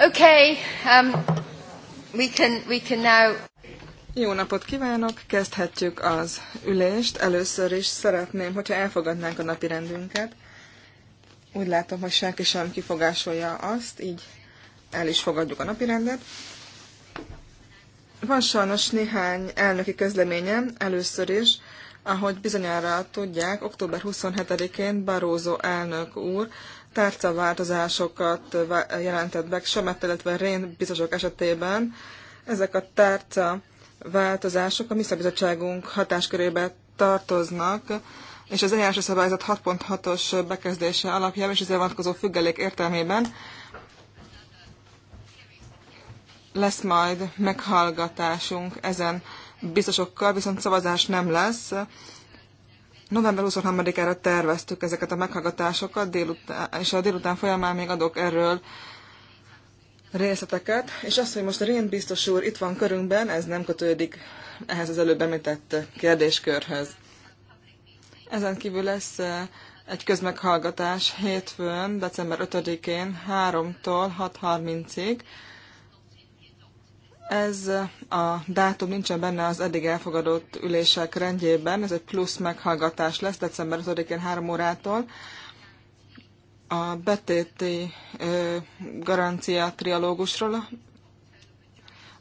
Okay, um, we can, we can now... Jó napot kívánok, kezdhetjük az ülést. Először is szeretném, hogyha elfogadnánk a napi rendünket. Úgy látom, hogy senki sem kifogásolja azt, így el is fogadjuk a napi rendet. Van sajnos néhány elnöki közleményem, először is, ahogy bizonyára tudják, október 27-én Barózó elnök úr tárcaváltozásokat jelentett be, Semet, illetve Rén biztosok esetében. Ezek a tárca változások a mi szabizottságunk hatáskörébe tartoznak, és az eljárási szabályzat 6.6-os bekezdése alapján és az vonatkozó függelék értelmében lesz majd meghallgatásunk ezen biztosokkal, viszont szavazás nem lesz, November 23-ára terveztük ezeket a meghallgatásokat, délután, és a délután folyamán még adok erről részleteket, és az, hogy most Rén biztos úr itt van körünkben, ez nem kötődik ehhez az előbb említett kérdéskörhöz. Ezen kívül lesz eh, egy közmeghallgatás hétfőn, december 5-én 3-tól 6.30-ig ez a dátum nincsen benne az eddig elfogadott ülések rendjében, ez egy plusz meghallgatás lesz december 5-én 3 órától. A betéti garancia trialógusról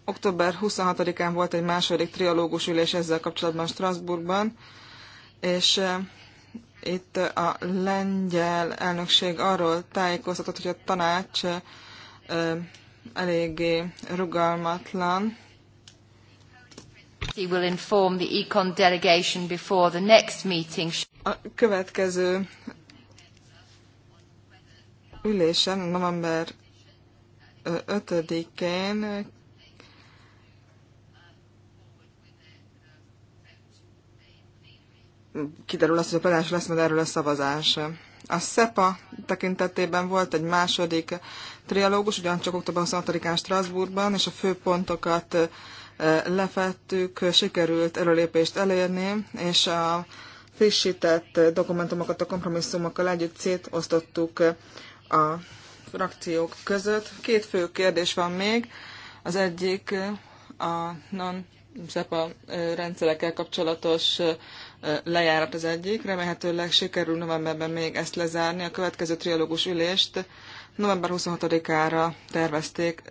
október 26-án volt egy második trialógus ülés ezzel kapcsolatban Strasbourgban, és itt a lengyel elnökség arról tájékoztatott, hogy a tanács eléggé rugalmatlan. He will inform the Econ delegation before the next meeting. A következő ülésen, november 5-én kiderül az, hogy a plenás lesz, mert erről a szavazás. A SEPA tekintetében volt egy második trialógus, ugyancsak október 26-án Strasbourgban, és a fő pontokat lefettük, sikerült előlépést elérni, és a frissített dokumentumokat a kompromisszumokkal együtt szétosztottuk a frakciók között. Két fő kérdés van még. Az egyik a non-SEPA rendszerekkel kapcsolatos lejárat az egyik. Remélhetőleg sikerül novemberben még ezt lezárni. A következő trialógus ülést november 26-ára tervezték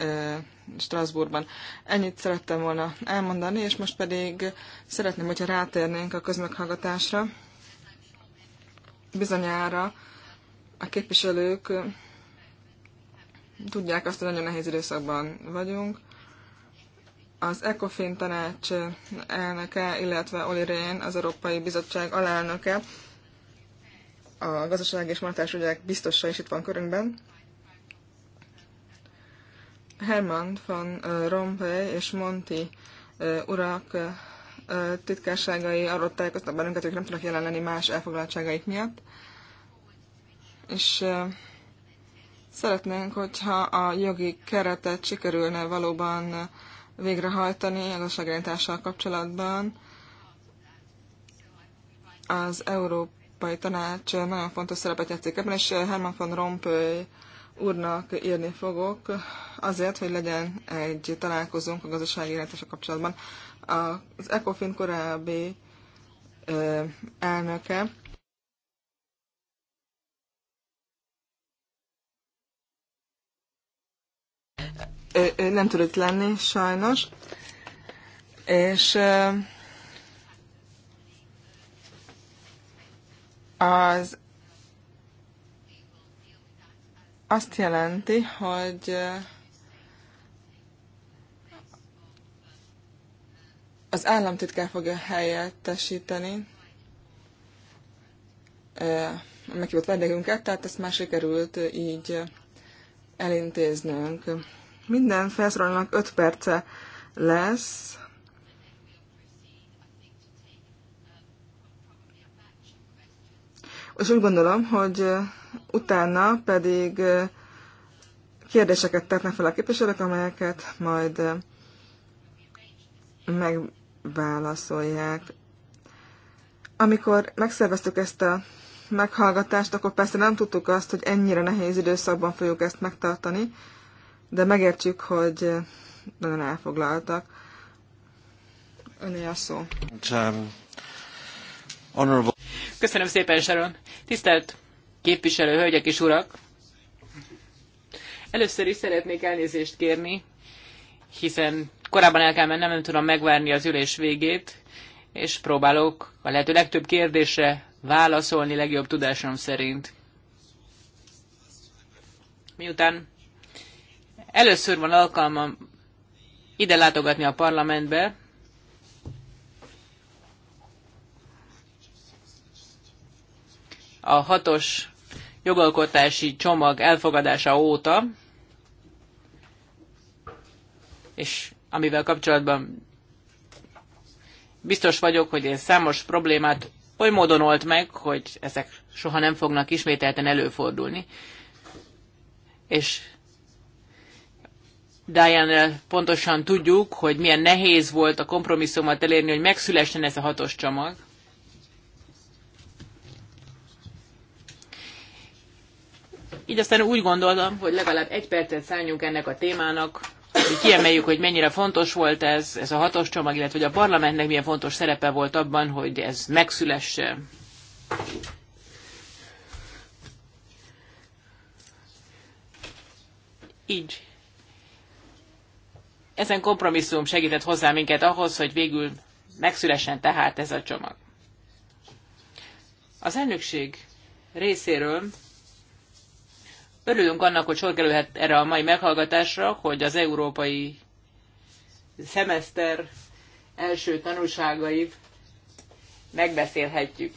Strasbourgban. Ennyit szerettem volna elmondani, és most pedig szeretném, hogyha rátérnénk a közmeghallgatásra. Bizonyára a képviselők tudják azt, hogy nagyon nehéz időszakban vagyunk. Az ECOFIN tanács elnöke, illetve Oli Rén, az Európai Bizottság alelnöke, a gazdaság és monetáris ügyek biztosan is itt van körünkben. Herman van Rompuy és Monti urak titkárságai arról tájékoztak bennünket, hogy nem tudnak jelen lenni más elfoglaltságaik miatt. És szeretnénk, hogyha a jogi keretet sikerülne valóban végrehajtani a gazdaságirányítással kapcsolatban. Az Európai Tanács nagyon fontos szerepet játszik ebben, és Herman von Rompuy úrnak írni fogok, azért, hogy legyen egy találkozónk a gazdasági irányítása kapcsolatban. Az ECOFIN korábbi elnöke ő nem tudott lenni, sajnos. És az azt jelenti, hogy eh, az államtitkár fogja helyettesíteni eh, a meghívott vendégünket, tehát ezt már sikerült így elintéznünk. Minden felszólalónak 5 perce lesz, és úgy gondolom, hogy utána pedig kérdéseket tettnek fel a képviselők, amelyeket majd megválaszolják. Amikor megszerveztük ezt a meghallgatást, akkor persze nem tudtuk azt, hogy ennyire nehéz időszakban fogjuk ezt megtartani, de megértjük, hogy nagyon elfoglaltak. Öné a szó. Csám. Köszönöm szépen, Sharon. Tisztelt képviselő, hölgyek és urak! Először is szeretnék elnézést kérni, hiszen korábban el kell mennem, nem tudom megvárni az ülés végét, és próbálok a lehető legtöbb kérdésre válaszolni legjobb tudásom szerint. Miután először van alkalmam ide látogatni a parlamentbe, a hatos jogalkotási csomag elfogadása óta, és amivel kapcsolatban biztos vagyok, hogy ez számos problémát oly módon old meg, hogy ezek soha nem fognak ismételten előfordulni. És diane pontosan tudjuk, hogy milyen nehéz volt a kompromisszumot elérni, hogy megszülessen ez a hatos csomag. Így aztán úgy gondoltam, hogy legalább egy percet szálljunk ennek a témának, hogy kiemeljük, hogy mennyire fontos volt ez, ez a hatos csomag, illetve hogy a parlamentnek milyen fontos szerepe volt abban, hogy ez megszülesse. Így. Ezen kompromisszum segített hozzá minket ahhoz, hogy végül megszülessen tehát ez a csomag. Az elnökség részéről Örülünk annak, hogy sor kerülhet erre a mai meghallgatásra, hogy az európai szemeszter első tanulságait megbeszélhetjük.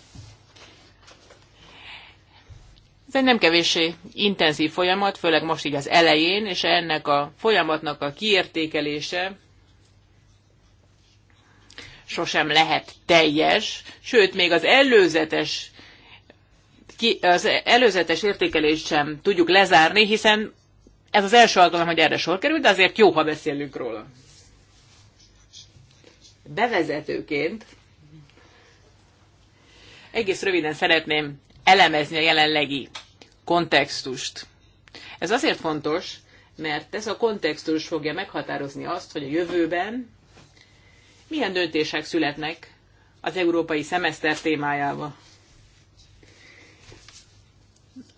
Ez egy nem kevéssé intenzív folyamat, főleg most így az elején, és ennek a folyamatnak a kiértékelése sosem lehet teljes, sőt, még az előzetes ki, az előzetes értékelést sem tudjuk lezárni, hiszen ez az első alkalom, hogy erre sor kerül, de azért jó, ha beszélünk róla. Bevezetőként egész röviden szeretném elemezni a jelenlegi kontextust. Ez azért fontos, mert ez a kontextus fogja meghatározni azt, hogy a jövőben milyen döntések születnek az európai szemeszter témájában.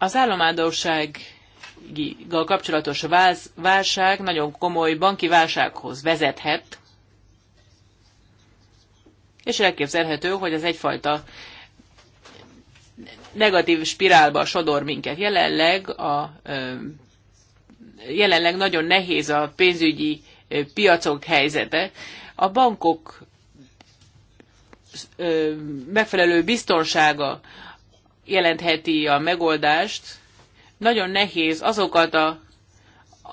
Az államadósággal kapcsolatos válság nagyon komoly banki válsághoz vezethet, és elképzelhető, hogy ez egyfajta negatív spirálba sodor minket. Jelenleg, a, jelenleg nagyon nehéz a pénzügyi piacok helyzete. A bankok megfelelő biztonsága jelentheti a megoldást. Nagyon nehéz azokat a,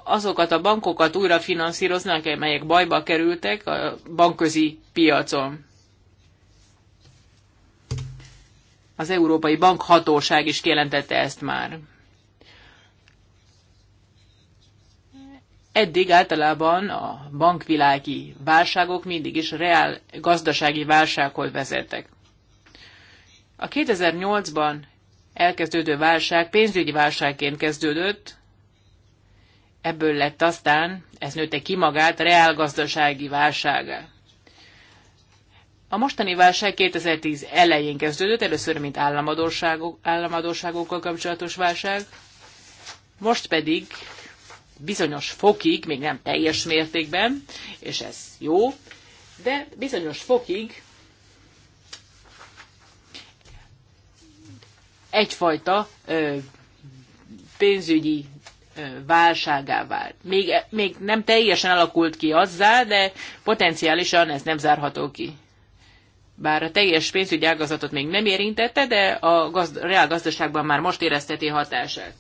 azokat a bankokat újra finanszírozni, amelyek bajba kerültek a bankközi piacon. Az Európai Bankhatóság is kielentette ezt már. Eddig általában a bankvilági válságok mindig is reál gazdasági válsághoz vezettek. A 2008-ban elkezdődő válság pénzügyi válságként kezdődött, ebből lett aztán, ez nőtte ki magát, reálgazdasági válsága. A mostani válság 2010 elején kezdődött, először mint államadóságok, államadóságokkal kapcsolatos válság, most pedig bizonyos fokig, még nem teljes mértékben, és ez jó, de bizonyos fokig egyfajta pénzügyi válságá vált. Még, még nem teljesen alakult ki azzá, de potenciálisan ez nem zárható ki. Bár a teljes pénzügyi ágazatot még nem érintette, de a gazd- reál gazdaságban már most érezteti hatását.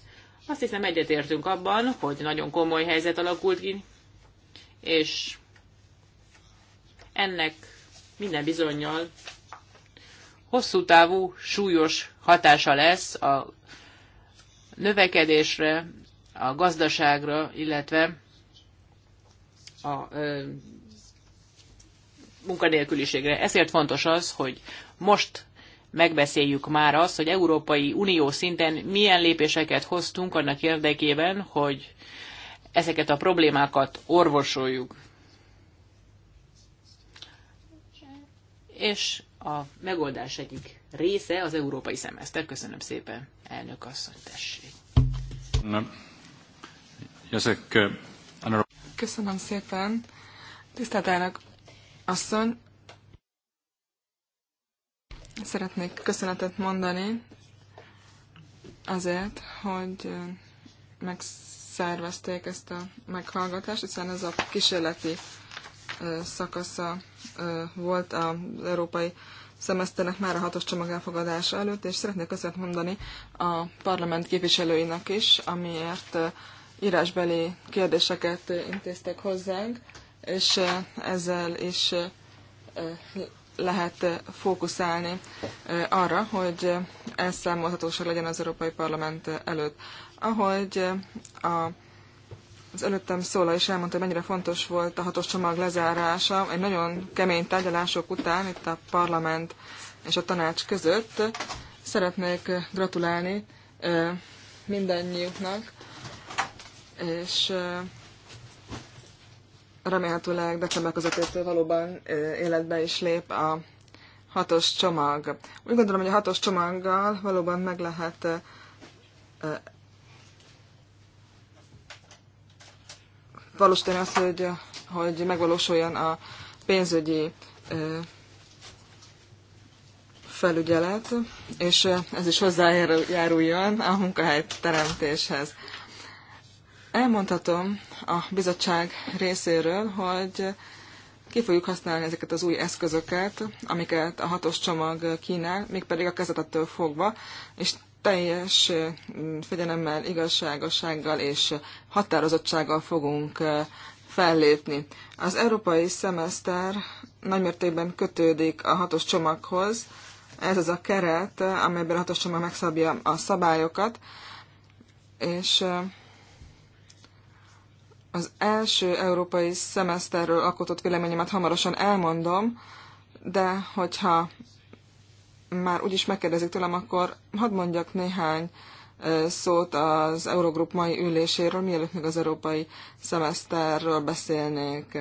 Azt hiszem egyetértünk abban, hogy nagyon komoly helyzet alakult ki, és ennek minden bizonyal hosszú távú, súlyos hatása lesz a növekedésre, a gazdaságra, illetve a ö, munkanélküliségre. Ezért fontos az, hogy most megbeszéljük már azt, hogy Európai Unió szinten milyen lépéseket hoztunk annak érdekében, hogy ezeket a problémákat orvosoljuk. És a megoldás egyik része az európai szemeszter. Köszönöm szépen, elnök asszony, tessék. Ezek, Köszönöm szépen. Tisztelt elnök asszony, szeretnék köszönetet mondani azért, hogy megszervezték ezt a meghallgatást, hiszen ez a kísérleti szakasza volt az európai szemeszternek már a hatos csomag elfogadása előtt, és szeretnék köszönet mondani a parlament képviselőinek is, amiért írásbeli kérdéseket intéztek hozzánk, és ezzel is lehet fókuszálni arra, hogy elszámolhatóság legyen az Európai Parlament előtt. Ahogy a az előttem szóla is elmondta, hogy mennyire fontos volt a hatos csomag lezárása egy nagyon kemény tárgyalások után itt a parlament és a tanács között. Szeretnék gratulálni mindannyiuknak, és remélhetőleg december közepétől valóban életbe is lép a hatos csomag. Úgy gondolom, hogy a hatos csomaggal valóban meg lehet valósítani azt, hogy, hogy megvalósuljon a pénzügyi felügyelet, és ez is hozzájáruljon a munkahely teremtéshez. Elmondhatom a bizottság részéről, hogy ki fogjuk használni ezeket az új eszközöket, amiket a hatos csomag kínál, mégpedig a kezetettől fogva, és teljes mm, fegyelemmel, igazságossággal és határozottsággal fogunk fellépni. Az európai szemeszter nagymértékben kötődik a hatos csomaghoz. Ez az a keret, amelyben a hatos csomag megszabja a szabályokat, és az első európai szemeszterről alkotott véleményemet hamarosan elmondom, de hogyha már úgyis megkérdezik tőlem, akkor hadd mondjak néhány szót az Eurogrup mai üléséről, mielőtt még az európai szemeszterről beszélnék.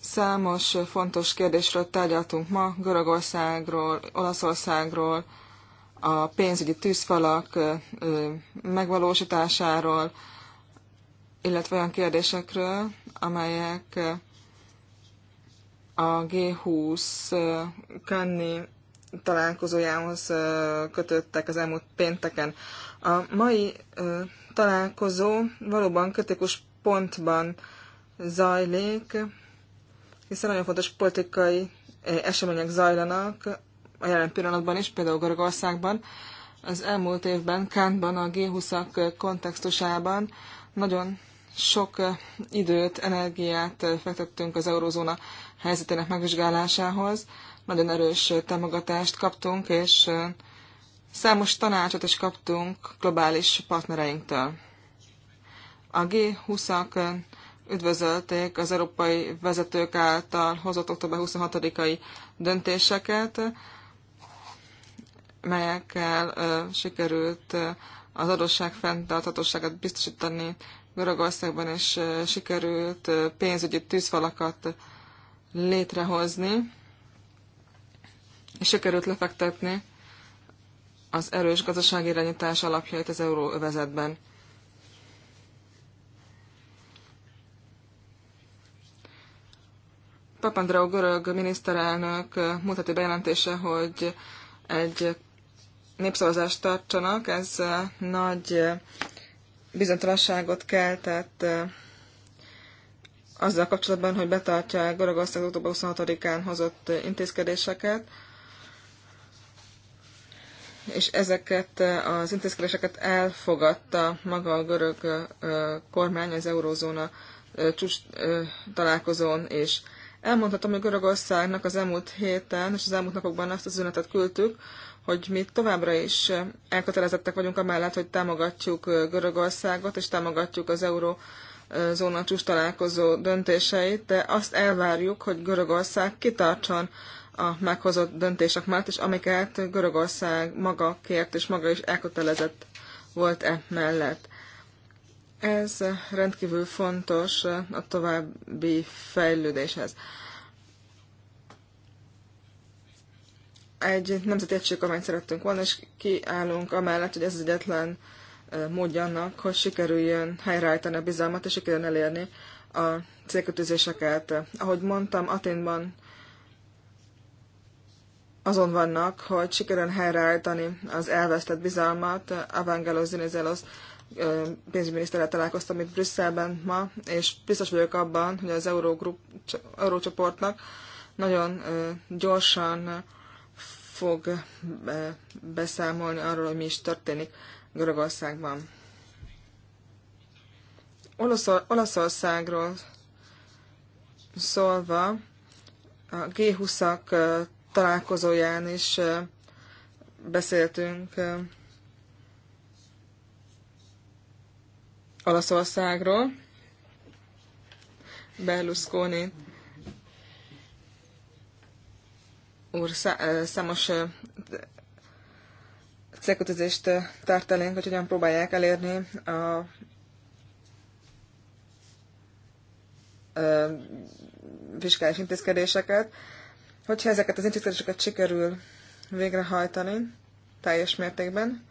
Számos fontos kérdésről tárgyaltunk ma, Görögországról, Olaszországról, a pénzügyi tűzfalak megvalósításáról, illetve olyan kérdésekről, amelyek a G20 Kanni találkozójához kötöttek az elmúlt pénteken. A mai találkozó valóban kritikus pontban zajlik, hiszen nagyon fontos politikai események zajlanak a jelen pillanatban is, például Görögországban. Az elmúlt évben Kántban a G20-ak kontextusában nagyon sok időt, energiát fektettünk az eurozóna helyzetének megvizsgálásához nagyon erős támogatást kaptunk, és számos tanácsot is kaptunk globális partnereinktől. A G20-ak üdvözölték az európai vezetők által hozott október 26-ai döntéseket, melyekkel sikerült az adósság fenntarthatóságát biztosítani Görögországban, és sikerült pénzügyi tűzfalakat létrehozni és sikerült lefektetni az erős gazdasági irányítás alapjait az euróövezetben. Papandreou görög miniszterelnök mutati bejelentése, hogy egy népszavazást tartsanak, ez nagy bizonytalanságot keltett azzal kapcsolatban, hogy betartja Görögország október 26-án hozott intézkedéseket és ezeket az intézkedéseket elfogadta maga a görög kormány az eurózóna csúcs találkozón is. Elmondhatom, hogy Görögországnak az elmúlt héten és az elmúlt napokban azt az üzenetet küldtük, hogy mi továbbra is elkötelezettek vagyunk amellett, hogy támogatjuk Görögországot, és támogatjuk az eurózóna csúcs találkozó döntéseit, de azt elvárjuk, hogy Görögország kitartson a meghozott döntések mellett, és amiket Görögország maga kért, és maga is elkötelezett volt e mellett. Ez rendkívül fontos a további fejlődéshez. Egy nemzeti egység, amelyet szerettünk volna, és kiállunk amellett, hogy ez az egyetlen módja annak, hogy sikerüljön helyreállítani a bizalmat, és sikerüljön elérni a célkötőzéseket. Ahogy mondtam, Aténban azon vannak, hogy sikerül helyreállítani az elvesztett bizalmat. Evangelos Zinizelos pénzügyminisztere találkoztam itt Brüsszelben ma, és biztos vagyok abban, hogy az Eurogroup, Eurócsoportnak nagyon gyorsan fog beszámolni arról, hogy mi is történik Görögországban. Olaszországról szólva, a G20-ak találkozóján is beszéltünk Olaszországról, Berlusconi úr számos célkötözést tart elénk, hogy hogyan próbálják elérni a vizsgális intézkedéseket. Hogyha ezeket az intézkedéseket sikerül végrehajtani teljes mértékben,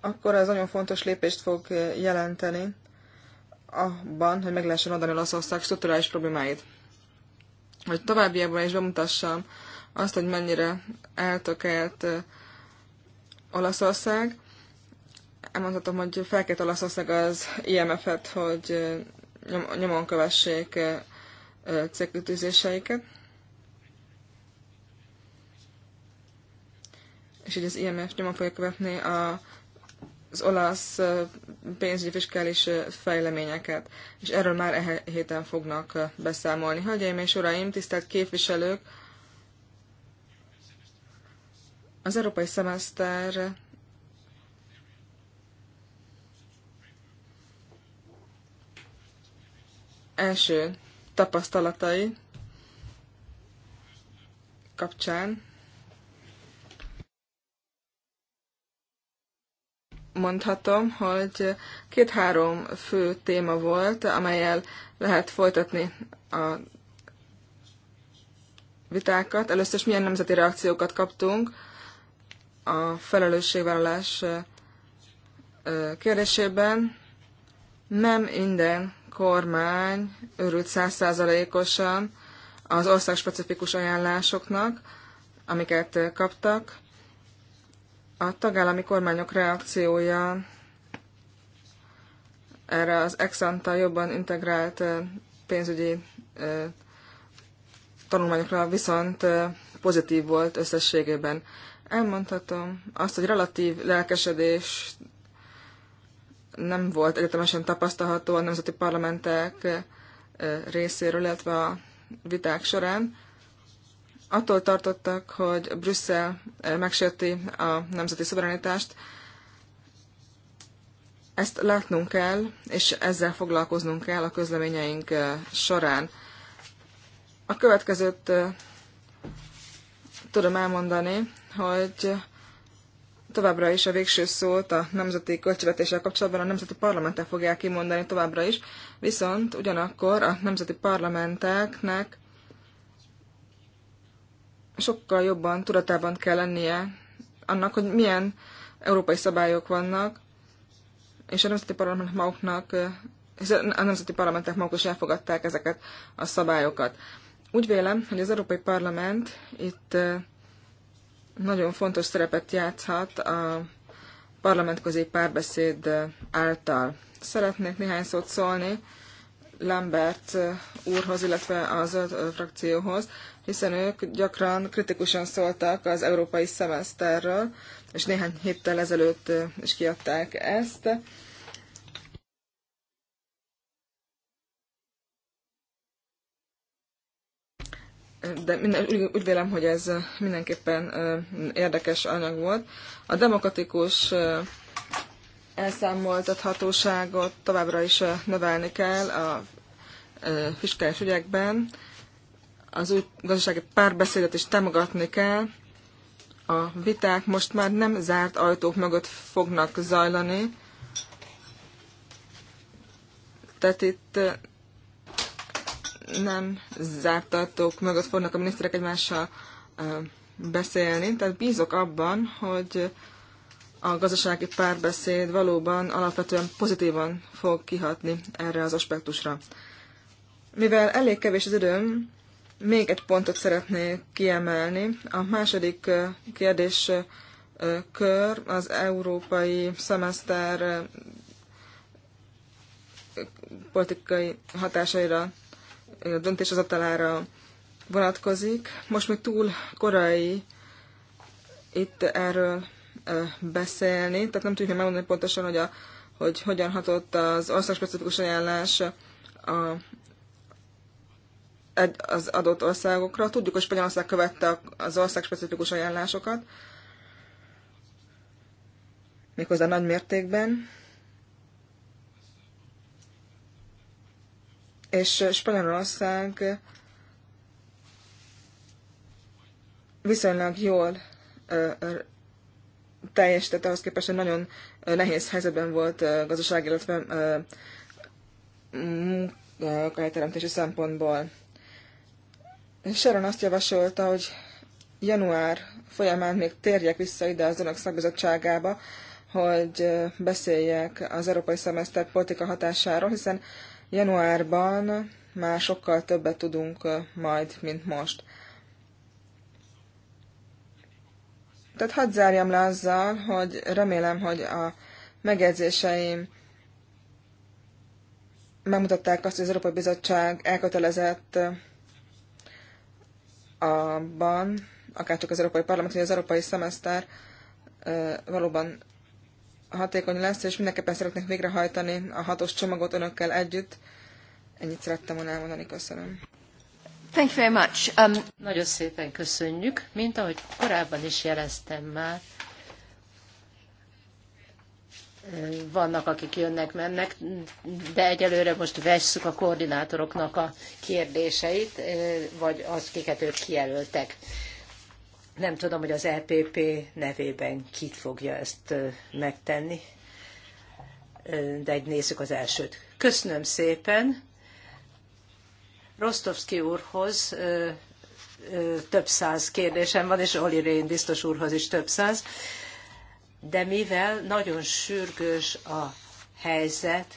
akkor ez nagyon fontos lépést fog jelenteni abban, hogy meg lehessen adani Olaszország strukturális problémáit. Hogy továbbiakban is bemutassam azt, hogy mennyire eltökelt Olaszország, elmondhatom, hogy felkért Olaszország az IMF-et, hogy nyomon kövessék célkütőzéseiket. és így az IMF nyomon fogja követni a, az olasz pénzügyi fiskális fejleményeket, és erről már e héten fognak beszámolni. Hölgyeim és uraim, tisztelt képviselők, az európai szemeszter első tapasztalatai kapcsán mondhatom, hogy két-három fő téma volt, amelyel lehet folytatni a vitákat. Először is milyen nemzeti reakciókat kaptunk a felelősségvállalás kérdésében. Nem minden kormány örült százszázalékosan az országspecifikus ajánlásoknak, amiket kaptak a tagállami kormányok reakciója erre az exanta jobban integrált pénzügyi tanulmányokra viszont pozitív volt összességében. Elmondhatom azt, hogy relatív lelkesedés nem volt egyetemesen tapasztalható a nemzeti parlamentek részéről, illetve a viták során attól tartottak, hogy Brüsszel eh, megsérti a nemzeti szuverenitást. Ezt látnunk kell, és ezzel foglalkoznunk kell a közleményeink eh, során. A következőt eh, tudom elmondani, hogy továbbra is a végső szót a nemzeti költségvetéssel kapcsolatban a nemzeti parlamentek fogják kimondani továbbra is, viszont ugyanakkor a nemzeti parlamenteknek sokkal jobban tudatában kell lennie annak, hogy milyen európai szabályok vannak, és a nemzeti parlamentek maguknak, a nemzeti parlamentek maguk is elfogadták ezeket a szabályokat. Úgy vélem, hogy az Európai Parlament itt nagyon fontos szerepet játszhat a parlamentközi párbeszéd által. Szeretnék néhány szót szólni Lambert eh, úrhoz, illetve a zöld eh, frakcióhoz, hiszen ők gyakran kritikusan szóltak az európai szemeszterről, és néhány héttel ezelőtt eh, is kiadták ezt. de minden, úgy, úgy vélem, hogy ez mindenképpen érdekes anyag volt. A demokratikus elszámoltathatóságot továbbra is növelni kell a fiskális ügyekben, az új gazdasági párbeszédet is támogatni kell, a viták most már nem zárt ajtók mögött fognak zajlani, tehát itt nem zárt ajtók mögött fognak a miniszterek egymással beszélni, tehát bízok abban, hogy a gazdasági párbeszéd valóban alapvetően pozitívan fog kihatni erre az aspektusra. Mivel elég kevés az időm, még egy pontot szeretnék kiemelni. A második kérdés kör az európai szemeszter politikai hatásaira, döntéshozatalára vonatkozik. Most még túl korai itt erről beszélni, tehát nem tudjuk megmondani pontosan, hogy, a, hogy hogyan hatott az országspecifikus ajánlás a, az adott országokra. Tudjuk, hogy Spanyolország követte az országspecifikus ajánlásokat, méghozzá nagy mértékben. És Spanyolország viszonylag jól teljesített ahhoz képest, hogy nagyon nehéz helyzetben volt gazdaság, illetve munkahelyteremtési szempontból. Sharon azt javasolta, hogy január folyamán még térjek vissza ide az önök szakbizottságába, hogy beszéljek az európai szemeszter politika hatásáról, hiszen januárban már sokkal többet tudunk majd, mint most. Tehát hadd zárjam le azzal, hogy remélem, hogy a megjegyzéseim megmutatták azt, hogy az Európai Bizottság elkötelezett abban, akárcsak az Európai Parlament, hogy az Európai Szemeszter valóban hatékony lesz, és mindenképpen szeretnék végrehajtani a hatos csomagot önökkel együtt. Ennyit szerettem volna elmondani, köszönöm. Thank you very much. Um... Nagyon szépen köszönjük. Mint ahogy korábban is jeleztem már, vannak, akik jönnek, mennek, de egyelőre most vesszük a koordinátoroknak a kérdéseit, eh, vagy az, kiket ők kijelöltek. Nem tudom, hogy az EPP nevében kit fogja ezt eh, megtenni, eh, de nézzük az elsőt. Köszönöm szépen! Rostovski úrhoz több száz kérdésem van, és Oli Rén biztos úrhoz is több száz, de mivel nagyon sürgős a helyzet,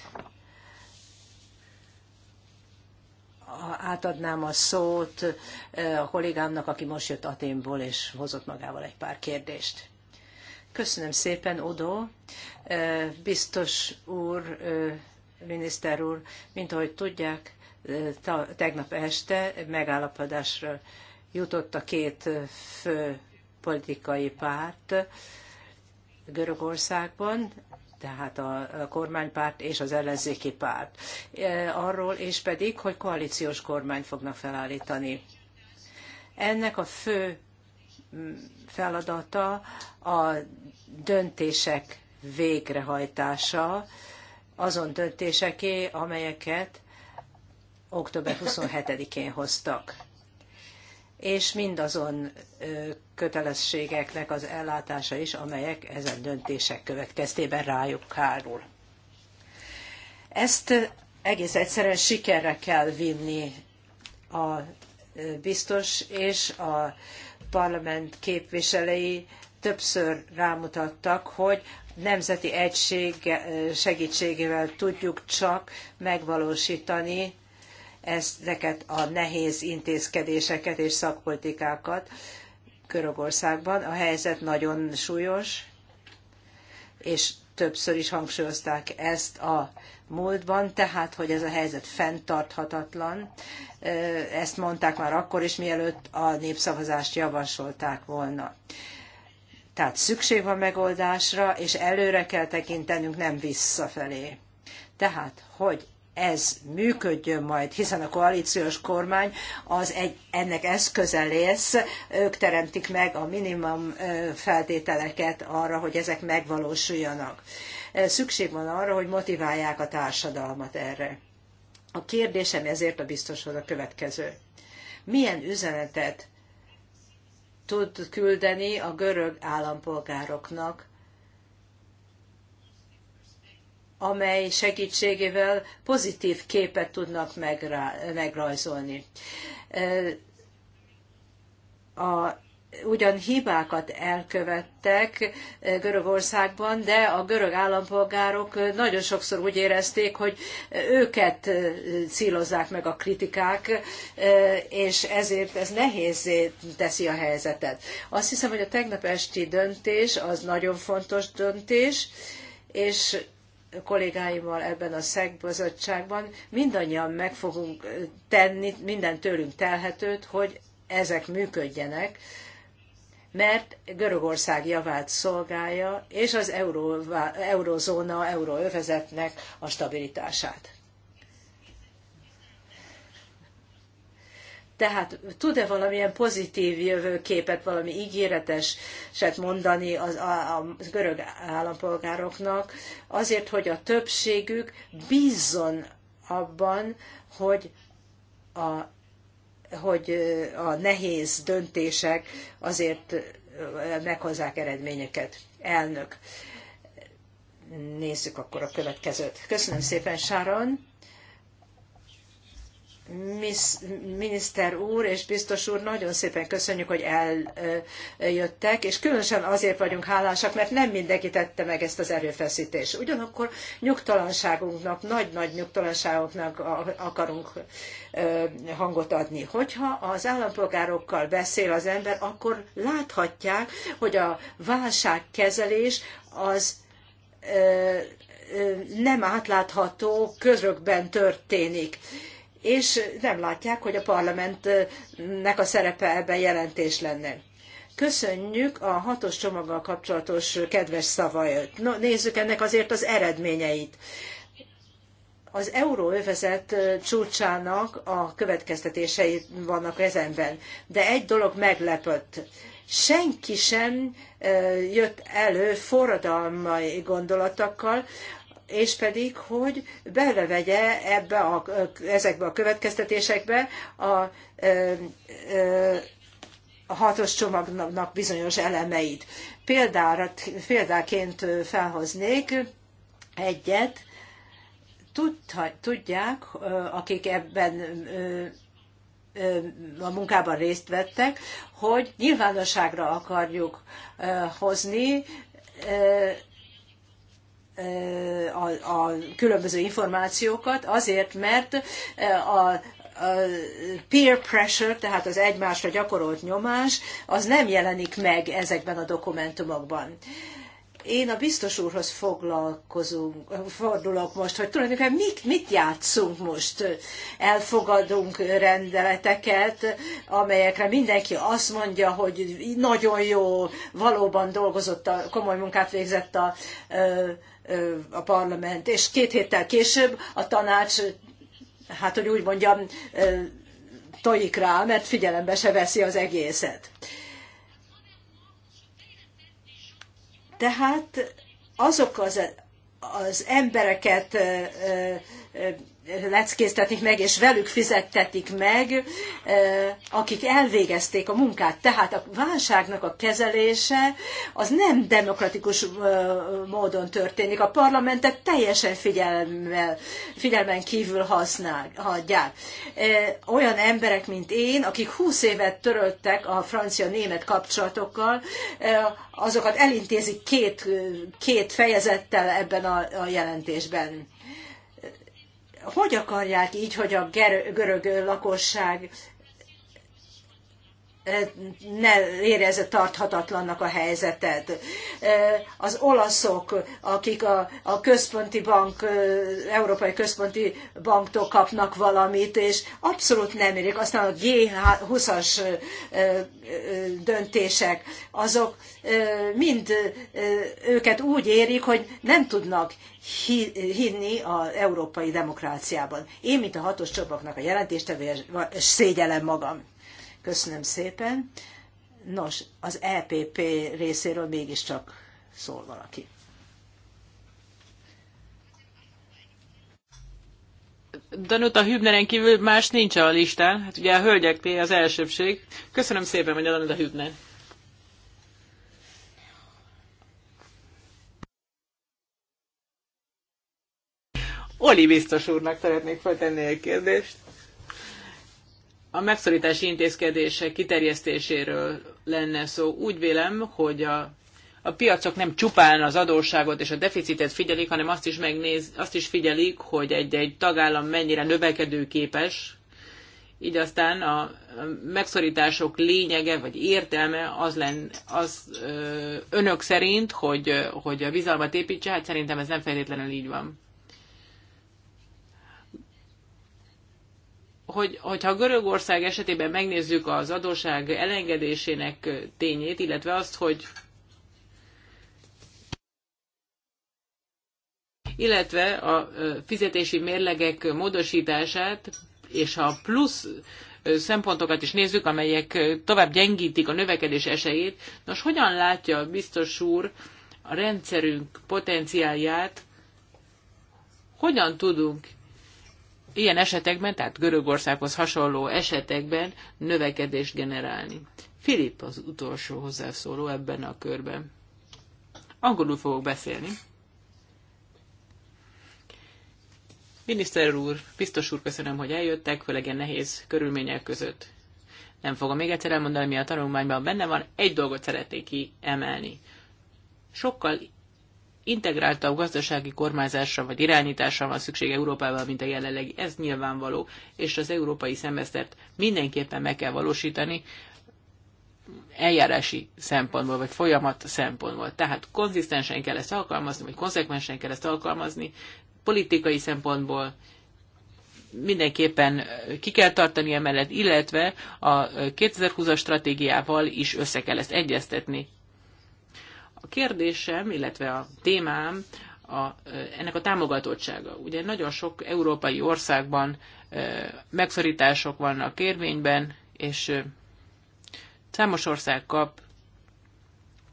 átadnám a szót a kollégámnak, aki most jött Aténból, és hozott magával egy pár kérdést. Köszönöm szépen, odó, Biztos úr, miniszter úr, mint ahogy tudják, tegnap este megállapodásra jutott a két fő politikai párt Görögországban, tehát a kormánypárt és az ellenzéki párt. Arról és pedig, hogy koalíciós kormány fognak felállítani. Ennek a fő mm, feladata a döntések végrehajtása, azon döntéseké, amelyeket október 27-én hoztak és mindazon kötelességeknek az ellátása is, amelyek ezen döntések következtében rájuk kárul. Ezt egész egyszerűen sikerre kell vinni a biztos és a parlament képviselői többször rámutattak, hogy nemzeti egység segítségével tudjuk csak megvalósítani ezeket a nehéz intézkedéseket és szakpolitikákat Görögországban. A helyzet nagyon súlyos, és többször is hangsúlyozták ezt a múltban, tehát hogy ez a helyzet fenntarthatatlan. Ezt mondták már akkor is, mielőtt a népszavazást javasolták volna. Tehát szükség van megoldásra, és előre kell tekintenünk, nem visszafelé. Tehát, hogy ez működjön majd, hiszen a koalíciós kormány az egy, ennek eszköze lesz, ők teremtik meg a minimum feltételeket arra, hogy ezek megvalósuljanak. Szükség van arra, hogy motiválják a társadalmat erre. A kérdésem ezért a biztoshoz a következő. Milyen üzenetet tud küldeni a görög állampolgároknak amely segítségével pozitív képet tudnak megrá, megrajzolni. A, ugyan hibákat elkövettek Görögországban, de a görög állampolgárok nagyon sokszor úgy érezték, hogy őket cílozzák meg a kritikák, és ezért ez nehézé teszi a helyzetet. Azt hiszem, hogy a tegnap esti döntés az nagyon fontos döntés, és kollégáimmal ebben a szegbizottságban mindannyian meg fogunk tenni minden tőlünk telhetőt, hogy ezek működjenek, mert Görögország javát szolgálja, és az euró, eurozóna, euróövezetnek a stabilitását. Tehát tud-e valamilyen pozitív jövőképet, valami ígéreteset mondani az, a, a görög állampolgároknak, azért, hogy a többségük bízzon abban, hogy a, hogy a nehéz döntések azért meghozzák eredményeket. Elnök. Nézzük akkor a következőt. Köszönöm szépen, Sharon miniszter úr és biztos úr, nagyon szépen köszönjük, hogy eljöttek, és különösen azért vagyunk hálásak, mert nem mindenki tette meg ezt az erőfeszítést. Ugyanakkor nyugtalanságunknak, nagy-nagy nyugtalanságoknak akarunk hangot adni. Hogyha az állampolgárokkal beszél az ember, akkor láthatják, hogy a válságkezelés az nem átlátható közökben történik és nem látják, hogy a parlamentnek a szerepe ebben jelentés lenne. Köszönjük a hatos csomaggal kapcsolatos kedves szavait. No, nézzük ennek azért az eredményeit. Az euróövezet csúcsának a következtetései vannak ezenben, de egy dolog meglepött. senki sem jött elő forradalmai gondolatokkal, és pedig, hogy belevegye ebbe a, ezekbe a következtetésekbe a, a hatos csomagnak bizonyos elemeit. Példára, példáként felhoznék egyet, tudják, akik ebben a munkában részt vettek, hogy nyilvánosságra akarjuk hozni a, a különböző információkat, azért, mert a, a peer pressure, tehát az egymásra gyakorolt nyomás, az nem jelenik meg ezekben a dokumentumokban. Én a biztos úrhoz foglalkozunk, fordulok most, hogy tulajdonképpen mit, mit játszunk most. Elfogadunk rendeleteket, amelyekre mindenki azt mondja, hogy nagyon jó, valóban dolgozott, a, komoly munkát végzett a, a parlament, és két héttel később a tanács, hát hogy úgy mondjam, tojik rá, mert figyelembe se veszi az egészet. Tehát azok az, az embereket leckéztetik meg, és velük fizettetik meg, akik elvégezték a munkát. Tehát a válságnak a kezelése az nem demokratikus módon történik. A parlamentet teljesen figyelmel, figyelmen kívül használ, hagyják. Olyan emberek, mint én, akik 20 évet töröltek a francia-német kapcsolatokkal, azokat elintézik két, két fejezettel ebben a, a jelentésben hogy akarják így, hogy a görög lakosság ne érezze tarthatatlannak a helyzetet. Az olaszok, akik a, a központi bank, Európai Központi Banktól kapnak valamit, és abszolút nem érik. Aztán a G20-as döntések, azok mind őket úgy érik, hogy nem tudnak hinni az európai demokráciában. Én, mint a hatos csapaknak a jelentéstevője, szégyelem magam. Köszönöm szépen. Nos, az EPP részéről mégiscsak szól valaki. Danuta Hübneren kívül más nincs a listán. Hát ugye a hölgyekné az elsőbség. Köszönöm szépen, hogy a Danuta Hübner. Oli biztos úrnak szeretnék feltenni egy kérdést a megszorítási intézkedések kiterjesztéséről lenne szó. Úgy vélem, hogy a, a piacok nem csupán az adósságot és a deficitet figyelik, hanem azt is, megnéz, azt is figyelik, hogy egy-egy tagállam mennyire növekedőképes, így aztán a megszorítások lényege vagy értelme az len, az ö, önök szerint, hogy, hogy a bizalmat építse, hát szerintem ez nem feltétlenül így van. hogy, hogyha Görögország esetében megnézzük az adóság elengedésének tényét, illetve azt, hogy illetve a fizetési mérlegek módosítását, és a plusz szempontokat is nézzük, amelyek tovább gyengítik a növekedés esélyét. Nos, hogyan látja a biztos úr a rendszerünk potenciálját, hogyan tudunk ilyen esetekben, tehát Görögországhoz hasonló esetekben növekedést generálni. Filip az utolsó hozzászóló ebben a körben. Angolul fogok beszélni. Miniszter úr, biztos úr, köszönöm, hogy eljöttek, főleg ilyen nehéz körülmények között. Nem fogom még egyszer elmondani, mi a tanulmányban benne van, egy dolgot szeretnék kiemelni. emelni. Sokkal integráltabb gazdasági kormányzásra vagy irányításra van szükség Európával, mint a jelenlegi. Ez nyilvánvaló, és az európai szemesztert mindenképpen meg kell valósítani eljárási szempontból, vagy folyamat szempontból. Tehát konzisztensen kell ezt alkalmazni, vagy konzekvensen kell ezt alkalmazni, politikai szempontból mindenképpen ki kell tartani emellett, illetve a 2020-as stratégiával is össze kell ezt egyeztetni. A kérdésem, illetve a témám a, ennek a támogatottsága. Ugye nagyon sok európai országban megszorítások vannak érvényben, és számos ország kap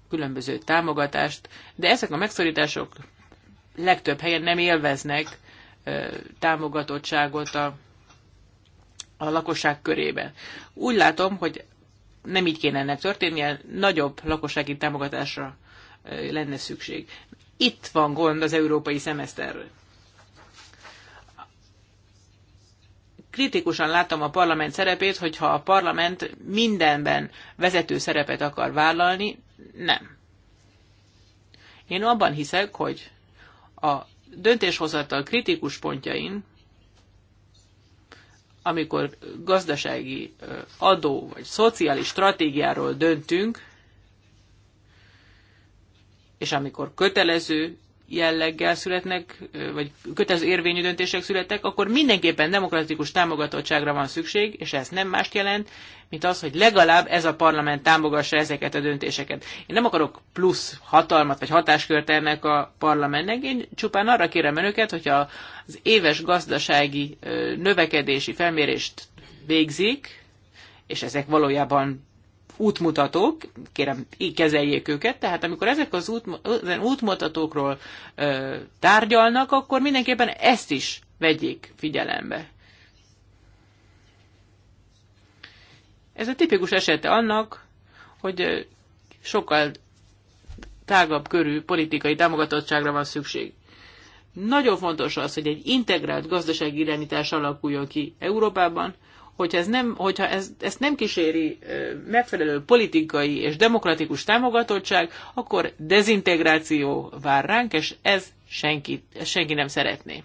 különböző támogatást, de ezek a megszorítások legtöbb helyen nem élveznek támogatottságot a, a lakosság körében. Úgy látom, hogy nem így kéne ennek történnie, nagyobb lakossági támogatásra lenne szükség. Itt van gond az európai szemeszterről. kritikusan látom a parlament szerepét, hogyha a parlament mindenben vezető szerepet akar vállalni, nem. Én abban hiszek, hogy a döntéshozatal kritikus pontjain, amikor gazdasági adó vagy szociális stratégiáról döntünk, és amikor kötelező jelleggel születnek, vagy kötelező érvényű döntések születnek, akkor mindenképpen demokratikus támogatottságra van szükség, és ez nem mást jelent, mint az, hogy legalább ez a parlament támogassa ezeket a döntéseket. Én nem akarok plusz hatalmat vagy hatáskört ennek a parlamentnek, én csupán arra kérem önöket, hogyha az éves gazdasági növekedési felmérést végzik, és ezek valójában útmutatók, kérem, így kezeljék őket, tehát amikor ezek az út, útmutatókról ö, tárgyalnak, akkor mindenképpen ezt is vegyék figyelembe. Ez a tipikus esete annak, hogy sokkal tágabb körű politikai támogatottságra van szükség. Nagyon fontos az, hogy egy integrált gazdasági irányítás alakuljon ki Európában, hogyha, ez nem, hogyha ez, ezt nem kíséri megfelelő politikai és demokratikus támogatottság, akkor dezintegráció vár ránk, és ez senki, ez senki nem szeretné.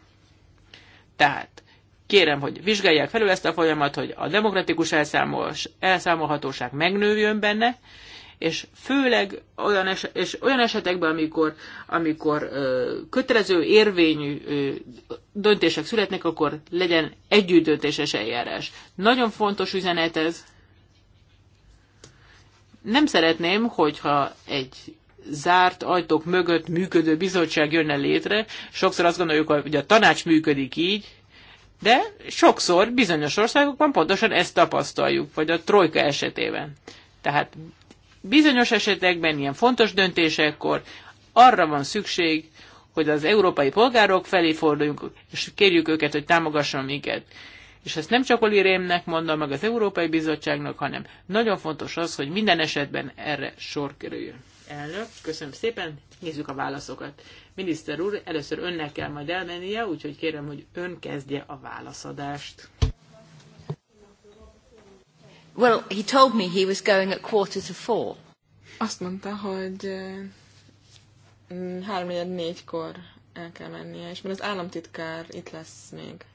Tehát kérem, hogy vizsgálják felül ezt a folyamat, hogy a demokratikus elszámol, elszámolhatóság megnőjön benne, és főleg olyan, es- és olyan esetekben, amikor, amikor ö, kötelező érvényű ö, döntések születnek, akkor legyen együtt döntéses eljárás. Nagyon fontos üzenet ez. Nem szeretném, hogyha egy zárt ajtók mögött működő bizottság jönne létre. Sokszor azt gondoljuk, hogy a tanács működik így, de sokszor bizonyos országokban pontosan ezt tapasztaljuk, vagy a trojka esetében. Tehát bizonyos esetekben, ilyen fontos döntésekkor arra van szükség, hogy az európai polgárok felé forduljunk, és kérjük őket, hogy támogasson minket. És ezt nem csak Oli Rémnek mondom, meg az Európai Bizottságnak, hanem nagyon fontos az, hogy minden esetben erre sor kerüljön. Elnök, köszönöm szépen, nézzük a válaszokat. Miniszter úr, először önnek kell majd elmennie, úgyhogy kérem, hogy ön kezdje a válaszadást. Well, he told me he was going at quarter to four. Azt mondta, hogy mm, háromnegyed négykor el kell mennie, és mert az államtitkár itt lesz még.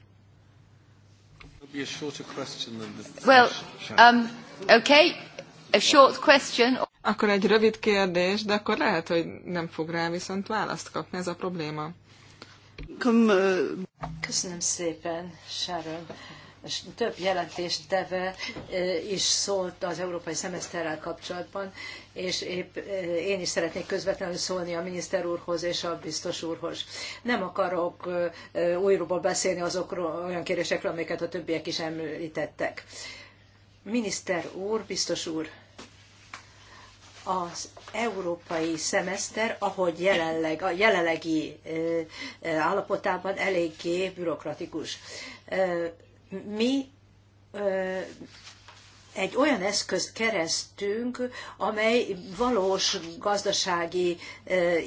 Well, um, okay, a short question. Akkor egy rövid kérdés, de akkor lehet, hogy nem fog rá viszont választ kapni, ez a probléma. Köszönöm szépen, Sharon több jelentést teve is szólt az európai szemeszterrel kapcsolatban, és épp én is szeretnék közvetlenül szólni a miniszter úrhoz és a biztos úrhoz. Nem akarok újról beszélni azokról olyan kérdésekről, amiket a többiek is említettek. Miniszter úr, biztos úr, az európai szemeszter, ahogy jelenleg, a jelenlegi állapotában eléggé bürokratikus mi egy olyan eszközt keresztünk, amely valós gazdasági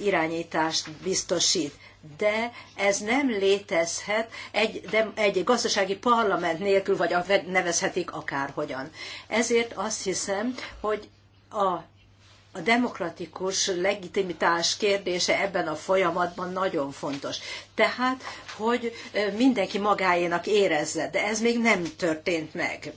irányítást biztosít. De ez nem létezhet egy, de egy gazdasági parlament nélkül, vagy nevezhetik akárhogyan. Ezért azt hiszem, hogy a a demokratikus legitimitás kérdése ebben a folyamatban nagyon fontos. Tehát, hogy mindenki magáénak érezze, de ez még nem történt meg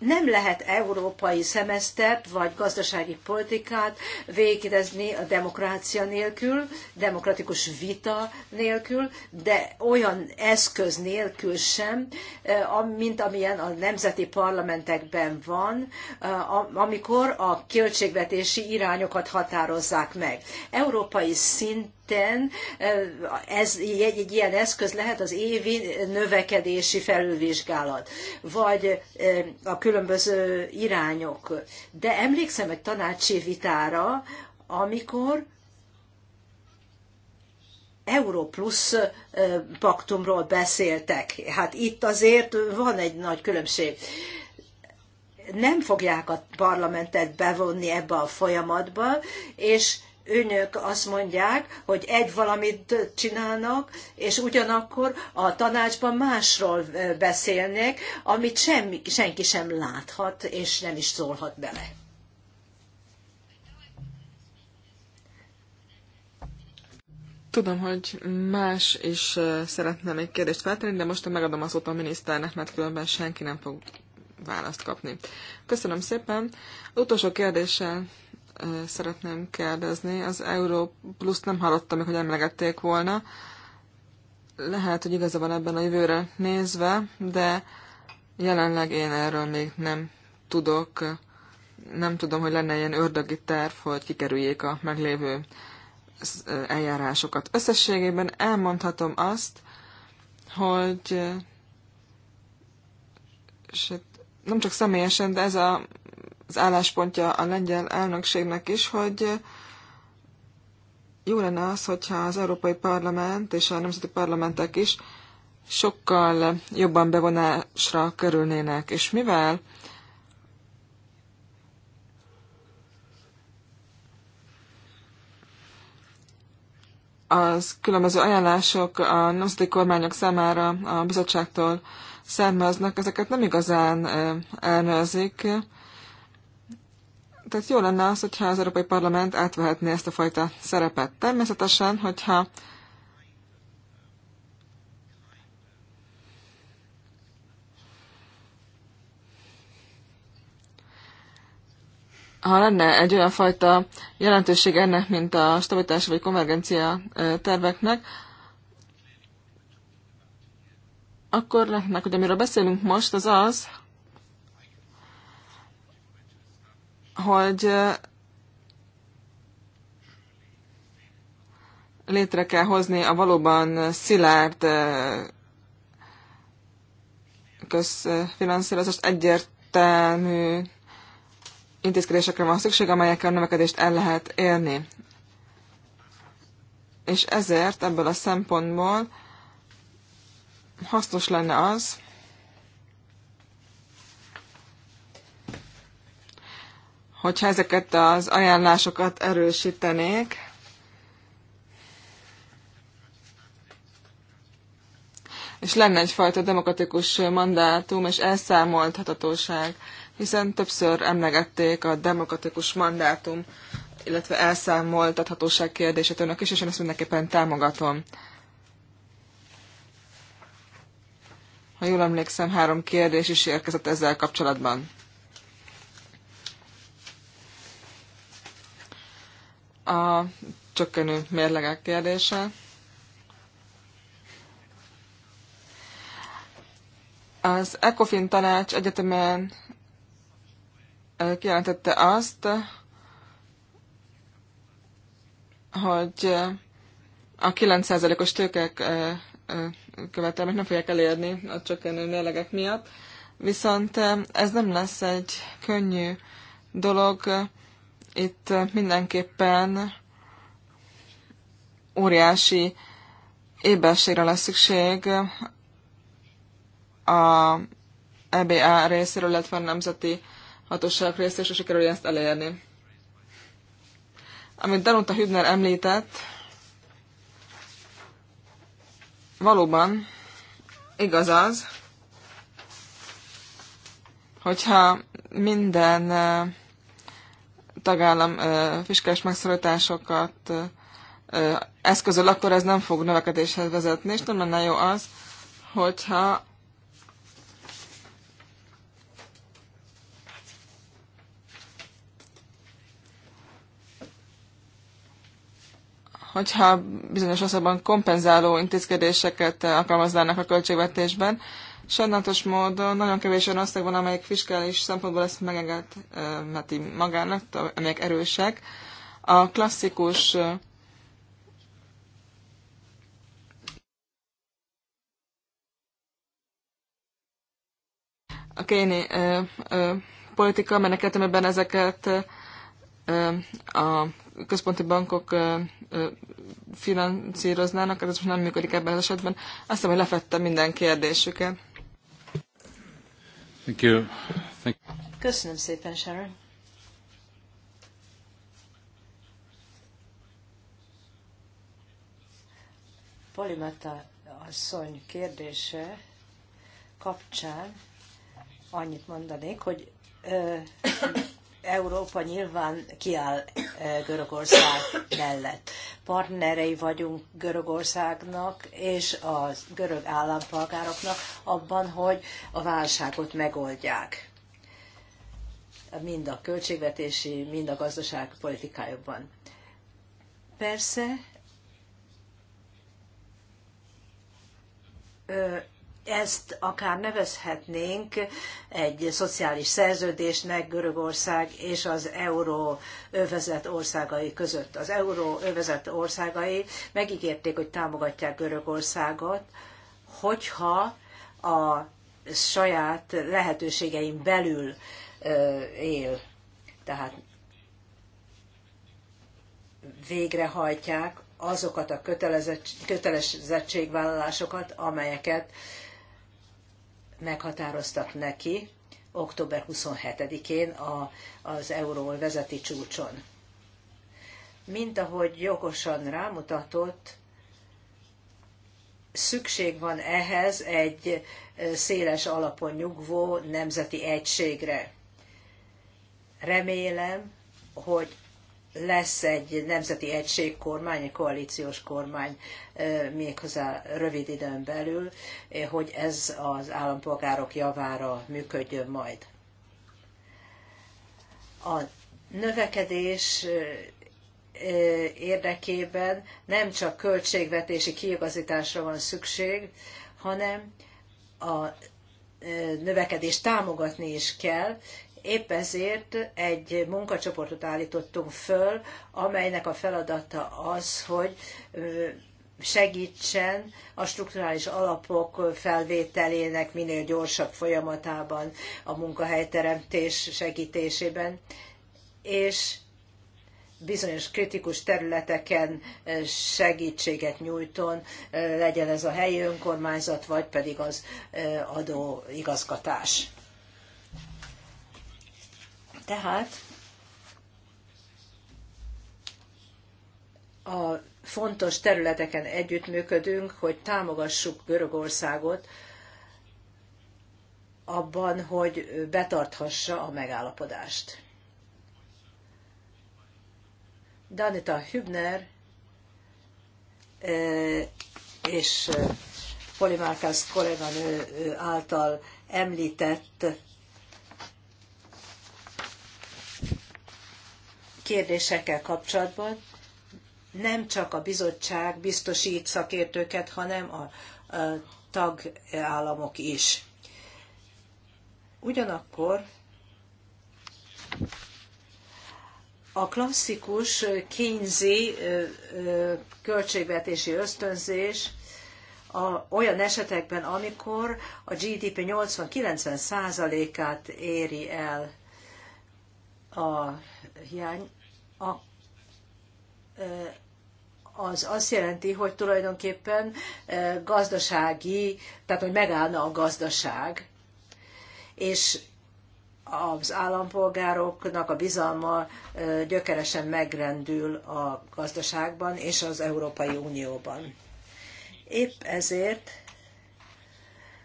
nem lehet európai szemesztert vagy gazdasági politikát végezni a demokrácia nélkül, demokratikus vita nélkül, de olyan eszköz nélkül sem, eh, mint amilyen a nemzeti parlamentekben van, eh, amikor a költségvetési irányokat határozzák meg. Európai szint szinten eh, ez egy, egy ilyen eszköz lehet az évi növekedési felülvizsgálat, vagy eh, a különböző irányok. De emlékszem egy tanácsi vitára, amikor plusz eh, paktumról beszéltek. Hát itt azért van egy nagy különbség. Nem fogják a parlamentet bevonni ebbe a folyamatba, és önök azt mondják, hogy egy valamit csinálnak, és ugyanakkor a tanácsban másról beszélnek, amit semmi, senki sem láthat, és nem is szólhat bele. Tudom, hogy más is szeretne még kérdést feltenni, de most megadom az szót a miniszternek, mert különben senki nem fog választ kapni. Köszönöm szépen. Utolsó kérdéssel szeretném kérdezni. Az Euró plusz nem hallottam még, hogy emlegették volna. Lehet, hogy igaza van ebben a jövőre nézve, de jelenleg én erről még nem tudok. Nem tudom, hogy lenne ilyen ördögi terv, hogy kikerüljék a meglévő eljárásokat. Összességében elmondhatom azt, hogy nem csak személyesen, de ez a az álláspontja a lengyel elnökségnek is, hogy jó lenne az, hogyha az Európai Parlament és a nemzeti parlamentek is sokkal jobban bevonásra kerülnének. És mivel az különböző ajánlások a nemzeti kormányok számára a bizottságtól származnak, ezeket nem igazán elnőzik, tehát jó lenne az, hogyha az Európai Parlament átvehetné ezt a fajta szerepet. Természetesen, hogyha ha lenne egy olyan fajta jelentőség ennek, mint a stabilitás vagy konvergencia terveknek, akkor lehetnek, hogy amiről beszélünk most, az az, hogy létre kell hozni a valóban szilárd közfinanszírozást egyértelmű intézkedésekre van szükség, amelyekkel a növekedést el lehet élni. És ezért ebből a szempontból hasznos lenne az, hogyha ezeket az ajánlásokat erősítenék, és lenne egyfajta demokratikus mandátum és elszámolthatatóság, hiszen többször emlegették a demokratikus mandátum, illetve elszámoltathatóság kérdését önök is, és én ezt mindenképpen támogatom. Ha jól emlékszem, három kérdés is érkezett ezzel kapcsolatban. a csökkenő mérlegek kérdése. Az ECOFIN tanács egyetemen kijelentette azt, hogy a 9%-os tőkek követelményt nem fogják elérni a csökkenő mérlegek miatt, viszont ez nem lesz egy könnyű dolog, itt mindenképpen óriási éberségre lesz szükség a EBA részéről, illetve a nemzeti hatóság részéről, és sikerül ezt elérni. Amit Danuta Hübner említett, valóban igaz az, hogyha minden tagállam fiskális megszorításokat eszközöl, akkor ez nem fog növekedéshez vezetni, és nem lenne jó az, hogyha hogyha bizonyos országban kompenzáló intézkedéseket alkalmaznának a költségvetésben, Sajnálatos módon nagyon kevés olyan ország van, amelyik fiskális szempontból ezt megengedheti magának, amelyek erősek. A klasszikus a kéni ö, ö, politika, mert egyetemben ezeket ö, a központi bankok ö, ö, finanszíroznának, hát ez most nem működik ebben az esetben. Azt hiszem, hogy lefettem minden kérdésüket. Thank you. Thank you. Köszönöm szépen, Sharon. Polimata asszony kérdése kapcsán annyit mondanék, hogy ö, Európa nyilván kiáll eh, Görögország mellett. Partnerei vagyunk Görögországnak és a görög állampolgároknak abban, hogy a válságot megoldják. Mind a költségvetési, mind a gazdaságpolitikájukban. Persze, ezt akár nevezhetnénk egy szociális szerződésnek Görögország és az euróövezet országai között. Az euróövezet országai megígérték, hogy támogatják Görögországot, hogyha a saját lehetőségeim belül él. Tehát végrehajtják azokat a kötelezettségvállalásokat, amelyeket meghatároztak neki október 27-én a, az euróval vezeti csúcson. Mint ahogy jogosan rámutatott, szükség van ehhez egy széles alapon nyugvó nemzeti egységre. Remélem, hogy lesz egy nemzeti egységkormány, egy koalíciós kormány méghozzá rövid időn belül, eh, hogy ez az állampolgárok javára működjön majd. A növekedés érdekében nem csak költségvetési kiigazításra van szükség, hanem a növekedést támogatni is kell, Épp ezért egy munkacsoportot állítottunk föl, amelynek a feladata az, hogy segítsen a strukturális alapok felvételének minél gyorsabb folyamatában, a munkahelyteremtés segítésében, és bizonyos kritikus területeken segítséget nyújton, legyen ez a helyi önkormányzat, vagy pedig az adóigazgatás. Tehát a fontos területeken együttműködünk, hogy támogassuk Görögországot abban, hogy betarthassa a megállapodást. Danita Hübner és Polimárkász kolléganő által említett kérdésekkel kapcsolatban nem csak a bizottság biztosít szakértőket, hanem a, a tagállamok is. Ugyanakkor a klasszikus kínzi költségvetési ösztönzés a, olyan esetekben, amikor a GDP 80-90 százalékát éri el a hiány, a, az azt jelenti, hogy tulajdonképpen gazdasági, tehát hogy megállna a gazdaság, és az állampolgároknak a bizalma gyökeresen megrendül a gazdaságban és az Európai Unióban. Épp ezért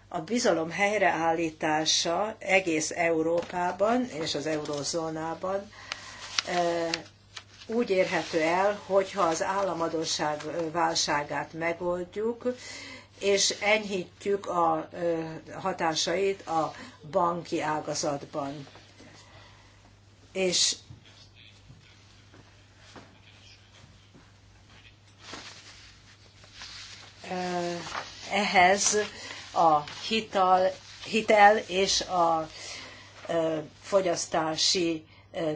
a bizalom helyreállítása egész Európában és az eurózónában úgy érhető el, hogyha az államadóság válságát megoldjuk, és enyhítjük a hatásait a banki ágazatban. És ehhez a hital, hitel és a fogyasztási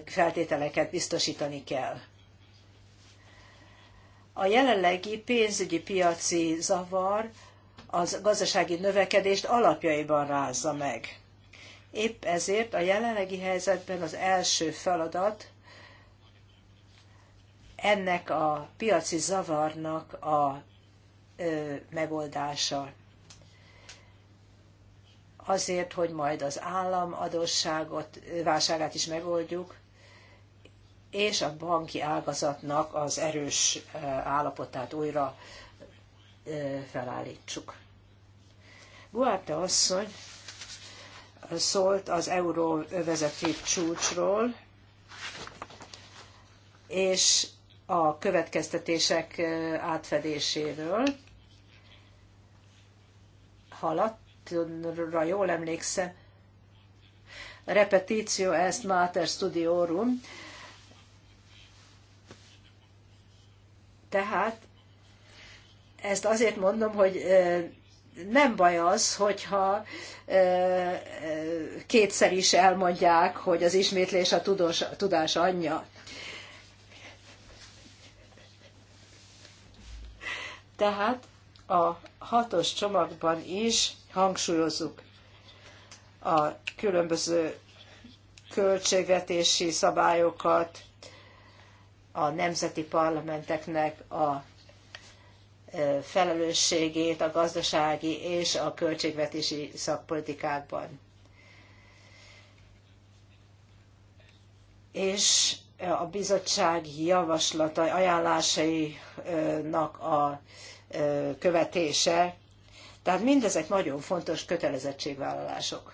feltételeket biztosítani kell. A jelenlegi pénzügyi piaci zavar az gazdasági növekedést alapjaiban rázza meg. Épp ezért a jelenlegi helyzetben az első feladat ennek a piaci zavarnak a megoldása azért, hogy majd az állam adósságot, válságát is megoldjuk, és a banki ágazatnak az erős állapotát újra felállítsuk. Guárta asszony szólt az euróövezeti csúcsról, és a következtetések átfedéséről haladt, latinra, jól emlékszem, Repetíció est mater studiorum, tehát ezt azért mondom, hogy nem baj az, hogyha kétszer is elmondják, hogy az ismétlés a tudós, tudás anyja. Tehát a hatos csomagban is hangsúlyozzuk a különböző költségvetési szabályokat, a nemzeti parlamenteknek a e, felelősségét a gazdasági és a költségvetési szakpolitikákban. És a bizottság javaslatai ajánlásainak a e, követése tehát mindezek nagyon fontos kötelezettségvállalások.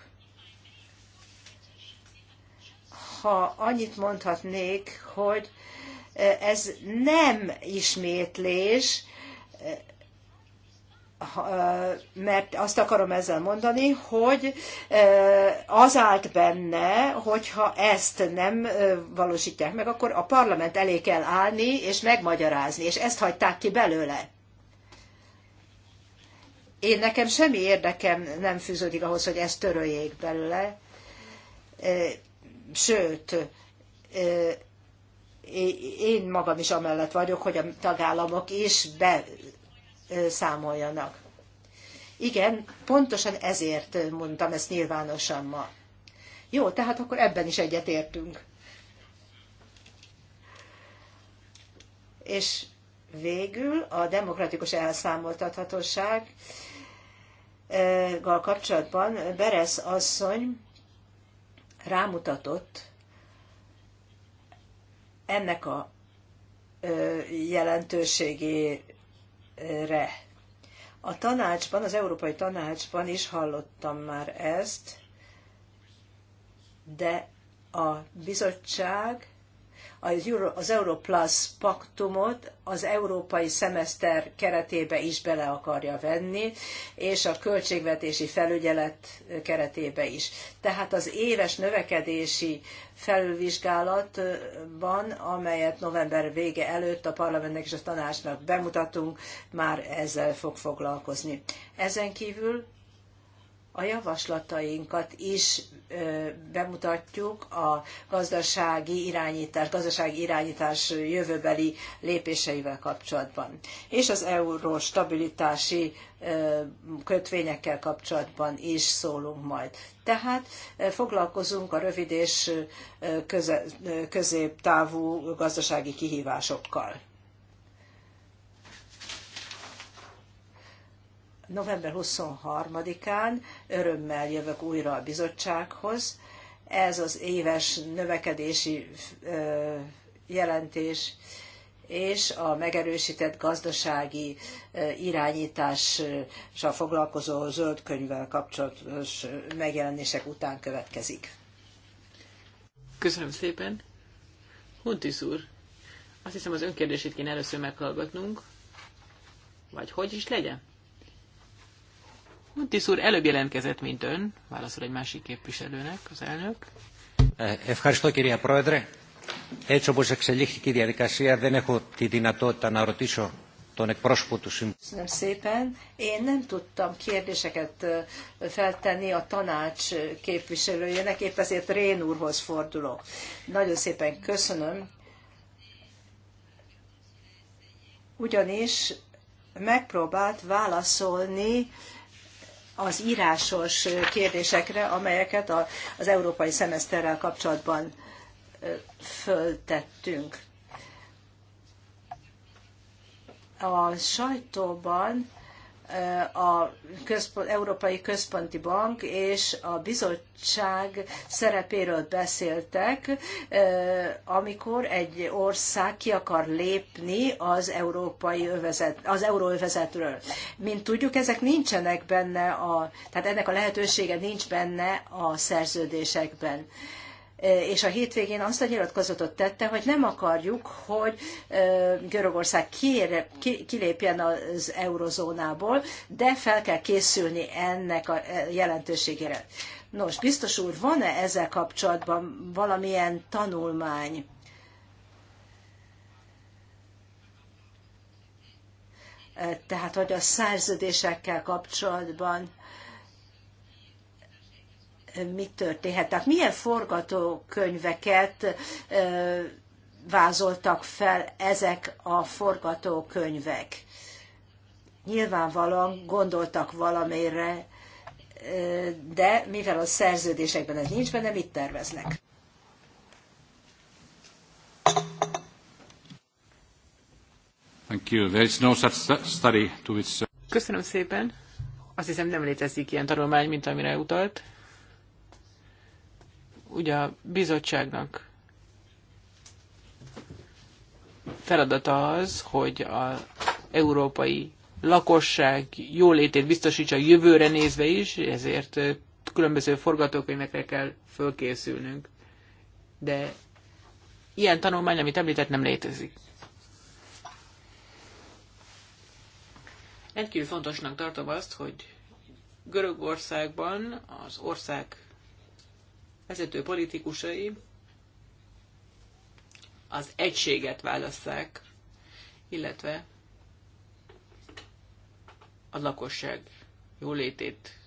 Ha annyit mondhatnék, hogy ez nem ismétlés, mert azt akarom ezzel mondani, hogy e, az állt benne, hogyha ezt nem e, valósítják meg, akkor a parlament elé kell állni és megmagyarázni, és ezt hagyták ki belőle én nekem semmi érdekem nem fűződik ahhoz, hogy ezt töröljék belőle. Sőt, én magam is amellett vagyok, hogy a tagállamok is beszámoljanak. Igen, pontosan ezért mondtam ezt nyilvánosan ma. Jó, tehát akkor ebben is egyetértünk. És végül a demokratikus elszámoltathatóság gal kapcsolatban Beresz asszony rámutatott ennek a jelentőségére. A tanácsban, az Európai Tanácsban is hallottam már ezt, de a bizottság az, Euro, az Europlus paktumot az európai szemeszter keretébe is bele akarja venni, és a költségvetési felügyelet keretébe is. Tehát az éves növekedési felülvizsgálatban, amelyet november vége előtt a parlamentnek és a tanácsnak bemutatunk, már ezzel fog foglalkozni. Ezen kívül a javaslatainkat is bemutatjuk a gazdasági irányítás, gazdasági irányítás jövőbeli lépéseivel kapcsolatban, és az euró stabilitási kötvényekkel kapcsolatban is szólunk majd. Tehát foglalkozunk a rövid és középtávú gazdasági kihívásokkal. november 23-án örömmel jövök újra a bizottsághoz. Ez az éves növekedési jelentés és a megerősített gazdasági irányítással foglalkozó zöld könyvvel kapcsolatos megjelenések után következik. Köszönöm szépen. Huntis úr, azt hiszem az önkérdését kéne először meghallgatnunk, vagy hogy is legyen? Montis úr előbb jelentkezett, mint ön, válaszol egy másik képviselőnek az elnök. Eh, Ευχαριστώ κυρία Πρόεδρε. Έτσι όπως εξελίχθηκε η διαδικασία δεν έχω τη δυνατότητα να ρωτήσω τον εκπρόσωπο του Συμβουλίου. szépen. Én nem tudtam kérdéseket eh, a tanács képviselőjének, épp fordulok. Nagyon szépen köszönöm. Ugyanis megpróbált válaszolni az írásos kérdésekre, amelyeket az európai szemeszterrel kapcsolatban föltettünk. A sajtóban a központ, Európai Központi Bank és a bizottság szerepéről beszéltek, amikor egy ország ki akar lépni az európai övezet, az euróövezetről. Mint tudjuk, ezek nincsenek benne, a, tehát ennek a lehetősége nincs benne a szerződésekben és a hétvégén azt a nyilatkozatot tette, hogy nem akarjuk, hogy Görögország kilépjen az eurozónából, de fel kell készülni ennek a e, jelentőségére. Nos, biztos úr, van-e ezzel kapcsolatban valamilyen tanulmány? E, tehát, hogy a szerződésekkel kapcsolatban mi történhet. Tehát milyen forgatókönyveket vázoltak fel ezek a forgatókönyvek? Nyilvánvalóan gondoltak valamire, de mivel a szerződésekben ez nincs benne, mit terveznek? Thank you. There is no such study to which... Uh, Köszönöm szépen. Azt hiszem nem létezik ilyen tanulmány, mint amire utalt ugye a bizottságnak feladata az, hogy az európai lakosság jólétét biztosítsa jövőre nézve is, ezért különböző forgatókönyvekre kell fölkészülnünk. De ilyen tanulmány, amit említett, nem létezik. Rendkívül fontosnak tartom azt, hogy Görögországban az ország vezető politikusai az egységet válasszák, illetve a lakosság jólétét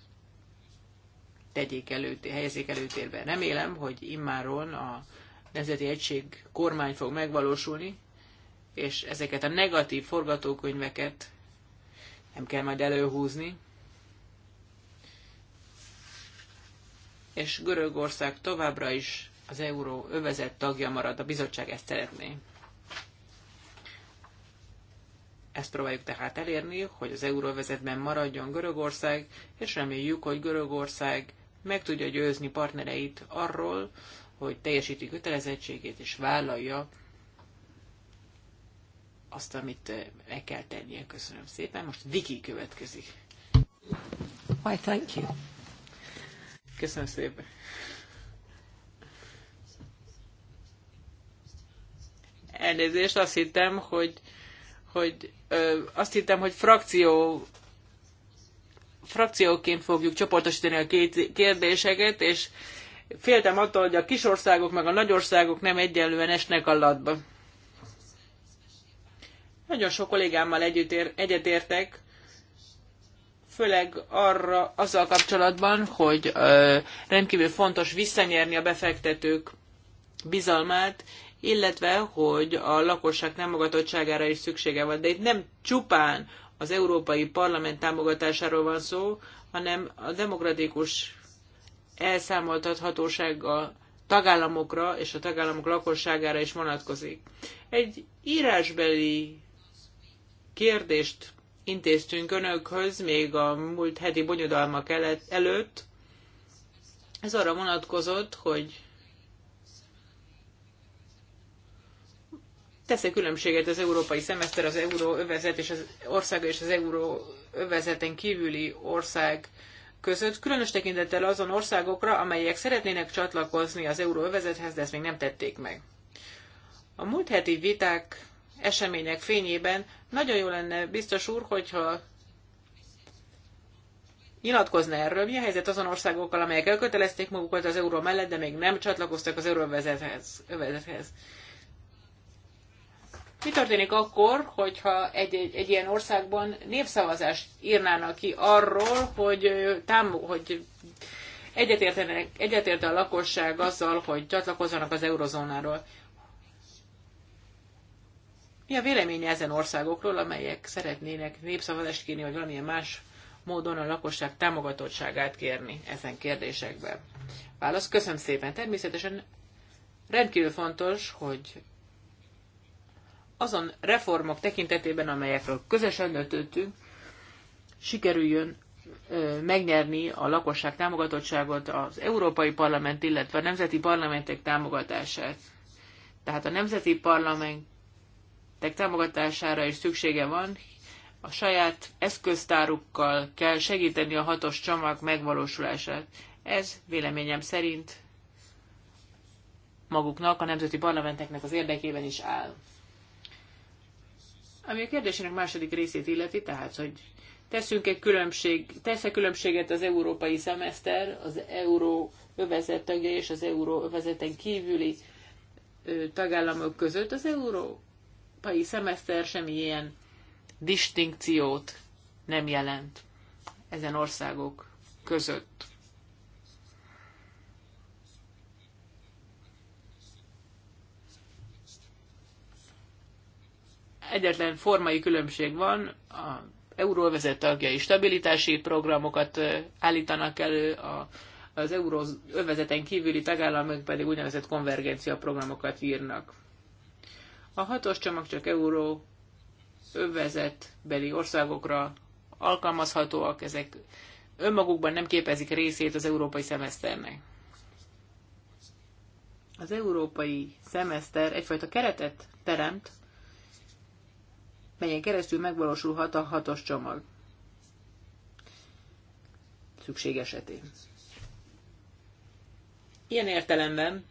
tegyék előtér, helyezik előtérbe. Remélem, hogy immáron a Nemzeti Egység kormány fog megvalósulni, és ezeket a negatív forgatókönyveket nem kell majd előhúzni, és Görögország továbbra is az euró övezet tagja marad. A bizottság ezt szeretné. Ezt próbáljuk tehát elérni, hogy az euróvezetben maradjon Görögország, és reméljük, hogy Görögország meg tudja győzni partnereit arról, hogy teljesíti kötelezettségét és vállalja azt, amit eh, meg kell tennie. Köszönöm szépen. Most Viki következik. Why, thank you. Köszönöm szépen. Elnézést, azt hittem, hogy, hogy ö, azt hittem, hogy frakció frakcióként fogjuk csoportosítani a két kérdéseket, és féltem attól, hogy a kisországok meg a nagyországok nem egyenlően esnek a latba. Nagyon sok kollégámmal együtt ér, egyetértek, főleg arra azzal kapcsolatban, hogy ö, rendkívül fontos visszanyerni a befektetők bizalmát, illetve hogy a lakosság támogatottságára is szüksége van. De itt nem csupán az Európai Parlament támogatásáról van szó, hanem a demokratikus elszámoltathatóság a tagállamokra és a tagállamok lakosságára is vonatkozik. Egy írásbeli kérdést intéztünk önökhöz még a múlt heti bonyodalmak előtt. Ez arra vonatkozott, hogy tesz egy különbséget az európai szemeszter, az euróövezet és az ország és az euróövezeten kívüli ország között, különös tekintettel azon országokra, amelyek szeretnének csatlakozni az euróövezethez, de ezt még nem tették meg. A múlt heti viták, események fényében nagyon jó lenne, biztos úr, hogyha nyilatkozna erről, mi a helyzet azon országokkal, amelyek elkötelezték magukat az euró mellett, de még nem csatlakoztak az euróvezethez. Mi történik akkor, hogyha egy, egy, egy ilyen országban népszavazást írnának ki arról, hogy, támog, hogy egyetértene egyetérte a lakosság azzal, hogy csatlakozzanak az eurozónáról? Mi a véleménye ezen országokról, amelyek szeretnének népszavazást kérni, vagy valamilyen más módon a lakosság támogatottságát kérni ezen kérdésekben? Válasz, köszönöm szépen. Természetesen rendkívül fontos, hogy azon reformok tekintetében, amelyekről közösen döntöttünk, sikerüljön megnyerni a lakosság támogatottságot, az Európai Parlament, illetve a nemzeti parlamentek támogatását. Tehát a nemzeti parlament támogatására is szüksége van, a saját eszköztárukkal kell segíteni a hatos csomag megvalósulását. Ez véleményem szerint maguknak, a nemzeti parlamenteknek az érdekében is áll. Ami a kérdésének második részét illeti, tehát, hogy teszünk-e különbség, tesz-e különbséget az európai szemeszter, az euró övezet tagja és az euró övezeten kívüli tagállamok között. Az euró európai szemeszter semmilyen distinkciót nem jelent ezen országok között. Egyetlen formai különbség van, a euróvezet tagjai stabilitási programokat állítanak elő, a, az euróvezeten kívüli tagállamok pedig úgynevezett konvergencia programokat írnak a hatos csomag csak euró övezetbeli országokra alkalmazhatóak, ezek önmagukban nem képezik részét az európai szemeszternek. Az európai szemeszter egyfajta keretet teremt, melyen keresztül megvalósulhat a hatos csomag. Szükség esetén. Ilyen értelemben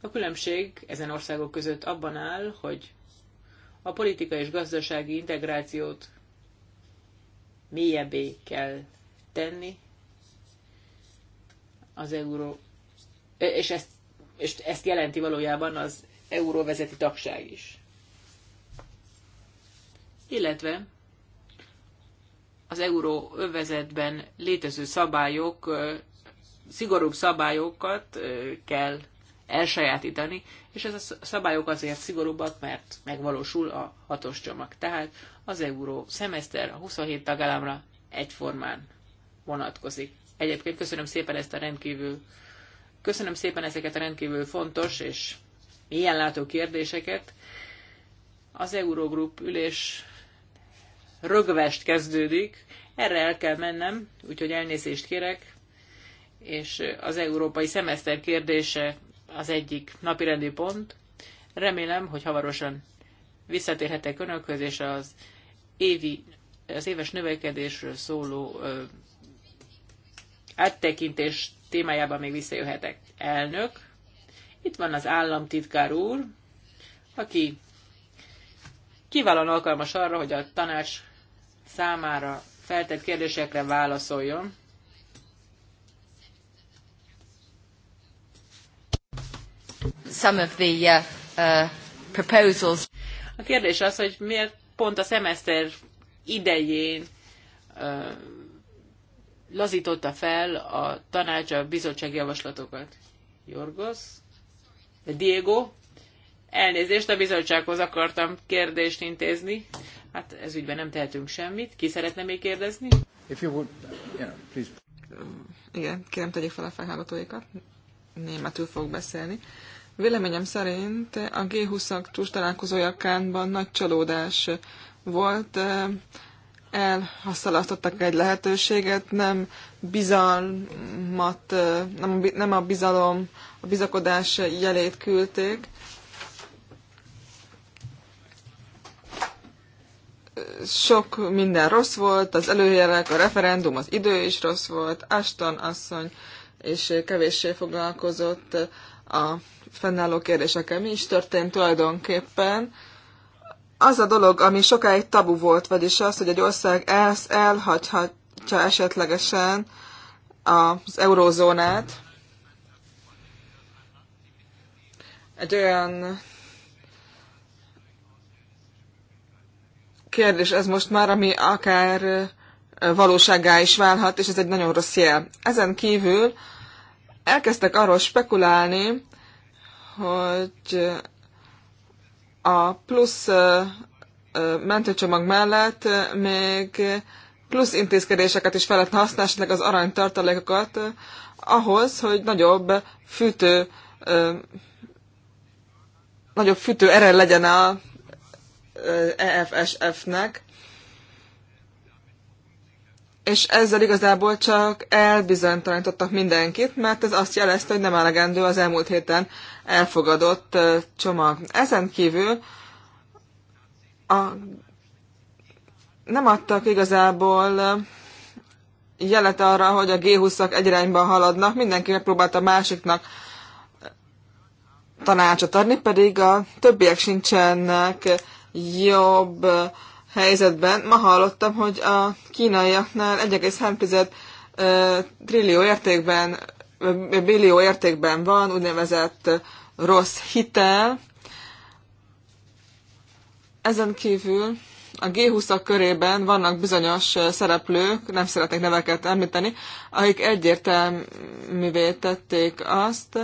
a különbség ezen országok között abban áll, hogy a politikai és gazdasági integrációt mélyebbé kell tenni az euró, és ezt, és ezt jelenti valójában az euróvezeti tagság is. Illetve az euróövezetben létező szabályok, szigorúbb szabályokat kell elsajátítani, és ez a szabályok azért szigorúbbak, mert megvalósul a hatos csomag. Tehát az euró szemeszter a 27 tagállamra egyformán vonatkozik. Egyébként köszönöm szépen ezt a rendkívül Köszönöm szépen ezeket a rendkívül fontos és ilyen látó kérdéseket. Az Eurogroup ülés rögvest kezdődik, erre el kell mennem, úgyhogy elnézést kérek, és az európai szemeszter kérdése az egyik napirendi pont. Remélem, hogy hamarosan visszatérhetek önökhöz, és az, évi, az éves növekedésről szóló ö, áttekintés témájában még visszajöhetek. Elnök, itt van az államtitkár úr, aki kiválóan alkalmas arra, hogy a tanács számára feltett kérdésekre válaszoljon. some of the uh, uh, proposals. A kérdés az, hogy miért pont a szemeszter idején uh, lazította fel a tanács a bizottság javaslatokat. Jorgos? Diego? Elnézést, a bizottsághoz akartam kérdést intézni. Hát ez ügyben nem tehetünk semmit. Ki szeretne még kérdezni? If you would, yeah, Igen, kérem tegyék fel a felhallgatóikat. Németül fog beszélni. Uh, Véleményem szerint a g 20 csúcs találkozója Kánban nagy csalódás volt. Elhasználtattak egy lehetőséget, nem bizalmat, nem a bizalom, a bizakodás jelét küldték. Sok minden rossz volt, az előjelek, a referendum, az idő is rossz volt, Aston asszony, és kevéssé foglalkozott a fennálló kérdésekkel. Mi is történt tulajdonképpen? Az a dolog, ami sokáig tabu volt, vagyis az, hogy egy ország elsz elhagyhatja esetlegesen az eurózónát, egy olyan kérdés ez most már, ami akár valóságá is válhat, és ez egy nagyon rossz jel. Ezen kívül elkezdtek arról spekulálni, hogy a plusz mentőcsomag mellett még plusz intézkedéseket is fel lehetne használni, az aranytartalékokat, ahhoz, hogy nagyobb fűtő nagyobb fűtő ere legyen a EFSF-nek, és ezzel igazából csak elbizonytalanítottak mindenkit, mert ez azt jelezte, hogy nem elegendő az elmúlt héten elfogadott csomag. Ezen kívül a, nem adtak igazából jelet arra, hogy a G20-ak egy irányban haladnak, mindenki megpróbálta másiknak tanácsot adni, pedig a többiek sincsenek jobb helyzetben. Ma hallottam, hogy a kínaiaknál 1,3 trillió értékben, billió értékben van úgynevezett rossz hitel. Ezen kívül a G20-ak körében vannak bizonyos szereplők, nem szeretnék neveket említeni, akik egyértelművé tették azt,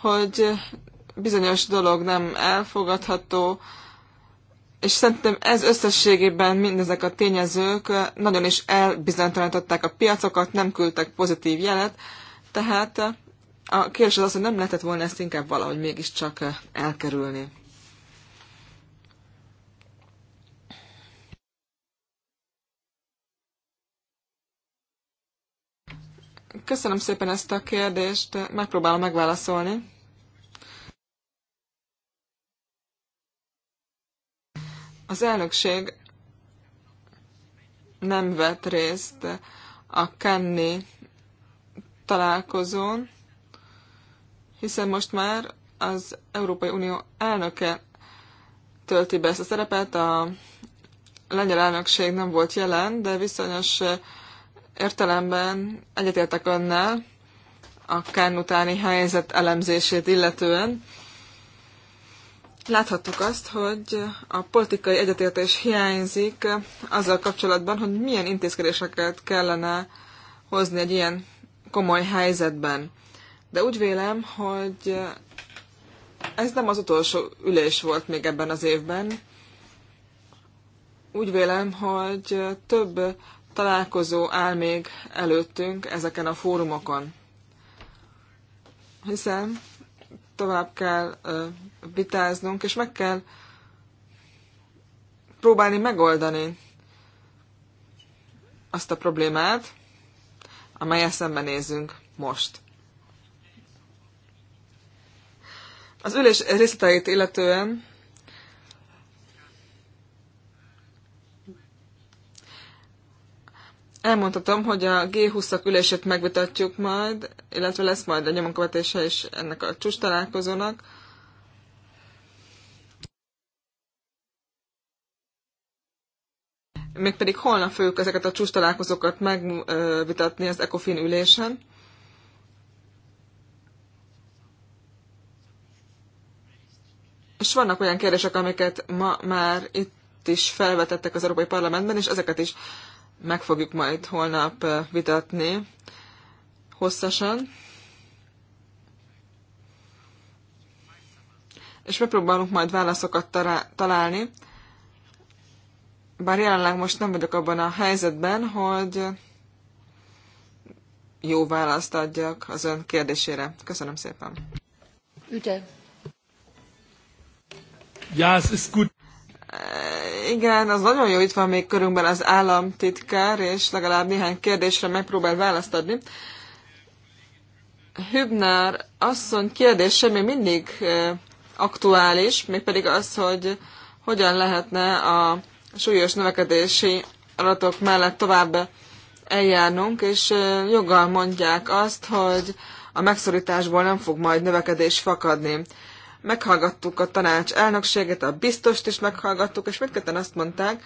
hogy bizonyos dolog nem elfogadható, és szerintem ez összességében mindezek a tényezők nagyon is elbizonytalanították a piacokat, nem küldtek pozitív jelet, tehát a kérdés az az, hogy nem lehetett volna ezt inkább valahogy mégiscsak elkerülni. Köszönöm szépen ezt a kérdést, megpróbálom megválaszolni. Az elnökség nem vett részt a Kenny találkozón, hiszen most már az Európai Unió elnöke tölti be ezt a szerepet, a lengyel elnökség nem volt jelen, de viszonyos értelemben egyetértek önnel a Kenny utáni helyzet elemzését illetően láthattuk azt, hogy a politikai egyetértés hiányzik azzal kapcsolatban, hogy milyen intézkedéseket kellene hozni egy ilyen komoly helyzetben. De úgy vélem, hogy ez nem az utolsó ülés volt még ebben az évben. Úgy vélem, hogy több találkozó áll még előttünk ezeken a fórumokon. Hiszen tovább kell vitáznunk, és meg kell próbálni megoldani azt a problémát, amelyel szembenézünk most. Az ülés részleteit illetően Elmondhatom, hogy a G20-ak ülését megvitatjuk majd, illetve lesz majd a nyomonkövetése is ennek a csúcs találkozónak. Mégpedig holnap fogjuk ezeket a csúcs találkozókat megvitatni az ECOFIN ülésen. És vannak olyan kérdések, amiket ma már itt is felvetettek az Európai Parlamentben, és ezeket is meg fogjuk majd holnap vitatni hosszasan. És megpróbálunk majd válaszokat találni. Bár jelenleg most nem vagyok abban a helyzetben, hogy jó választ adjak az ön kérdésére. Köszönöm szépen. Üde. Ja, es ist gut, igen, az nagyon jó, itt van még körünkben az államtitkár, és legalább néhány kérdésre megpróbál választ adni. Hübner asszony kérdése még mindig eh, aktuális, mégpedig az, hogy hogyan lehetne a súlyos növekedési adatok mellett tovább eljárnunk, és eh, joggal mondják azt, hogy a megszorításból nem fog majd növekedés fakadni meghallgattuk a tanács elnökséget, a biztost is meghallgattuk, és mindketten azt mondták,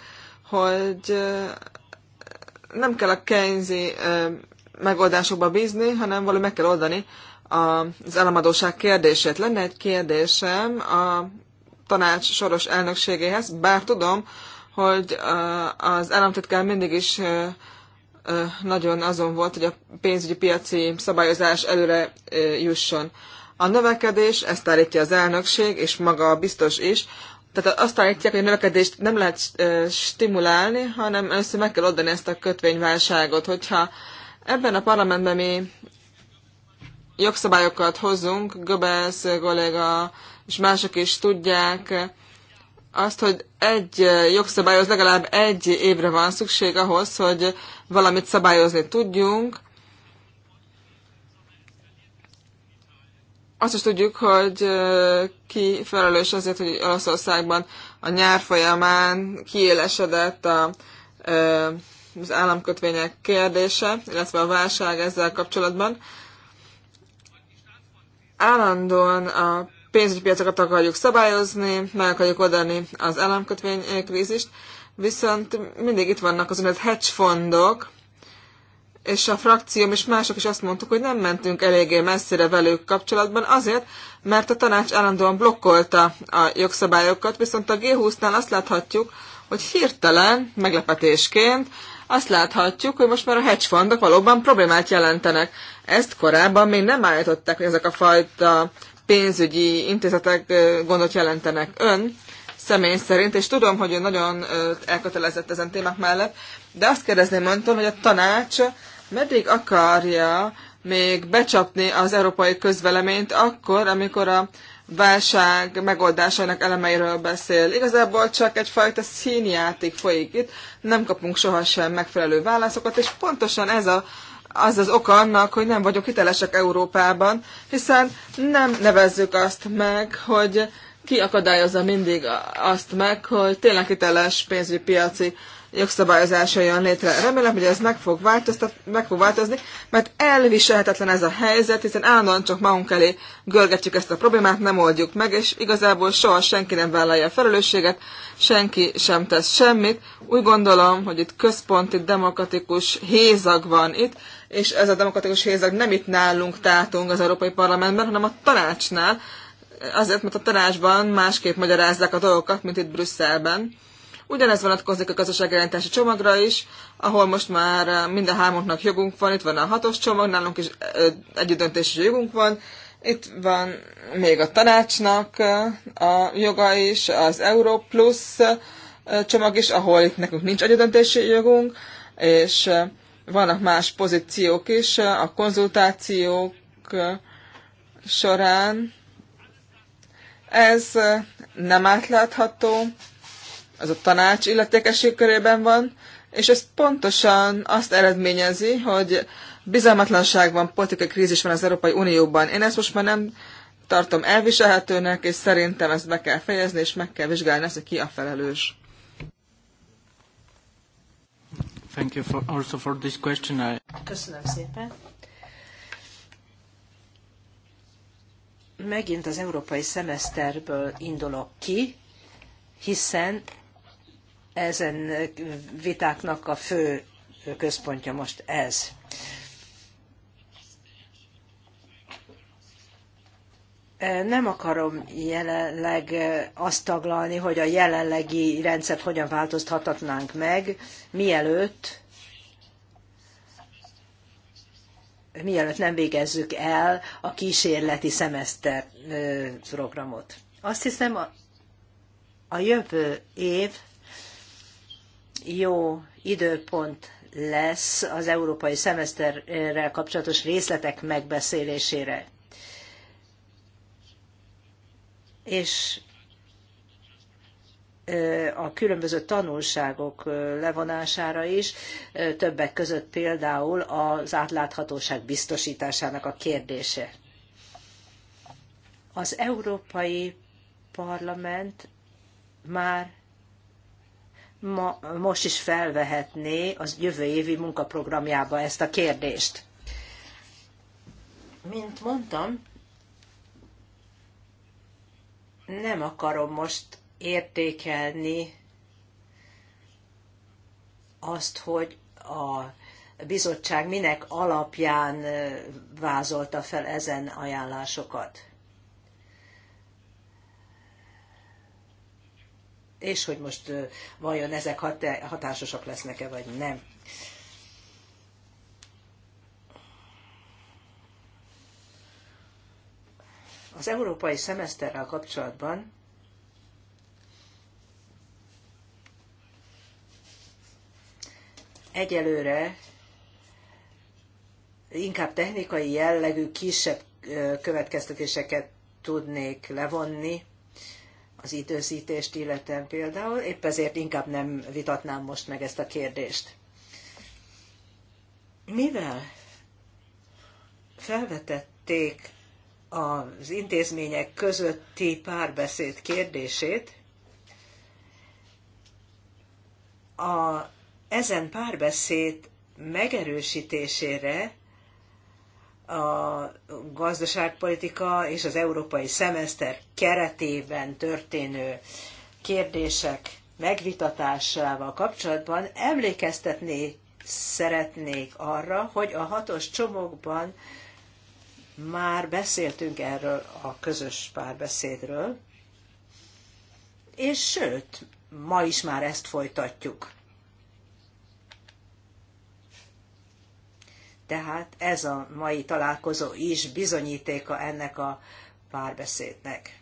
hogy nem kell a Keynesi megoldásokba bízni, hanem valami meg kell oldani az államadóság kérdését. Lenne egy kérdésem a tanács soros elnökségéhez, bár tudom, hogy az államtitkár mindig is nagyon azon volt, hogy a pénzügyi piaci szabályozás előre jusson. A növekedés, ezt állítja az elnökség, és maga a biztos is, tehát azt állítják, hogy a növekedést nem lehet stimulálni, hanem először meg kell oldani ezt a kötvényválságot. Hogyha ebben a parlamentben mi jogszabályokat hozunk, Göbels kolléga és mások is tudják, azt, hogy egy jogszabályhoz legalább egy évre van szükség ahhoz, hogy valamit szabályozni tudjunk, Azt is tudjuk, hogy ki felelős azért, hogy Olaszországban a nyár folyamán kiélesedett a, az államkötvények kérdése, illetve a válság ezzel kapcsolatban. Állandóan a pénzügyi piacokat akarjuk szabályozni, meg akarjuk oldani az államkötvény krízist, viszont mindig itt vannak az úgynevezett hedge fondok, és a frakcióm és mások is azt mondtuk, hogy nem mentünk eléggé messzire velük kapcsolatban, azért, mert a tanács állandóan blokkolta a jogszabályokat, viszont a G20-nál azt láthatjuk, hogy hirtelen, meglepetésként azt láthatjuk, hogy most már a hedge fundok valóban problémát jelentenek. Ezt korábban még nem állították, hogy ezek a fajta pénzügyi intézetek gondot jelentenek ön, személy szerint, és tudom, hogy ő nagyon elkötelezett ezen témák mellett, de azt kérdezném öntől, hogy a tanács meddig akarja még becsapni az európai közveleményt akkor, amikor a válság megoldásának elemeiről beszél. Igazából csak egyfajta színjáték folyik itt, nem kapunk sohasem megfelelő válaszokat, és pontosan ez a, az az oka annak, hogy nem vagyok hitelesek Európában, hiszen nem nevezzük azt meg, hogy ki akadályozza mindig azt meg, hogy tényleg hiteles pénzügyi piaci jogszabályozása jön létre. Remélem, hogy ez meg fog, meg fog változni, mert elviselhetetlen ez a helyzet, hiszen állandóan csak magunk elé görgetjük ezt a problémát, nem oldjuk meg, és igazából soha senki nem vállalja a felelősséget, senki sem tesz semmit. Úgy gondolom, hogy itt központi demokratikus hézag van itt, és ez a demokratikus hézag nem itt nálunk tátunk az Európai Parlamentben, hanem a tanácsnál, azért, mert a tanácsban másképp magyarázzák a dolgokat, mint itt Brüsszelben Ugyanez vonatkozik a gazdaságjelentési csomagra is, ahol most már eh, minden hármunknak jogunk van, itt van a hatos csomag, nálunk is eh, együttdöntési jogunk van, itt van még a tanácsnak eh, a joga is, az Euro Plus csomag is, ahol itt nekünk nincs egyedöntési jogunk, és vannak más pozíciók is a konzultációk során. Ez nem átlátható, ez a tanács illetékesség körében van, és ez pontosan azt eredményezi, hogy bizalmatlanság van, politikai krízis van az Európai Unióban. Én ezt most már nem tartom elviselhetőnek, és szerintem ezt be kell fejezni, és meg kell vizsgálni ezt, hogy ki a felelős. Thank you for, also for this question. I... Köszönöm szépen. Megint az európai szemeszterből indulok ki, hiszen ezen vitáknak a fő központja most ez. Nem akarom jelenleg azt taglalni, hogy a jelenlegi rendszert hogyan változtathatnánk meg, mielőtt mielőtt nem végezzük el a kísérleti szemeszter programot. Azt hiszem, a jövő év jó időpont lesz az európai szemeszterrel kapcsolatos részletek megbeszélésére. És a különböző tanulságok levonására is, többek között például az átláthatóság biztosításának a kérdése. Az Európai Parlament már ma, most is felvehetné az jövő évi munkaprogramjába ezt a kérdést. Mint mondtam, nem akarom most értékelni azt, hogy a bizottság minek alapján eh, vázolta fel ezen ajánlásokat. és hogy most vajon ezek hatásosak lesznek-e, vagy nem. Az európai szemeszterrel kapcsolatban egyelőre inkább technikai jellegű kisebb következtetéseket tudnék levonni, az időzítést illetően például, épp ezért inkább nem vitatnám most meg ezt a kérdést. Mivel felvetették az intézmények közötti párbeszéd kérdését, a, ezen párbeszéd megerősítésére a gazdaságpolitika és az európai szemeszter keretében történő kérdések megvitatásával kapcsolatban emlékeztetni szeretnék arra, hogy a hatos csomagban már beszéltünk erről a közös párbeszédről, és sőt, ma is már ezt folytatjuk. Tehát ez a mai találkozó is bizonyítéka ennek a párbeszédnek.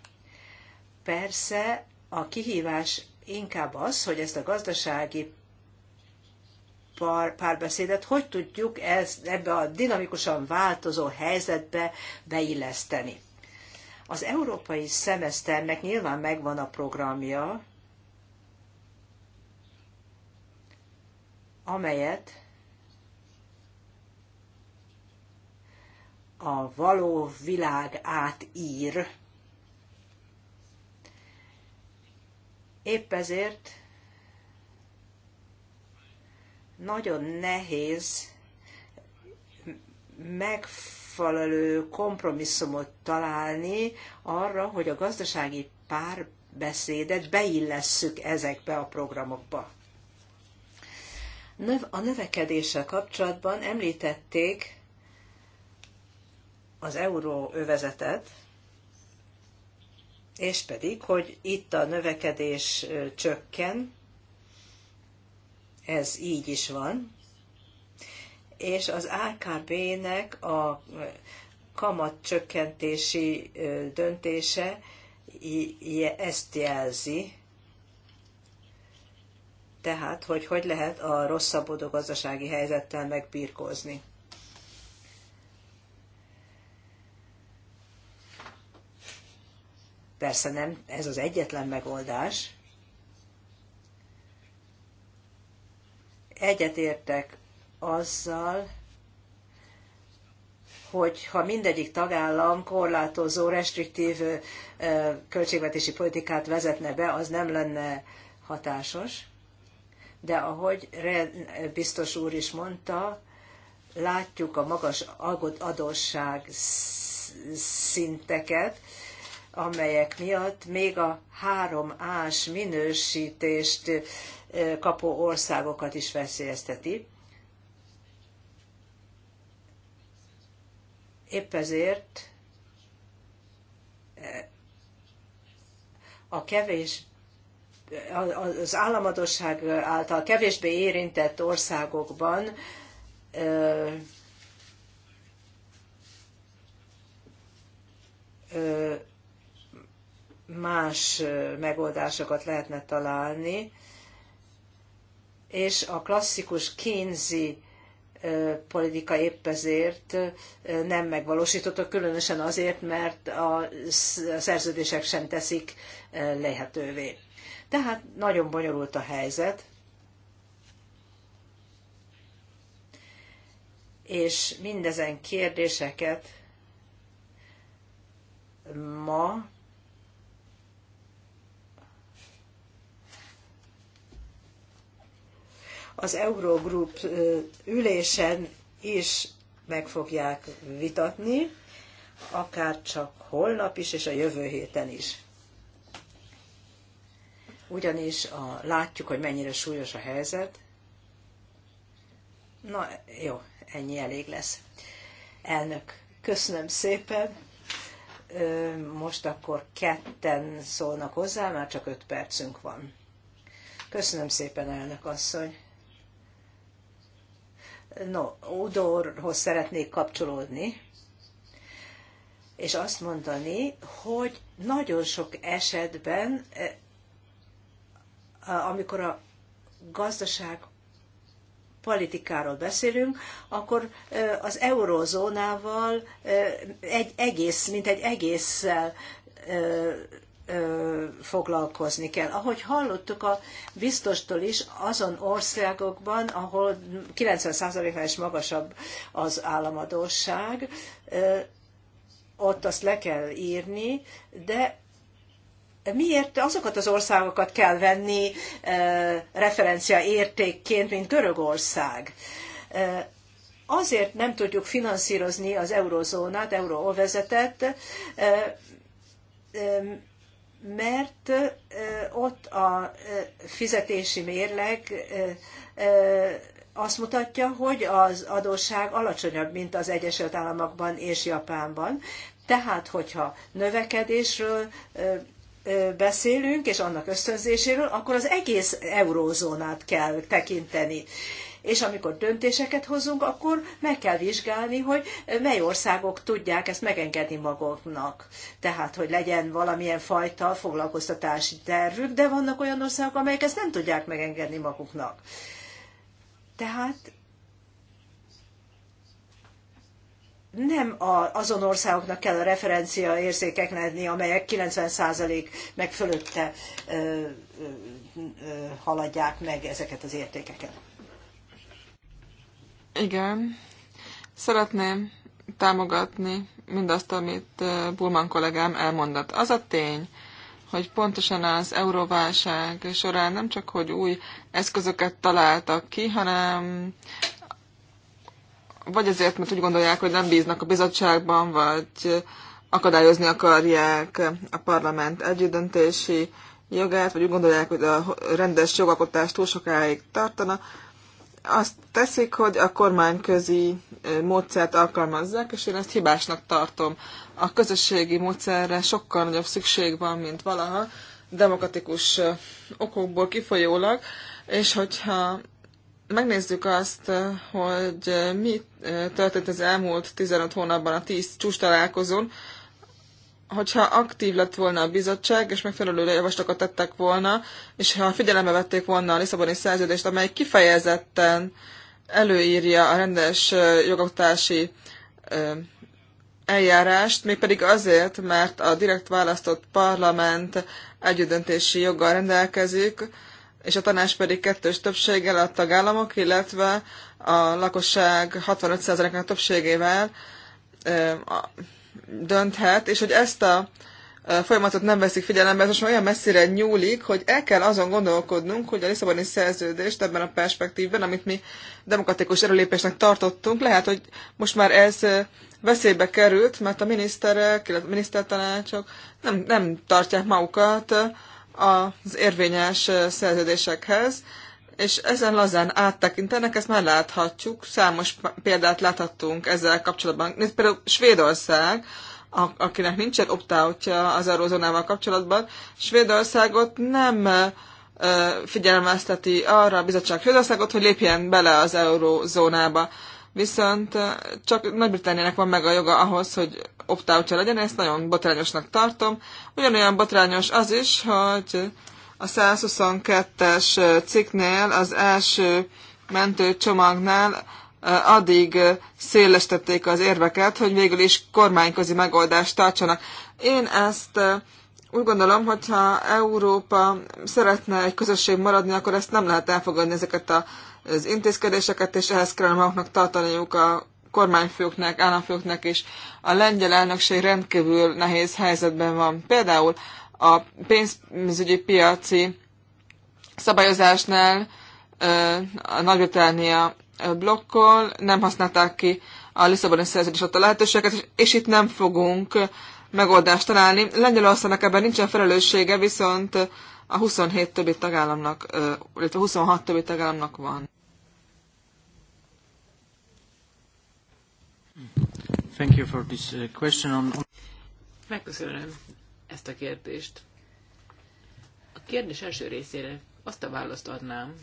Persze a kihívás inkább az, hogy ezt a gazdasági párbeszédet hogy tudjuk ez, ebbe a dinamikusan változó helyzetbe beilleszteni. Az európai szemeszternek nyilván megvan a programja, amelyet a való világ átír. Épp ezért nagyon nehéz megfelelő kompromisszumot találni arra, hogy a gazdasági párbeszédet beillesszük ezekbe a programokba. A növekedéssel kapcsolatban említették, az euróövezetet, és pedig, hogy itt a növekedés csökken, ez így is van, és az AKB-nek a kamat csökkentési döntése ezt jelzi, tehát, hogy hogy lehet a rosszabbodó gazdasági helyzettel megbírkozni. Persze nem ez az egyetlen megoldás. Egyetértek azzal, hogy ha mindegyik tagállam korlátozó, restriktív költségvetési politikát vezetne be, az nem lenne hatásos. De ahogy biztos úr is mondta, látjuk a magas adósság szinteket, amelyek miatt még a három ás minősítést kapó országokat is veszélyezteti. Épp ezért a kevés az államadosság által kevésbé érintett országokban ö, ö, más megoldásokat lehetne találni, és a klasszikus Keynesi politika épp ezért nem megvalósította, különösen azért, mert a szerződések sem teszik lehetővé. Tehát nagyon bonyolult a helyzet, és mindezen kérdéseket ma az Eurogroup ülésen is meg fogják vitatni, akár csak holnap is, és a jövő héten is. Ugyanis a, látjuk, hogy mennyire súlyos a helyzet. Na jó, ennyi elég lesz. Elnök, köszönöm szépen. Most akkor ketten szólnak hozzá, már csak öt percünk van. Köszönöm szépen, elnök asszony. No, Udorhoz szeretnék kapcsolódni, és azt mondani, hogy nagyon sok esetben, eh, amikor a gazdaság politikáról beszélünk, akkor eh, az eurozónával eh, egy egész, mint egy egésszel foglalkozni kell. Ahogy hallottuk a biztostól is, azon országokban, ahol 90%-nál is magasabb az államadóság, ott azt le kell írni, de miért azokat az országokat kell venni referencia értékként, mint Görögország? Azért nem tudjuk finanszírozni az eurozónát, euróvezetet, mert ott a fizetési mérleg azt mutatja, hogy az adósság alacsonyabb, mint az Egyesült Államokban és Japánban. Tehát, hogyha növekedésről beszélünk, és annak ösztönzéséről, akkor az egész eurózónát kell tekinteni és amikor döntéseket hozunk, akkor meg kell vizsgálni, hogy mely országok tudják ezt megengedni maguknak. Tehát, hogy legyen valamilyen fajta foglalkoztatási tervük, de vannak olyan országok, amelyek ezt nem tudják megengedni maguknak. Tehát nem a, azon országoknak kell a referencia érzékek lenni, amelyek 90% meg fölötte ö, ö, ö, haladják meg ezeket az értékeket. Igen. Szeretném támogatni mindazt, amit Bulman kollégám elmondott. Az a tény, hogy pontosan az euróválság során nem csak, hogy új eszközöket találtak ki, hanem vagy azért, mert úgy gondolják, hogy nem bíznak a bizottságban, vagy akadályozni akarják a parlament együttdöntési jogát, vagy úgy gondolják, hogy a rendes jogalkotást túl sokáig tartana, azt teszik, hogy a kormányközi módszert alkalmazzák, és én ezt hibásnak tartom. A közösségi módszerre sokkal nagyobb szükség van, mint valaha, demokratikus okokból kifolyólag, és hogyha megnézzük azt, hogy mi történt az elmúlt 15 hónapban a 10 csúcs találkozón, hogyha aktív lett volna a bizottság, és megfelelő javaslatokat tettek volna, és ha figyelembe vették volna a Lisszaboni szerződést, amely kifejezetten előírja a rendes jogoktási eljárást, mégpedig azért, mert a direkt választott parlament együttdöntési joggal rendelkezik, és a tanács pedig kettős többséggel a tagállamok, illetve a lakosság 65%-nak többségével dönthet, és hogy ezt a e, folyamatot nem veszik figyelembe, ez most olyan messzire nyúlik, hogy el kell azon gondolkodnunk, hogy a Lisszaboni szerződést ebben a perspektívben, amit mi demokratikus erőlépésnek tartottunk, lehet, hogy most már ez e, veszélybe került, mert a miniszterek, illetve a minisztertanácsok nem, nem tartják magukat e, az érvényes szerződésekhez, és ezen lazán áttekintenek, ezt már láthatjuk, számos példát láthattunk ezzel kapcsolatban. Nézd, például Svédország, akinek nincsen optáutja az eurózónával kapcsolatban, Svédországot nem figyelmezteti arra a bizottság Svédországot, hogy lépjen bele az eurózónába. Viszont csak Nagy-Britanniának van meg a joga ahhoz, hogy optáutja legyen, ezt nagyon botrányosnak tartom. Ugyanolyan botrányos az is, hogy a 122-es cikknél, az első mentőcsomagnál addig szélestették az érveket, hogy végül is kormányközi megoldást tartsanak. Én ezt úgy gondolom, hogyha Európa szeretne egy közösség maradni, akkor ezt nem lehet elfogadni ezeket az intézkedéseket, és ehhez kellene maguknak tartaniuk a kormányfőknek, államfőknek is. A lengyel elnökség rendkívül nehéz helyzetben van. Például a pénzügyi piaci szabályozásnál a nagy blokkol, nem használták ki a Lisszaboni szerződés adta lehetőséget, és itt nem fogunk megoldást találni. Lengyelországnak ebben nincsen felelőssége, viszont a 27 többi tagállamnak, illetve 26 többi tagállamnak van. Thank you for this uh, question on... Megköszönöm ezt a kérdést. A kérdés első részére azt a választ adnám,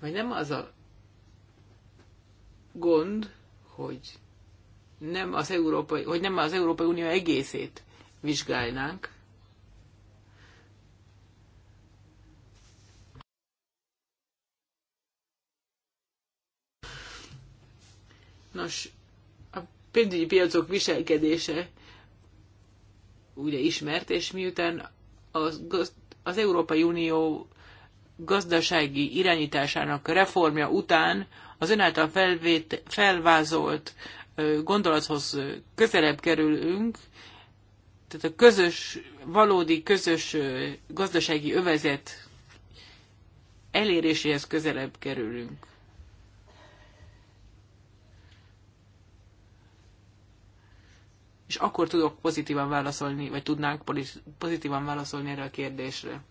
hogy nem az a gond, hogy nem az Európai, hogy nem az Európai Unió egészét vizsgálnánk, Nos, a pénzügyi piacok viselkedése ugye ismert, és miután az, az Európai Unió gazdasági irányításának reformja után az által felvét, felvázolt gondolathoz közelebb kerülünk, tehát a közös, valódi közös gazdasági övezet eléréséhez közelebb kerülünk. és akkor tudok pozitívan válaszolni, vagy tudnánk pozitívan válaszolni erre a kérdésre.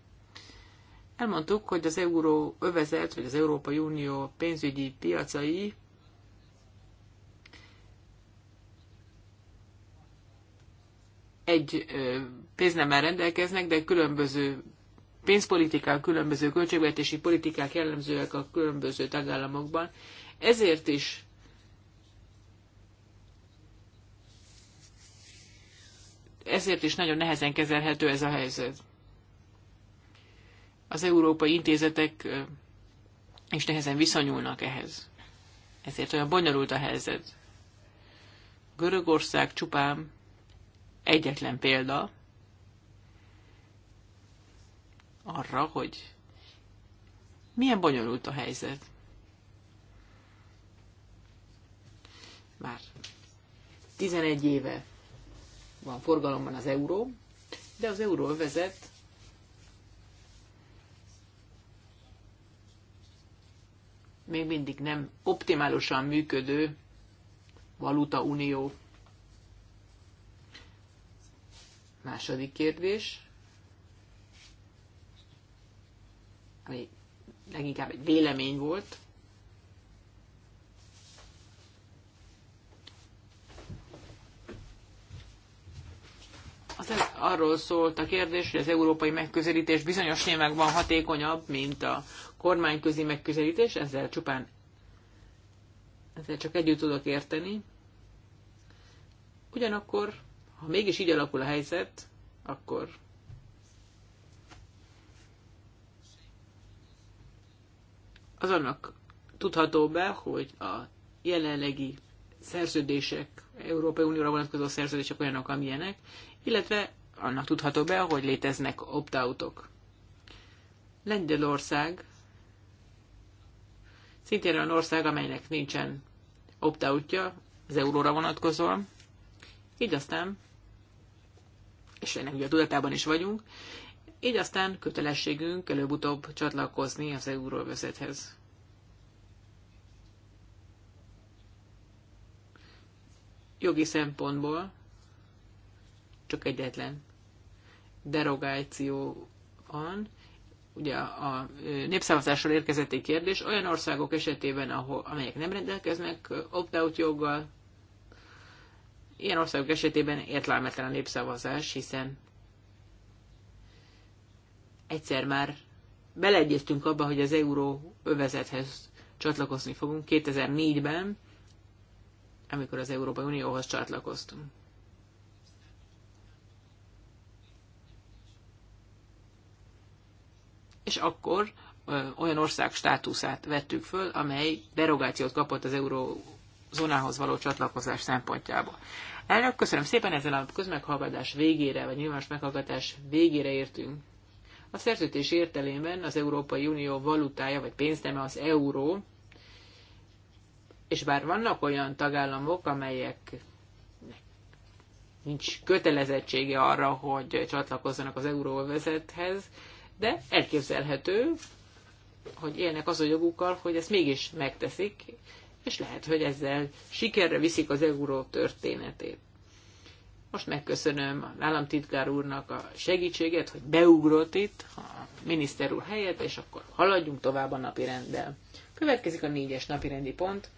Elmondtuk, hogy az euró övezet, vagy az Európai Unió pénzügyi piacai egy pénznemmel rendelkeznek, de különböző pénzpolitikák, különböző költségvetési politikák jellemzőek a különböző tagállamokban. Ezért is ezért is nagyon nehezen kezelhető ez a helyzet. Az európai intézetek is nehezen viszonyulnak ehhez. Ezért olyan bonyolult a helyzet. Görögország csupán egyetlen példa arra, hogy milyen bonyolult a helyzet. Már 11 éve van forgalomban az euró, de az euró vezet még mindig nem optimálisan működő valuta unió. Második kérdés, ami leginkább egy vélemény volt, Aztán arról szólt a kérdés, hogy az európai megközelítés bizonyos van hatékonyabb, mint a kormányközi megközelítés, ezzel csupán ezzel csak együtt tudok érteni. Ugyanakkor, ha mégis így alakul a helyzet, akkor az annak tudható be, hogy a jelenlegi szerződések, Európai Unióra vonatkozó szerződések olyanok, amilyenek, illetve annak tudható be, hogy léteznek opt-outok. Lengyelország szintén olyan ország, amelynek nincsen opt-outja az euróra vonatkozóan, így aztán, és ennek ugye a tudatában is vagyunk, így aztán kötelességünk előbb-utóbb csatlakozni az euróvezethez. Jogi szempontból csak egyetlen derogáció van. Ugye a népszavazásról érkezett egy kérdés, olyan országok esetében, ahol, amelyek nem rendelkeznek opt-out joggal, ilyen országok esetében értelmetlen a népszavazás, hiszen egyszer már beleegyeztünk abba, hogy az euró övezethez csatlakozni fogunk 2004-ben, amikor az Európai Unióhoz csatlakoztunk. és akkor olyan ország státuszát vettük föl, amely derogációt kapott az eurózónához való csatlakozás szempontjából. Elnök, köszönöm szépen, ezzel a közmeghallgatás végére, vagy nyilvános meghallgatás végére értünk. A szerződés értelében az Európai Unió valutája, vagy pénzteme az euró, és bár vannak olyan tagállamok, amelyek nincs kötelezettsége arra, hogy csatlakozzanak az euróvezethez, de elképzelhető, hogy élnek az a jogukkal, hogy ezt mégis megteszik, és lehet, hogy ezzel sikerre viszik az euró történetét. Most megköszönöm az államtitkár úrnak a segítséget, hogy beugrott itt a miniszter úr helyett, és akkor haladjunk tovább a napi renddel. Következik a négyes napi rendi pont.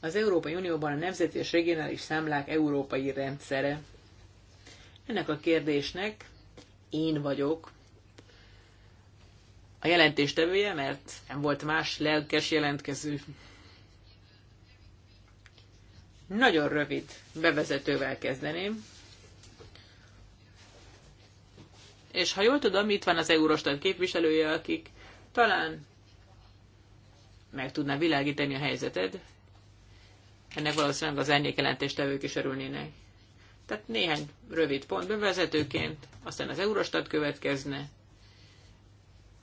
Az Európai Unióban a nemzeti és regionális számlák európai rendszere. Ennek a kérdésnek én vagyok a jelentéstevője, mert nem volt más lelkes jelentkező. Nagyon rövid bevezetővel kezdeném. És ha jól tudom, itt van az Eurostat képviselője, akik talán meg tudná világítani a helyzeted. Ennek valószínűleg az árnyék jelentéstevők is örülnének. Tehát néhány rövid pont bevezetőként, aztán az Eurostat következne,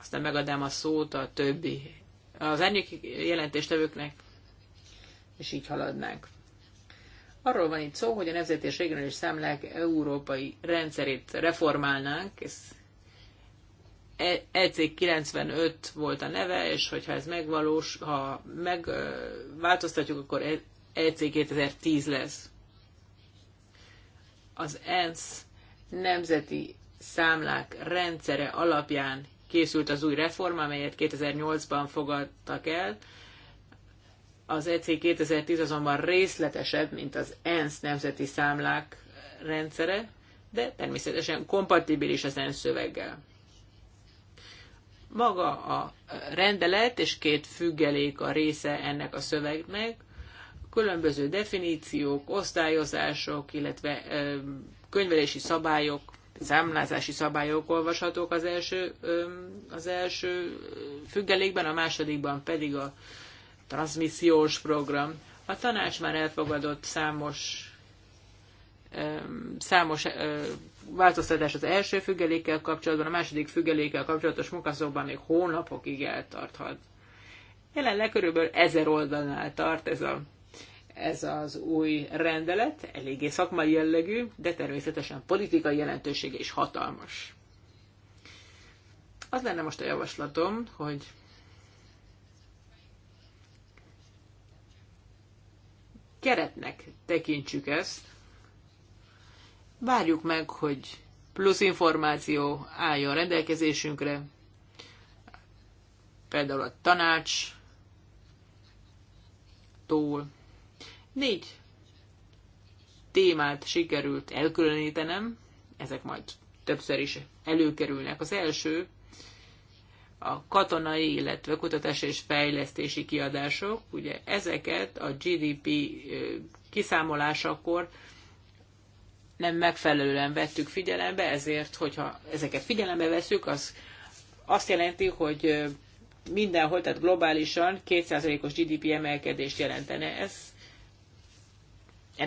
aztán megadám a szót a többi, az ennyi jelentéstevőknek, és így haladnánk. Arról van itt szó, hogy a nemzeti és regionális számlák európai rendszerét reformálnánk, ez EC95 e volt a neve, és hogyha ez megvalós, ha megváltoztatjuk, akkor EC2010 e lesz az ENSZ nemzeti számlák rendszere alapján készült az új reform, amelyet 2008-ban fogadtak el. Az EC 2010 azonban részletesebb, mint az ENSZ nemzeti számlák rendszere, de természetesen kompatibilis az ENSZ szöveggel. Maga a rendelet és két függelék a része ennek a szövegnek, Különböző definíciók, osztályozások, illetve könyvelési szabályok, számlázási szabályok olvashatók az első, az első függelékben, a másodikban pedig a transmissziós program. A tanács már elfogadott számos számos változtatás az első függelékkel kapcsolatban, a második függelékkel kapcsolatos munkaszokban még hónapokig eltarthat. Jelenleg körülbelül ezer oldalnál tart ez a ez az új rendelet, eléggé szakmai jellegű, de természetesen politikai jelentősége is hatalmas. Az lenne most a javaslatom, hogy keretnek tekintsük ezt, várjuk meg, hogy plusz információ álljon rendelkezésünkre, például a tanács, tól, Négy témát sikerült elkülönítenem, ezek majd többször is előkerülnek. Az első a katonai, illetve kutatás és fejlesztési kiadások, ugye ezeket a GDP kiszámolásakor nem megfelelően vettük figyelembe, ezért, hogyha ezeket figyelembe veszük, az azt jelenti, hogy mindenhol, tehát globálisan 2%-os GDP emelkedést jelentene. Ez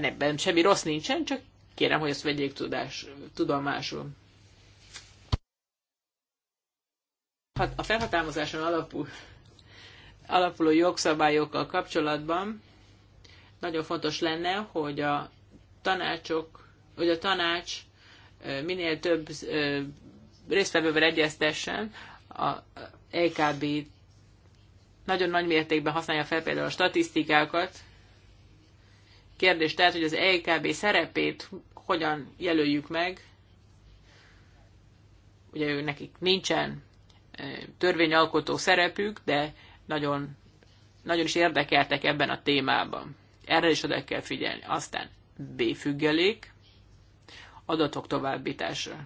Ebben semmi rossz nincsen, csak kérem, hogy ezt vegyék tudás, tudomásul. Hát a felhatalmazáson alapul, alapuló jogszabályokkal kapcsolatban nagyon fontos lenne, hogy a tanácsok, hogy a tanács minél több résztvevővel egyeztessen, a EKB nagyon nagy mértékben használja fel például a statisztikákat, Kérdés tehát, hogy az EKB szerepét hogyan jelöljük meg. Ugye ő nekik nincsen törvényalkotó szerepük, de nagyon, nagyon is érdekeltek ebben a témában. Erre is oda kell figyelni. Aztán B függelék, adatok továbbítása.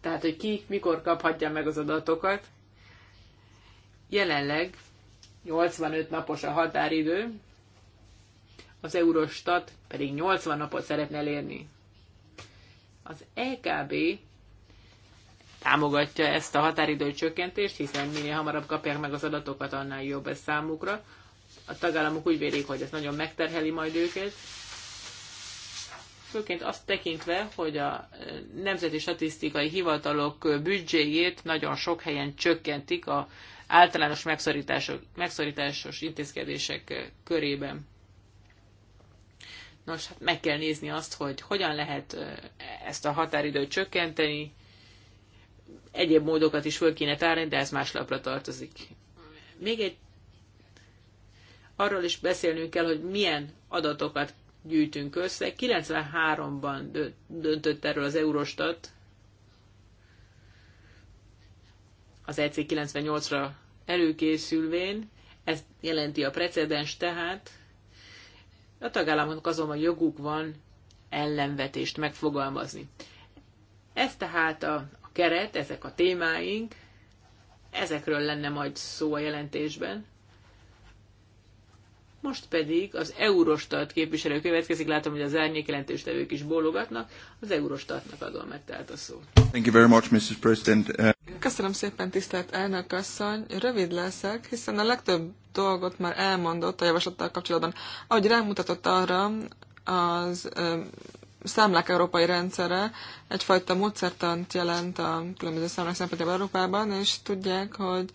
Tehát, hogy ki mikor kaphatja meg az adatokat. Jelenleg 85 napos a határidő, az Eurostat pedig 80 napot szeretne elérni. Az EKB támogatja ezt a határidő csökkentést, hiszen minél hamarabb kapják meg az adatokat, annál jobb ez számukra. A tagállamok úgy vélik, hogy ez nagyon megterheli majd őket. Főként azt tekintve, hogy a e, nemzeti statisztikai hivatalok e, büdzséjét nagyon sok helyen csökkentik a általános megszorítások, megszorításos intézkedések eh, körében. Nos, hát meg kell nézni azt, hogy hogyan lehet eh, ezt a határidőt csökkenteni, egyéb módokat is föl kéne tárni, de ez más lapra tartozik. Még egy arról is beszélnünk kell, hogy milyen adatokat gyűjtünk össze. 93-ban döntött erről az Eurostat, az EC 98-ra előkészülvén, ez jelenti a precedens tehát, a tagállamok azonban joguk van ellenvetést megfogalmazni. Ez tehát a keret, ezek a témáink, ezekről lenne majd szó a jelentésben. Most pedig az Eurostat képviselő következik, látom, hogy az árnyék jelentéstevők is bólogatnak, az Eurostatnak adom meg tehát a szót. Thank you very much, Mrs. President. Uh... Köszönöm szépen, tisztelt elnök asszony. Rövid leszek, hiszen a legtöbb dolgot már elmondott a javaslattal kapcsolatban. Ahogy rámutatott arra, az ö, számlák európai rendszere egyfajta módszertant jelent a különböző számlák szempontjából Európában, és tudják, hogy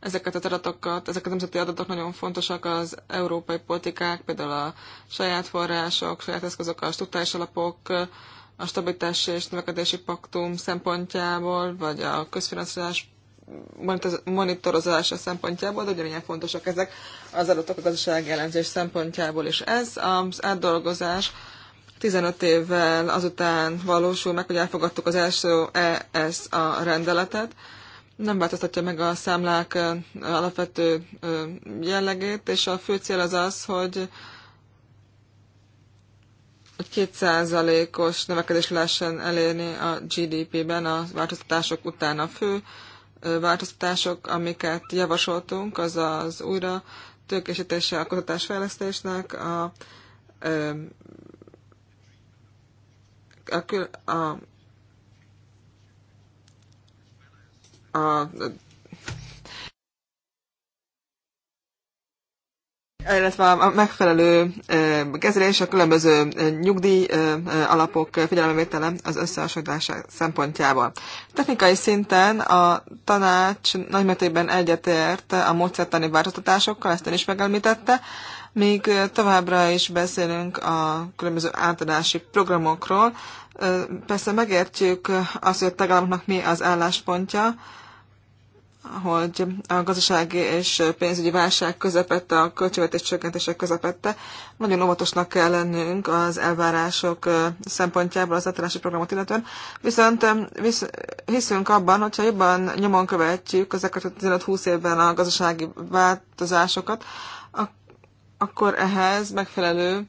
ezeket az adatokat, ezek a nemzeti adatok nagyon fontosak az európai politikák, például a saját források, saját eszközök, a struktúrális alapok, a stabilitási és növekedési paktum szempontjából, vagy a közfinanszírozás monitorozása szempontjából, de ugyanilyen fontosak ezek az adatok a gazdasági szempontjából is. Ez az átdolgozás 15 évvel azután valósul meg, hogy elfogadtuk az első ES a rendeletet, nem változtatja meg a számlák alapvető jellegét, és a fő cél az az, hogy hogy 2%-os növekedés lehessen elérni a GDP-ben a változtatások után. A fő változtatások, amiket javasoltunk, az az újra tőkésítése a kutatásfejlesztésnek, a, a, a, a, a illetve a megfelelő kezelés a különböző nyugdíj alapok figyelemvétele az összehasonlítása szempontjából. Technikai szinten a tanács nagymértékben egyetért a módszertani változtatásokkal, ezt ön is megelmítette, még továbbra is beszélünk a különböző átadási programokról. Persze megértjük azt, hogy a tagállamoknak mi az álláspontja, hogy a gazdasági és pénzügyi válság közepette, a költségvetés csökkentések közepette. Nagyon óvatosnak kell lennünk az elvárások szempontjából az átállási programot illetően, viszont visz, hiszünk abban, hogyha jobban nyomon követjük ezeket a 15-20 évben a gazdasági változásokat, ak- akkor ehhez megfelelő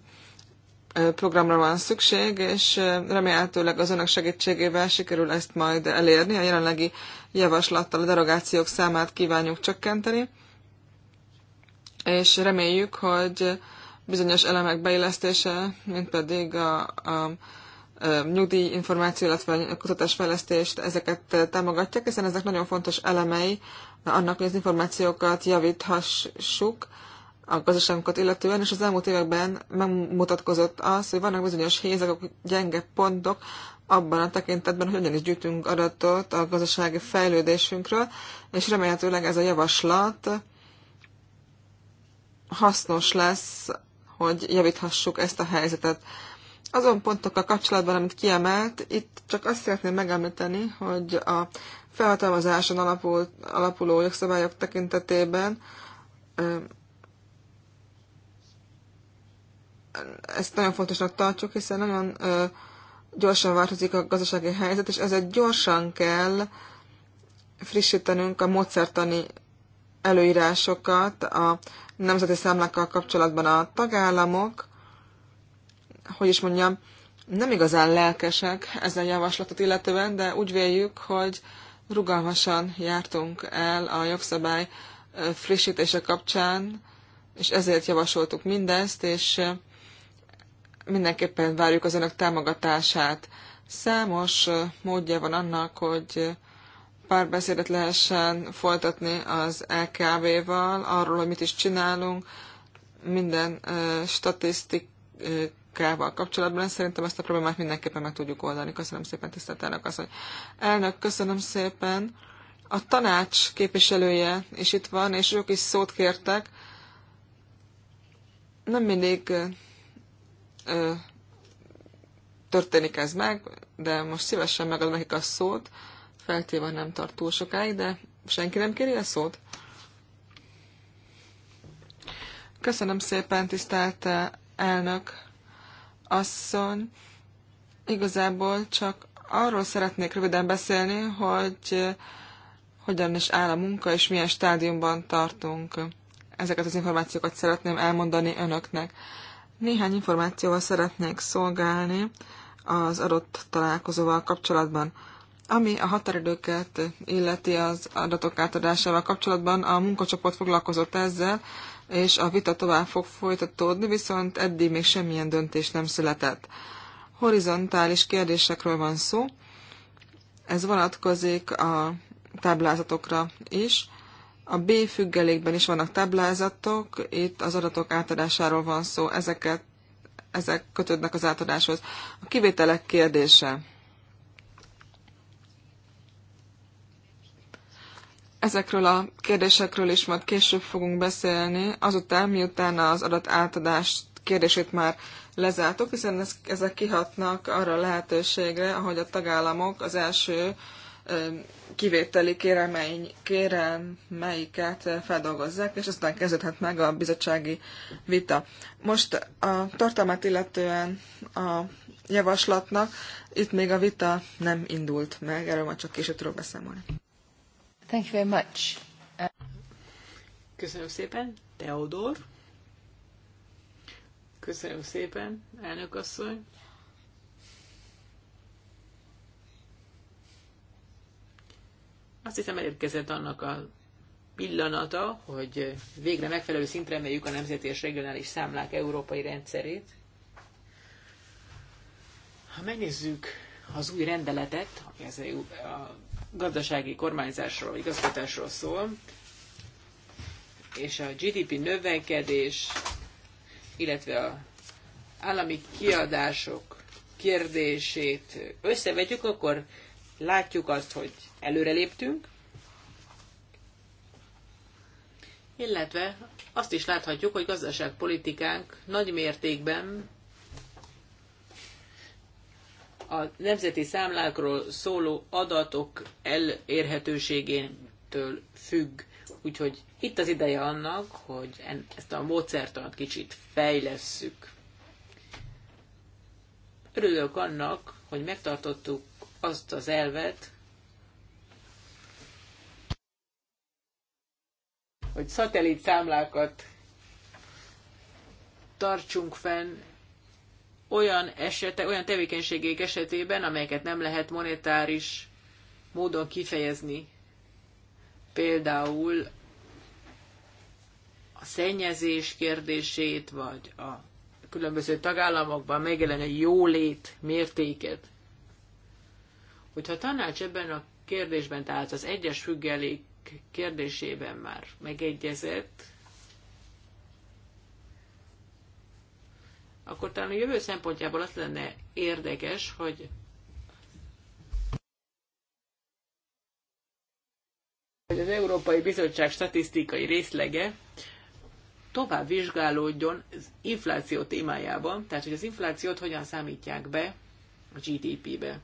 programra van szükség, és remélhetőleg az önök segítségével sikerül ezt majd elérni. A jelenlegi javaslattal a derogációk számát kívánjuk csökkenteni, és reméljük, hogy bizonyos elemek beillesztése, mint pedig a, a nyugdíj információ, illetve a kutatásfejlesztést, ezeket támogatják, hiszen ezek nagyon fontos elemei annak, hogy az információkat javíthassuk, a gazdaságunkat illetően, és az elmúlt években megmutatkozott az, hogy vannak bizonyos hézek, gyenge pontok abban a tekintetben, hogy hogyan is gyűjtünk adatot a gazdasági fejlődésünkről, és remélhetőleg ez a javaslat hasznos lesz, hogy javíthassuk ezt a helyzetet. Azon pontokkal kapcsolatban, amit kiemelt, itt csak azt szeretném megemlíteni, hogy a felhatalmazáson alapul, alapuló jogszabályok tekintetében ezt nagyon fontosnak tartjuk, hiszen nagyon gyorsan változik a gazdasági helyzet, és ezért gyorsan kell frissítenünk a módszertani előírásokat a nemzeti számlákkal kapcsolatban a tagállamok, hogy is mondjam, nem igazán lelkesek ezen javaslatot illetően, de úgy véljük, hogy rugalmasan jártunk el a jogszabály frissítése kapcsán, és ezért javasoltuk mindezt, és mindenképpen várjuk az önök támogatását. Számos módja van annak, hogy párbeszédet lehessen folytatni az LKV-val arról, hogy mit is csinálunk, minden statisztikával kapcsolatban. Szerintem ezt a problémát mindenképpen meg tudjuk oldani. Köszönöm szépen, tisztelt elnök asszony. Elnök, köszönöm szépen. A tanács képviselője is itt van, és ők is szót kértek. Nem mindig ö, történik ez meg, de most szívesen megadom nekik a szót, feltéve nem tart túl sokáig, de senki nem kéri a szót. Köszönöm szépen, tisztelt elnök asszony. Igazából csak arról szeretnék röviden beszélni, hogy hogyan is áll a munka, és milyen stádiumban tartunk. Ezeket az információkat szeretném elmondani önöknek. Néhány információval szeretnék szolgálni az adott találkozóval kapcsolatban. Ami a határidőket illeti az adatok átadásával kapcsolatban, a munkacsoport foglalkozott ezzel, és a vita tovább fog folytatódni, viszont eddig még semmilyen döntés nem született. Horizontális kérdésekről van szó, ez vonatkozik a táblázatokra is, a B függelékben is vannak táblázatok, itt az adatok átadásáról van szó, ezeket, ezek kötődnek az átadáshoz. A kivételek kérdése. Ezekről a kérdésekről is majd később fogunk beszélni, azután, miután az adat átadás kérdését már lezártuk, hiszen ezek kihatnak arra a lehetőségre, ahogy a tagállamok az első kivételi kéremeiny, kérelmeiket eh, feldolgozzák, és aztán kezdődhet meg a bizottsági vita. Most a tartalmát illetően a javaslatnak itt még a vita nem indult meg, erről majd csak később tudok beszámolni. Thank you very much. Köszönöm szépen, Teodor. Köszönöm szépen, elnök asszony. Azt hiszem elérkezett annak a pillanata, hogy végre megfelelő szintre emeljük a nemzeti és regionális számlák európai rendszerét. Ha megnézzük az új rendeletet, ami az a gazdasági kormányzásról, igazgatásról szól, és a GDP növekedés, illetve a állami kiadások kérdését összevetjük, akkor látjuk azt, hogy előre léptünk, illetve azt is láthatjuk, hogy gazdaságpolitikánk nagy mértékben a nemzeti számlákról szóló adatok elérhetőségétől függ. Úgyhogy itt az ideje annak, hogy ezt a módszertanat kicsit fejlesszük. Örülök annak, hogy megtartottuk azt az elvet, hogy szatellit számlákat tartsunk fenn olyan esete, olyan tevékenységek esetében, amelyeket nem lehet monetáris módon kifejezni. Például a szennyezés kérdését, vagy a különböző tagállamokban megjelenő jólét mértéket. Hogyha tanács ebben a kérdésben, tehát az egyes függelék kérdésében már megegyezett, akkor talán a jövő szempontjából az lenne érdekes, hogy hogy az Európai Bizottság statisztikai részlege tovább vizsgálódjon az infláció témájában, tehát hogy az inflációt hogyan számítják be a GDP-be.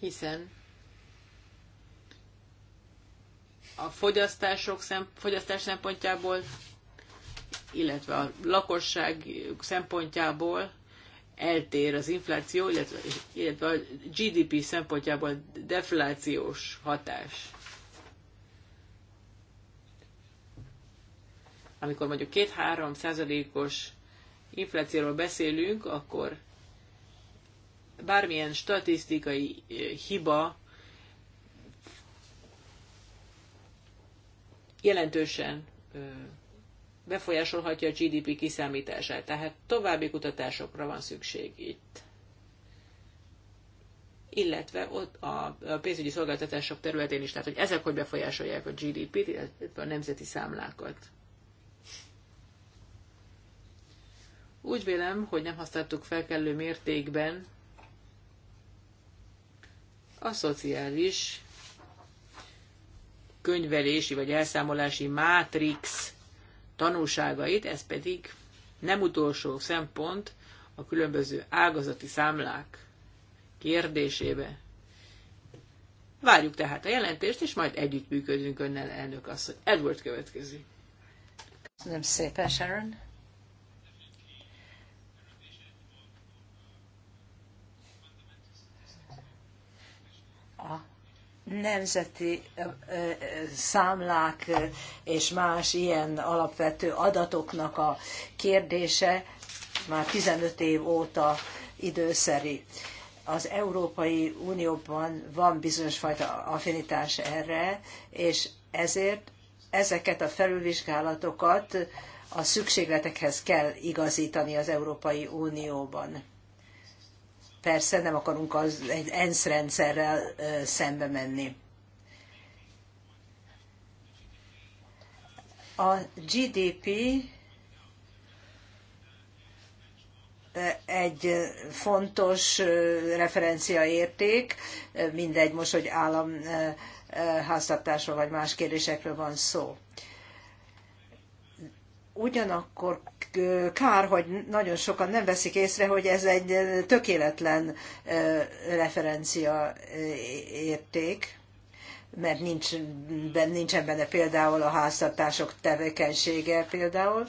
Hiszen a fogyasztások szem, fogyasztás szempontjából, illetve a lakosság szempontjából eltér az infláció, illetve, illetve a GDP szempontjából deflációs hatás. Amikor mondjuk 2-3 százalékos inflációról beszélünk, akkor bármilyen statisztikai eh, hiba jelentősen befolyásolhatja a GDP kiszámítását, tehát további kutatásokra van szükség itt. Illetve ott a pénzügyi szolgáltatások területén is, tehát hogy ezek hogy befolyásolják a GDP-t, illetve a nemzeti számlákat. Úgy vélem, hogy nem használtuk fel kellő mértékben a szociális könyvelési vagy elszámolási mátrix tanulságait, ez pedig nem utolsó szempont a különböző ágazati számlák kérdésébe. Várjuk tehát a jelentést, és majd együttműködünk önnel, elnök asszony. Edward következik. Köszönöm szépen, Sharon. nemzeti számlák és más ilyen alapvető adatoknak a kérdése már 15 év óta időszeri. Az Európai Unióban van bizonyos fajta affinitás erre, és ezért ezeket a felülvizsgálatokat a szükségletekhez kell igazítani az Európai Unióban Persze nem akarunk az egy ENSZ rendszerrel szembe menni. A GDP egy fontos referenciaérték, mindegy most, hogy államháztartásról vagy más kérdésekről van szó ugyanakkor kár, hogy nagyon sokan nem veszik észre, hogy ez egy tökéletlen referencia érték mert nincs, nincsen benne például a háztartások tevékenysége például,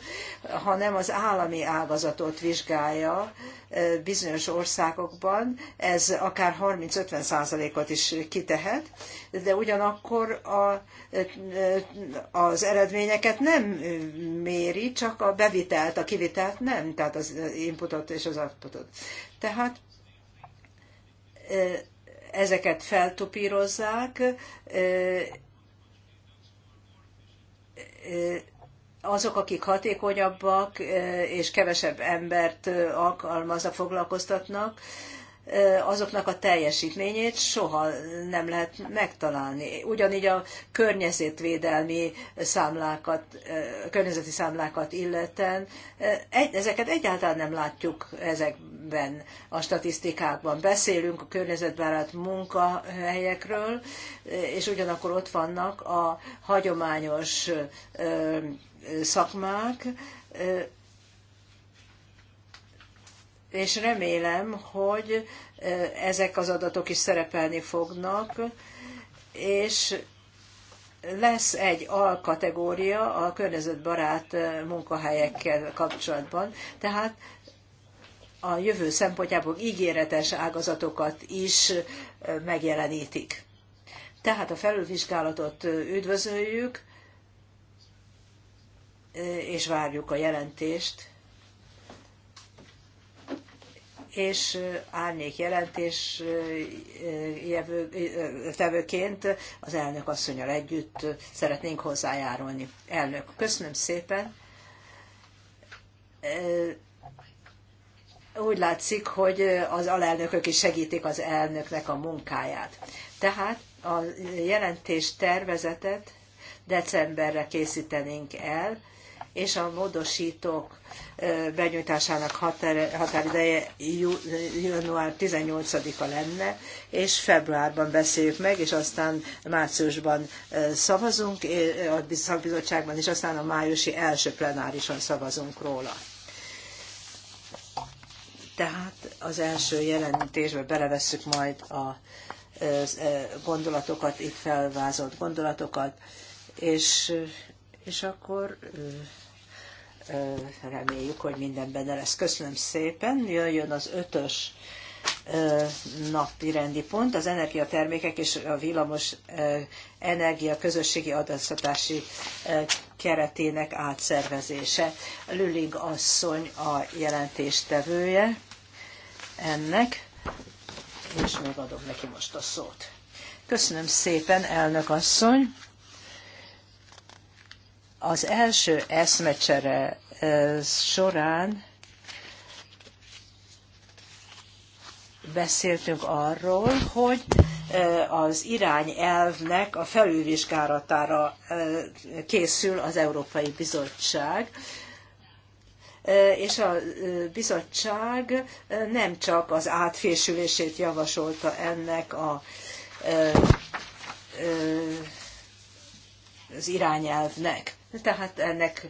hanem az állami ágazatot vizsgálja bizonyos országokban, ez akár 30-50 százalékot is kitehet, de ugyanakkor a, az eredményeket nem méri, csak a bevitelt, a kivitelt nem, tehát az inputot és az outputot. Tehát ezeket feltopírozzák, azok, akik hatékonyabbak és kevesebb embert alkalmazza, foglalkoztatnak, azoknak a teljesítményét soha nem lehet megtalálni. Ugyanígy a környezetvédelmi számlákat, környezeti számlákat illeten, ezeket egyáltalán nem látjuk ezekben a statisztikákban. Beszélünk a környezetbarát munkahelyekről, és ugyanakkor ott vannak a hagyományos szakmák, és remélem, hogy ezek az adatok is szerepelni fognak, és lesz egy alkategória a környezetbarát munkahelyekkel kapcsolatban, tehát a jövő szempontjából ígéretes ágazatokat is megjelenítik. Tehát a felülvizsgálatot üdvözöljük, és várjuk a jelentést és árnyék jelentés tevőként az elnök asszonyal együtt szeretnénk hozzájárulni. Elnök, köszönöm szépen. Úgy látszik, hogy az alelnökök is segítik az elnöknek a munkáját. Tehát a jelentés tervezetet decemberre készítenénk el, és a módosítók benyújtásának határideje január 18-a lenne, és februárban beszéljük meg, és aztán márciusban szavazunk a szakbizottságban, és aztán a májusi első plenárison szavazunk róla. Tehát az első jelentésbe belevesszük majd a gondolatokat, itt felvázolt gondolatokat, és, és akkor reméljük, hogy minden benne lesz. Köszönöm szépen. Jöjjön az ötös napi rendi pont, az energiatermékek és a villamos energia közösségi adatszatási keretének átszervezése. Lüling asszony a jelentéstevője ennek, és megadom neki most a szót. Köszönöm szépen, elnök asszony! Az első eszmecsere során beszéltünk arról, hogy az irányelvnek a felülvizsgálatára készül az Európai Bizottság, és a bizottság nem csak az átfésülését javasolta ennek a az irányelvnek. Tehát ennek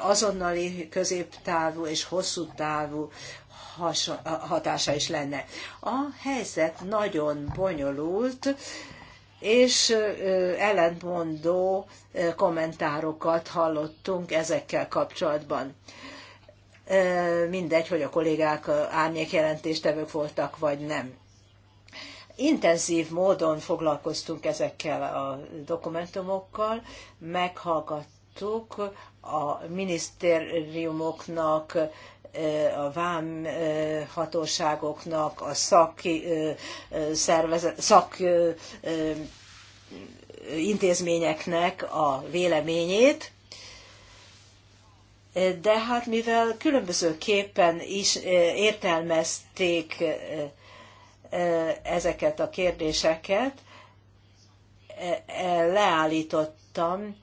azonnali, középtávú és hosszú távú hatása is lenne. A helyzet nagyon bonyolult, és ellentmondó kommentárokat hallottunk ezekkel kapcsolatban. Mindegy, hogy a kollégák árnyékjelentéstevők voltak, vagy nem intenzív módon foglalkoztunk ezekkel a dokumentumokkal, meghallgattuk a minisztériumoknak, a vám hatóságoknak, a szaki, szervezet, szak intézményeknek a véleményét, de hát mivel különbözőképpen is értelmezték ezeket a kérdéseket, leállítottam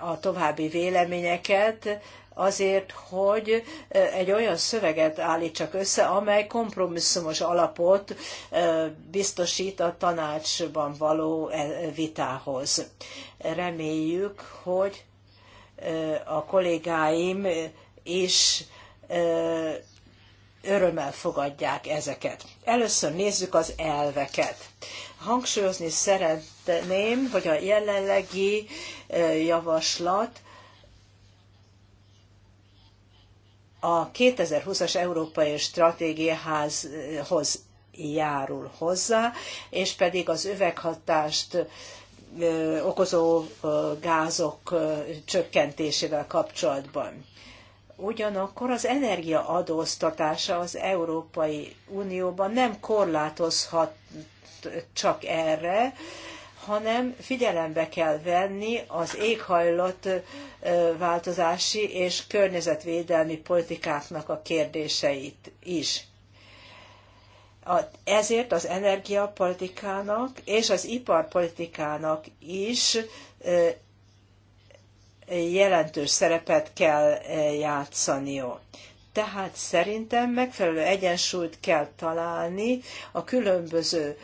a további véleményeket, azért, hogy egy olyan szöveget állítsak össze, amely kompromisszumos alapot biztosít a tanácsban való vitához. Reméljük, hogy a kollégáim is örömmel fogadják ezeket. Először nézzük az elveket. Hangsúlyozni szeretném, hogy a jelenlegi javaslat a 2020-as Európai Stratégiaházhoz járul hozzá, és pedig az üveghatást okozó gázok csökkentésével kapcsolatban. Ugyanakkor az energia adóztatása az Európai Unióban nem korlátozhat csak erre, hanem figyelembe kell venni az éghajlat változási és környezetvédelmi politikáknak a kérdéseit is. Ezért az energiapolitikának és az iparpolitikának is jelentős szerepet kell eh, játszania. Tehát szerintem megfelelő egyensúlyt kell találni a különböző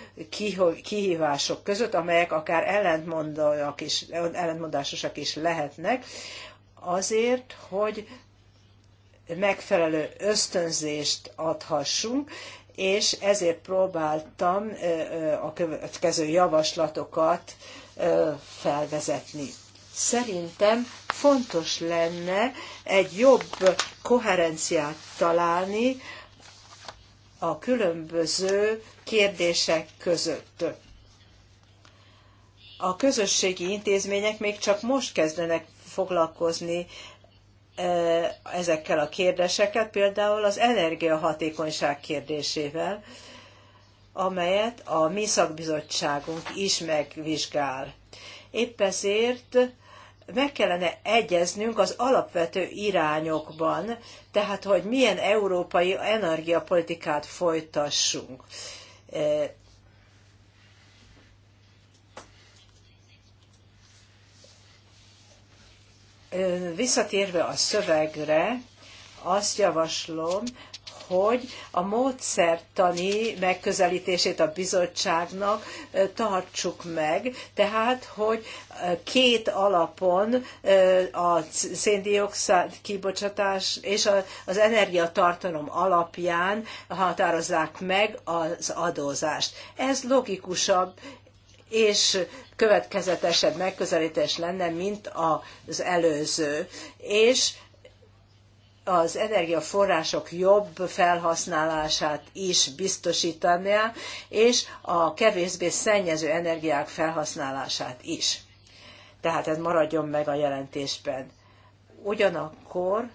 kihívások között, amelyek akár ellentmondóak is, ellentmondásosak is lehetnek, azért, hogy megfelelő ösztönzést adhassunk, és ezért próbáltam eh, eh, a következő javaslatokat felvezetni. Szerintem fontos lenne egy jobb koherenciát találni a különböző kérdések között. A közösségi intézmények még csak most kezdenek foglalkozni e, ezekkel a kérdéseket, például az energiahatékonyság kérdésével, amelyet a mi szakbizottságunk is megvizsgál. Épp ezért meg kellene egyeznünk az alapvető irányokban, tehát hogy milyen európai energiapolitikát folytassunk. E, e, visszatérve a szövegre, azt javaslom, hogy a módszertani megközelítését a bizottságnak tartsuk meg, tehát, hogy két alapon a széndiokszid kibocsátás és az energiatartalom alapján határozzák meg az adózást. Ez logikusabb és következetesebb megközelítés lenne, mint az előző. És az energiaforrások jobb felhasználását is biztosítania és a kevésbé szennyező energiák felhasználását is. Tehát ez maradjon meg a jelentésben. Ugyanakkor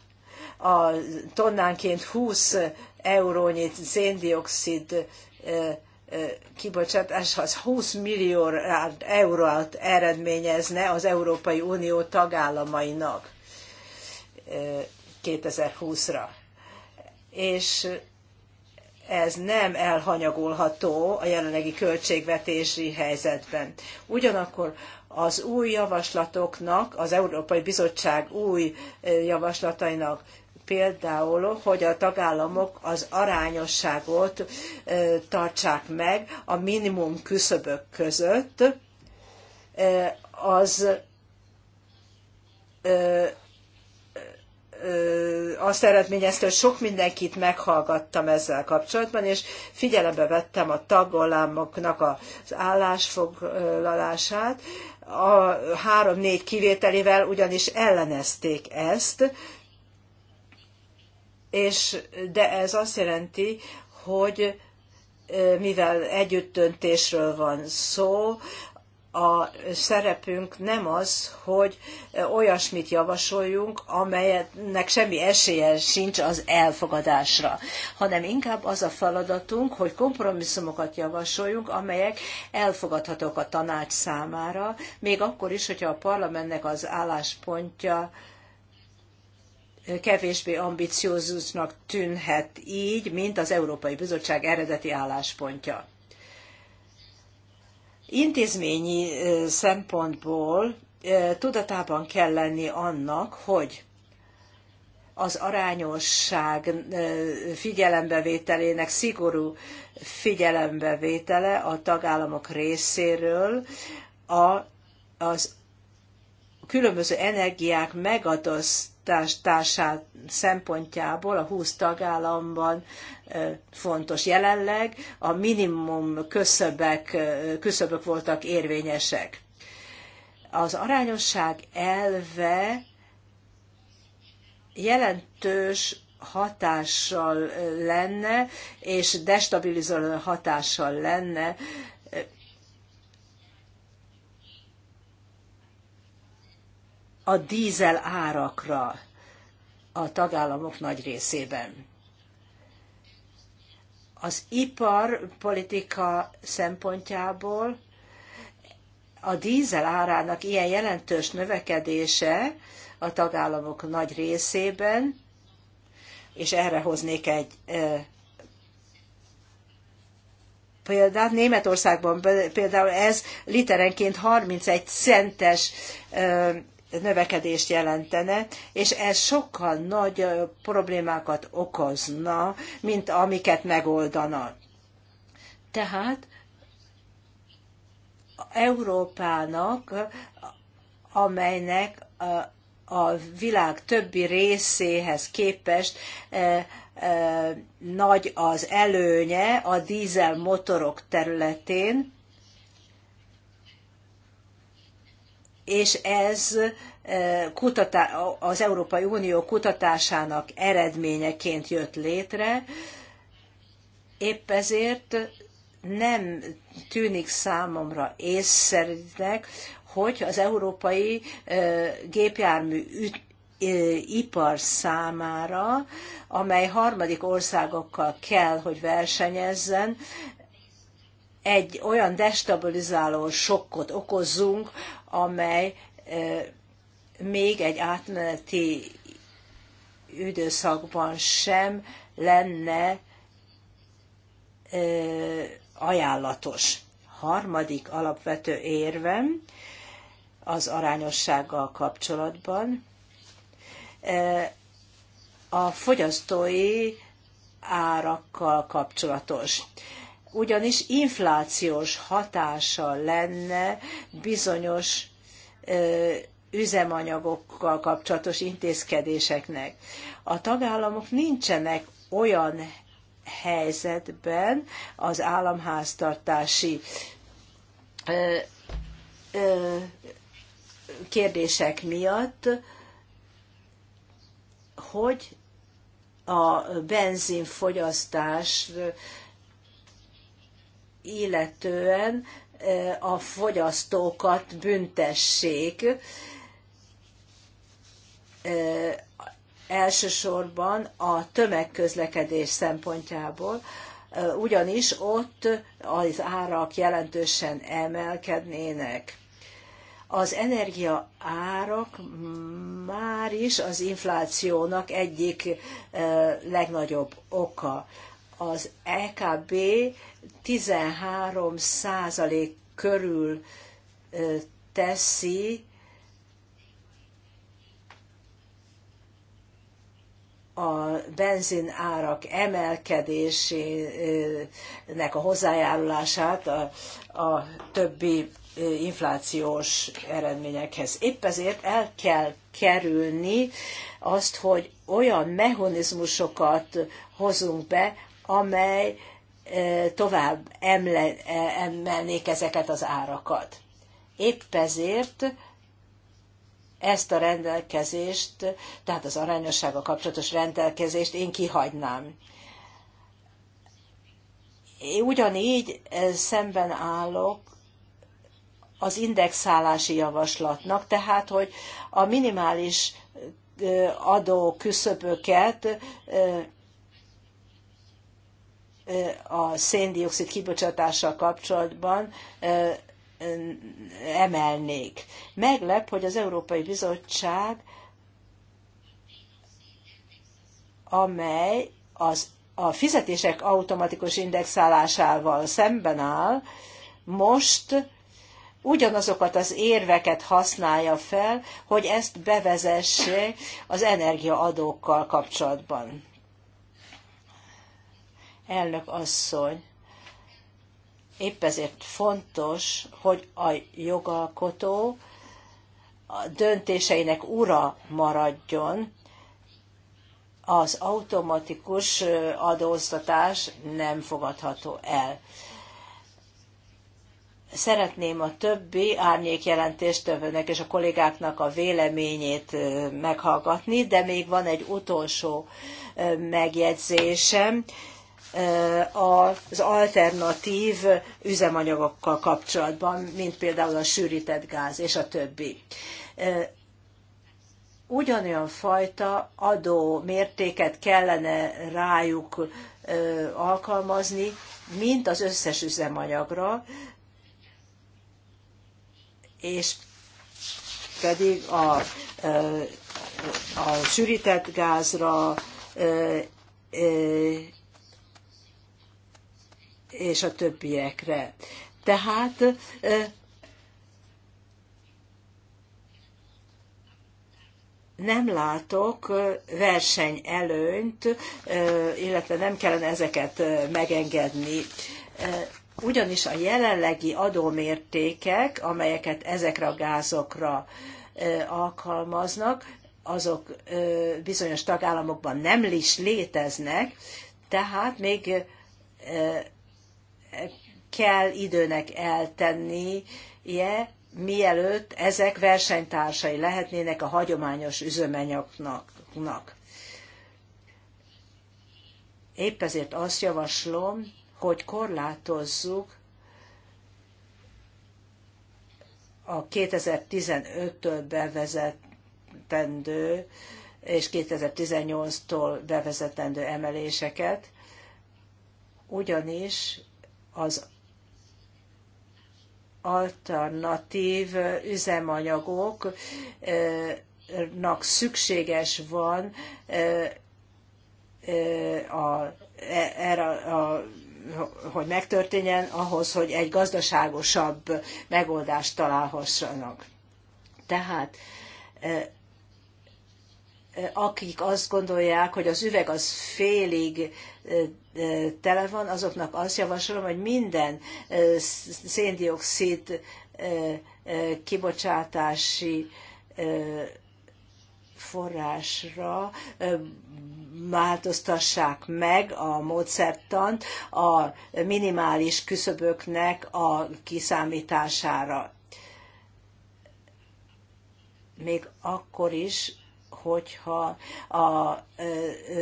a tonnánként 20 eurónyi széndiokszid kibocsátás az 20 millió eurót eredményezne az Európai Unió tagállamainak 2020-ra. És ez nem elhanyagolható a jelenlegi költségvetési helyzetben. Ugyanakkor az új javaslatoknak, az Európai Bizottság új javaslatainak például, hogy a tagállamok az arányosságot tartsák meg a minimum küszöbök között, az azt eredményezte, hogy sok mindenkit meghallgattam ezzel kapcsolatban, és figyelembe vettem a tagolámoknak az állásfoglalását, a három-négy kivételével ugyanis ellenezték ezt, és, de ez azt jelenti, hogy mivel együttöntésről van szó, a szerepünk nem az, hogy olyasmit javasoljunk, amelynek semmi esélye sincs az elfogadásra, hanem inkább az a feladatunk, hogy kompromisszumokat javasoljunk, amelyek elfogadhatók a tanács számára, még akkor is, hogyha a parlamentnek az álláspontja kevésbé ambiciózusnak tűnhet így, mint az Európai Bizottság eredeti álláspontja. Intézményi szempontból tudatában kell lenni annak, hogy az arányosság figyelembevételének szigorú figyelembevétele a tagállamok részéről a, az különböző energiák megadott választását szempontjából a 20 tagállamban fontos jelenleg, a minimum küszöbök, küszöbök voltak érvényesek. Az arányosság elve jelentős hatással lenne, és destabilizáló hatással lenne a dízel árakra a tagállamok nagy részében. Az iparpolitika szempontjából a dízel árának ilyen jelentős növekedése a tagállamok nagy részében, és erre hoznék egy példát. Németországban például ez literenként 31 centes növekedést jelentene, és ez sokkal nagyobb problémákat okozna, mint amiket megoldana. Tehát Európának, amelynek a világ többi részéhez képest nagy az előnye a dízel motorok területén, és ez e, kutatá- az Európai Unió kutatásának eredményeként jött létre. Épp ezért nem tűnik számomra észszerűnek, hogy az európai e, gépjármű e, ipar számára, amely harmadik országokkal kell, hogy versenyezzen, egy olyan destabilizáló sokkot okozzunk, amely még egy átmeneti időszakban sem lenne ajánlatos. Harmadik alapvető érvem az arányossággal kapcsolatban a fogyasztói árakkal kapcsolatos ugyanis inflációs hatása lenne bizonyos üzemanyagokkal kapcsolatos intézkedéseknek. A tagállamok nincsenek olyan helyzetben az államháztartási kérdések miatt, hogy a benzinfogyasztás illetően a fogyasztókat büntessék. Elsősorban a tömegközlekedés szempontjából, ugyanis ott az árak jelentősen emelkednének. Az energia árak már is az inflációnak egyik legnagyobb oka. Az EKB 13 százalék körül teszi a benzin árak emelkedésének a hozzájárulását a, a többi inflációs eredményekhez. Épp ezért el kell kerülni azt, hogy olyan mechanizmusokat hozunk be, amely tovább emle, e, emelnék ezeket az árakat. Épp ezért ezt a rendelkezést, tehát az arányossága kapcsolatos rendelkezést én kihagynám. Én ugyanígy e, szemben állok az indexálási javaslatnak, tehát hogy a minimális e, adó küszöböket a széndiokszid kibocsátással kapcsolatban emelnék. Meglep, hogy az Európai Bizottság, amely az, a fizetések automatikus indexálásával szemben áll, most ugyanazokat az érveket használja fel, hogy ezt bevezesse az energiaadókkal kapcsolatban elnök asszony. Épp ezért fontos, hogy a jogalkotó a döntéseinek ura maradjon, az automatikus adóztatás nem fogadható el. Szeretném a többi árnyékjelentéstövőnek és a kollégáknak a véleményét meghallgatni, de még van egy utolsó megjegyzésem az alternatív üzemanyagokkal kapcsolatban, mint például a sűrített gáz és a többi. Ugyanolyan fajta adó mértéket kellene rájuk alkalmazni, mint az összes üzemanyagra, és pedig a, a sűrített gázra és a többiekre. Tehát nem látok versenyelőnyt, illetve nem kellene ezeket megengedni. Ugyanis a jelenlegi adómértékek, amelyeket ezekre a gázokra alkalmaznak, azok bizonyos tagállamokban nem is léteznek, tehát még kell időnek eltennie, mielőtt ezek versenytársai lehetnének a hagyományos üzemanyagnak. Épp ezért azt javaslom, hogy korlátozzuk a 2015-től bevezetendő és 2018-tól bevezetendő emeléseket, ugyanis az alternatív üzemanyagoknak szükséges van a, e, erre a hogy megtörténjen, ahhoz, hogy egy gazdaságosabb megoldást találhassanak. Tehát akik azt gondolják, hogy az üveg az félig tele van, azoknak azt javasolom, hogy minden széndiokszid kibocsátási forrásra változtassák meg a módszertant a minimális küszöböknek a kiszámítására. Még akkor is, hogyha a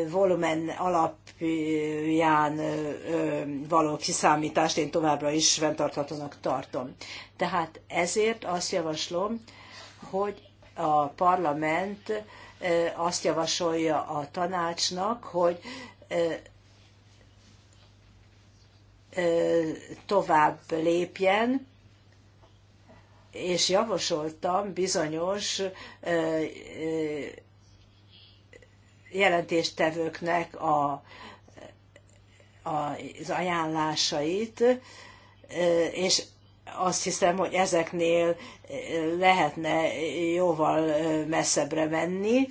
volumen alapján való kiszámítást én továbbra is fenntarthatónak tartom. Tehát ezért azt javaslom, hogy a parlament azt javasolja a tanácsnak, hogy tovább lépjen, és javasoltam bizonyos jelentéstevőknek a, a, az ajánlásait, és azt hiszem, hogy ezeknél lehetne jóval messzebbre menni.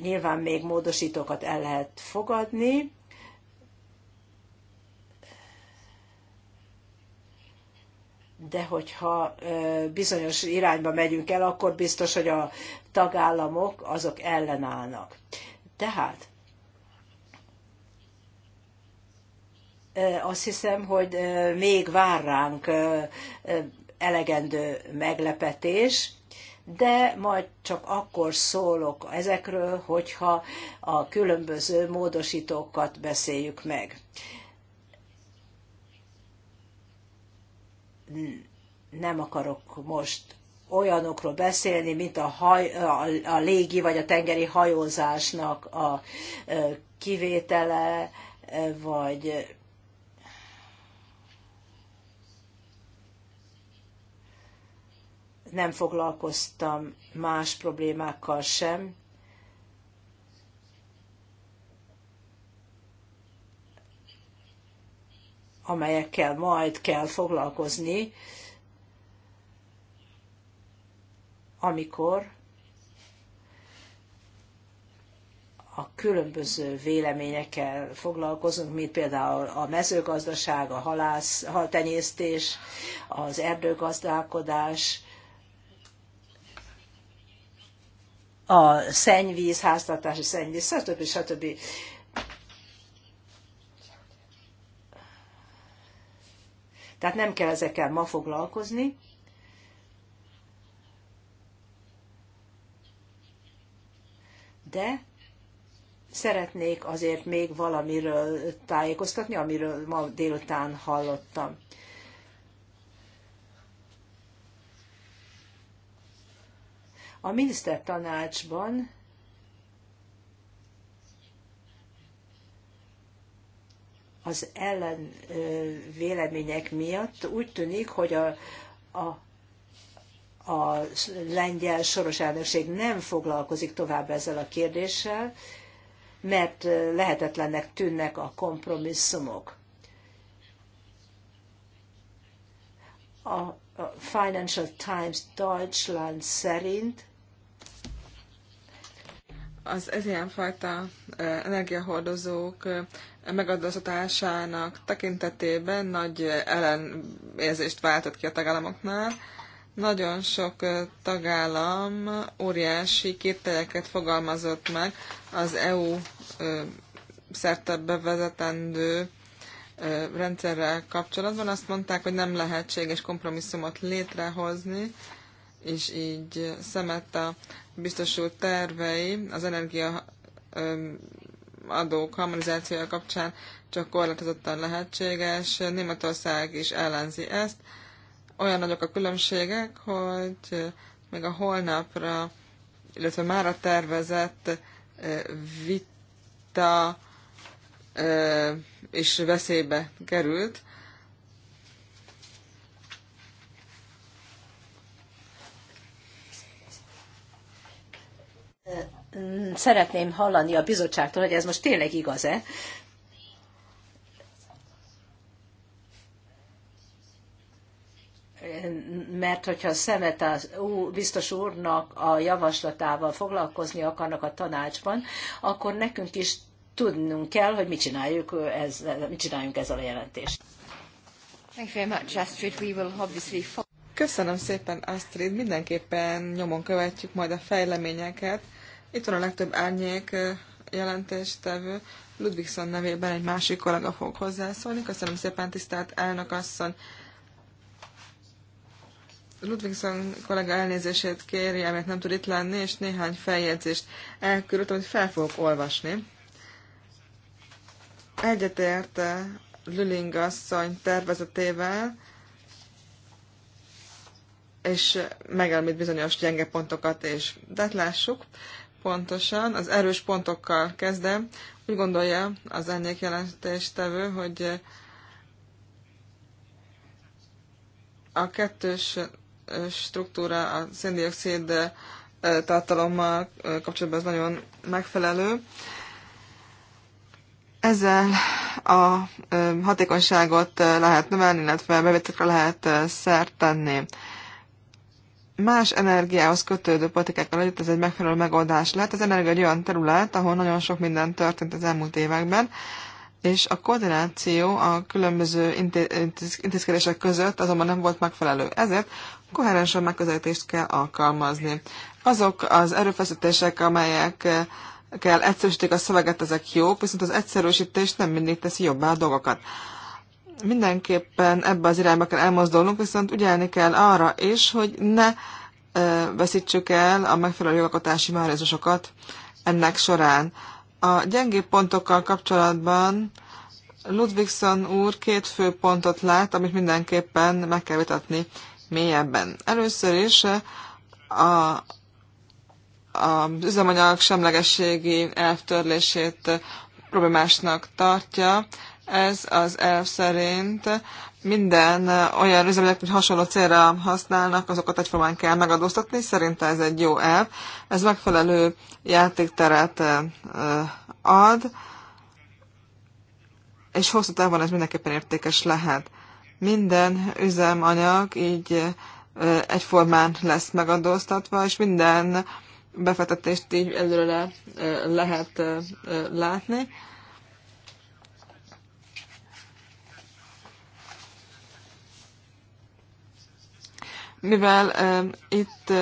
Nyilván még módosítókat el lehet fogadni. De hogyha bizonyos irányba megyünk el, akkor biztos, hogy a tagállamok azok ellenállnak. Tehát azt hiszem, hogy még vár ránk elegendő meglepetés, de majd csak akkor szólok ezekről, hogyha a különböző módosítókat beszéljük meg. Nem akarok most olyanokról beszélni, mint a, haj, a, a légi vagy a tengeri hajózásnak a kivétele, vagy nem foglalkoztam más problémákkal sem. amelyekkel majd kell foglalkozni, amikor a különböző véleményekkel foglalkozunk, mint például a mezőgazdaság, a halász, haltenyésztés, az erdőgazdálkodás, a szennyvíz, háztartási szennyvíz, stb. stb. Tehát nem kell ezekkel ma foglalkozni, de szeretnék azért még valamiről tájékoztatni, amiről ma délután hallottam. A minisztertanácsban az ellen vélemények miatt úgy tűnik, hogy a, a a lengyel soros elnökség nem foglalkozik tovább ezzel a kérdéssel, mert lehetetlennek tűnnek a kompromisszumok. A Financial Times Deutschland szerint az ez ilyenfajta energiahordozók megadózatásának tekintetében nagy ellenérzést váltott ki a tagállamoknál, nagyon sok tagállam óriási kételyeket fogalmazott meg az EU szerte bevezetendő rendszerrel kapcsolatban. Azt mondták, hogy nem lehetséges kompromisszumot létrehozni, és így szemett a biztosult tervei az energia adók harmonizációja kapcsán csak korlátozottan lehetséges. Németország is ellenzi ezt olyan nagyok a különbségek, hogy eh, még a holnapra, illetve már a tervezett eh, vita és eh, veszélybe került. Szeretném hallani a bizottságtól, hogy ez most tényleg igaz-e, mert hogyha szemet a biztos úrnak a javaslatával foglalkozni akarnak a tanácsban, akkor nekünk is tudnunk kell, hogy mit csináljuk ez, mit csináljunk ezzel a jelentést. Köszönöm szépen, Astrid. Mindenképpen nyomon követjük majd a fejleményeket. Itt van a legtöbb árnyék jelentéstevő. Ludvigson nevében egy másik kollega fog hozzászólni. Köszönöm szépen, tisztelt elnök asszony. Ludvigson kollega elnézését kéri, mert nem tud itt lenni, és néhány feljegyzést elküldött, amit fel fogok olvasni. Egyetért eh, Lüling asszony tervezetével, és megelmít bizonyos gyenge pontokat, és de hát lássuk pontosan, az erős pontokkal kezdem. Úgy gondolja az ennék jelentéstevő, hogy a kettős struktúra a széndiokszid eh, tartalommal eh, kapcsolatban ez nagyon megfelelő. Ezzel a eh, hatékonyságot lehet növelni, illetve bevételre lehet szert tenni. Más energiához kötődő politikákkal együtt ez egy megfelelő megoldás lehet. Az energia egy olyan terület, ahol nagyon sok minden történt az elmúlt években, és a koordináció a különböző intézkedések között azonban nem volt megfelelő. Ezért koherensen megközelítést kell alkalmazni. Azok az erőfeszítések, amelyek eh, kell egyszerűsítik a szöveget, ezek jók, viszont az egyszerűsítés nem mindig teszi jobbá a dolgokat. Mindenképpen ebbe az irányba kell elmozdulnunk, viszont ügyelni kell arra is, hogy ne eh, veszítsük el a megfelelő jogalkotási mechanizmusokat ennek során. A gyengébb pontokkal kapcsolatban Ludvigson úr két fő pontot lát, amit mindenképpen meg kell vitatni mélyebben. Először is a, az üzemanyag semlegességi elvtörlését problémásnak tartja. Ez az elv szerint minden olyan üzemanyag, hogy hasonló célra használnak, azokat egyformán kell megadóztatni. Szerinte ez egy jó elv. Ez megfelelő játékteret ad, és hosszú távon ez mindenképpen értékes lehet minden üzemanyag így egyformán lesz megadóztatva, és minden befektetést így előre lehet látni. Mivel itt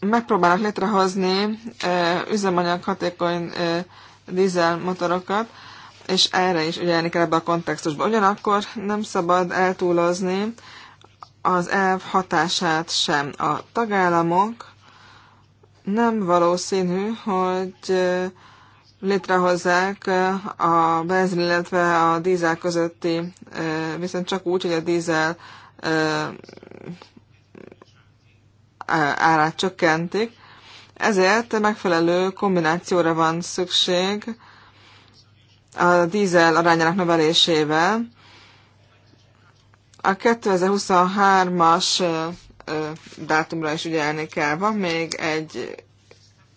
megpróbálnak létrehozni üzemanyag hatékony dízelmotorokat, és erre is ugye kell ebbe a kontextusba. Ugyanakkor nem szabad eltúlozni az elv hatását sem. A tagállamok nem valószínű, hogy létrehozzák a benzin, illetve a dízel közötti, viszont csak úgy, hogy a dízel árát csökkentik. Ezért megfelelő kombinációra van szükség, a dízel arányának növelésével. A 2023-as dátumra is ügyelni kell. Van még egy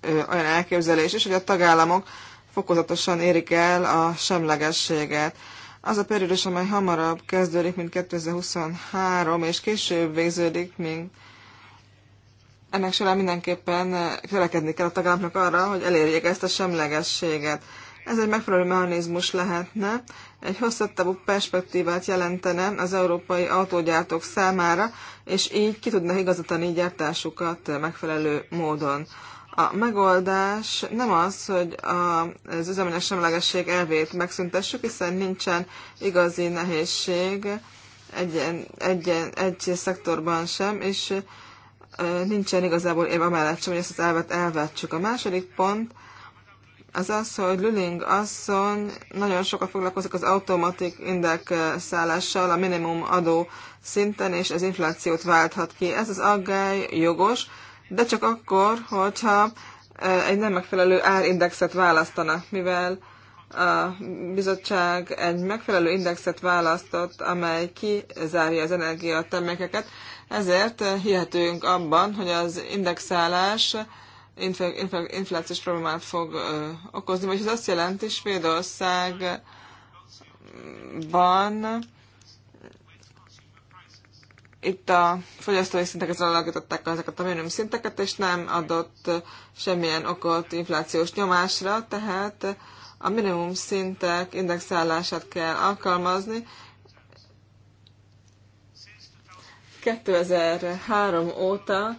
olyan elképzelés is, hogy a tagállamok fokozatosan érik el a semlegességet. Az a periódus, amely hamarabb kezdődik, mint 2023, és később végződik, mint ennek során mindenképpen törekedni kell a tagállamnak arra, hogy elérjék ezt a semlegességet. Ez egy megfelelő mechanizmus lehetne, egy hosszabb perspektívát jelentene az európai autógyártók számára, és így ki tudna igazítani gyártásukat megfelelő módon. A megoldás nem az, hogy az üzemanyag semlegesség elvét megszüntessük, hiszen nincsen igazi nehézség egy, egy, egy szektorban sem, és nincsen igazából érve amellett sem, hogy ezt az elvet elvetsük. A második pont az az, hogy Lüling asszony nagyon sokat foglalkozik az automatik indek eh, szállással a minimum adó szinten, és az inflációt válthat ki. Ez az aggály jogos, de csak akkor, hogyha eh, egy nem megfelelő árindexet választanak, mivel a bizottság egy megfelelő indexet választott, amely kizárja az energiatermékeket, ezért eh, hihetünk abban, hogy az indexálás inflációs problémát fog okozni, vagy ez azt jelenti, Svédországban itt a fogyasztói ezzel alakították ezeket a minimum szinteket, és nem adott semmilyen okot inflációs nyomásra, tehát a minimum szintek indexálását kell alkalmazni. 2003 óta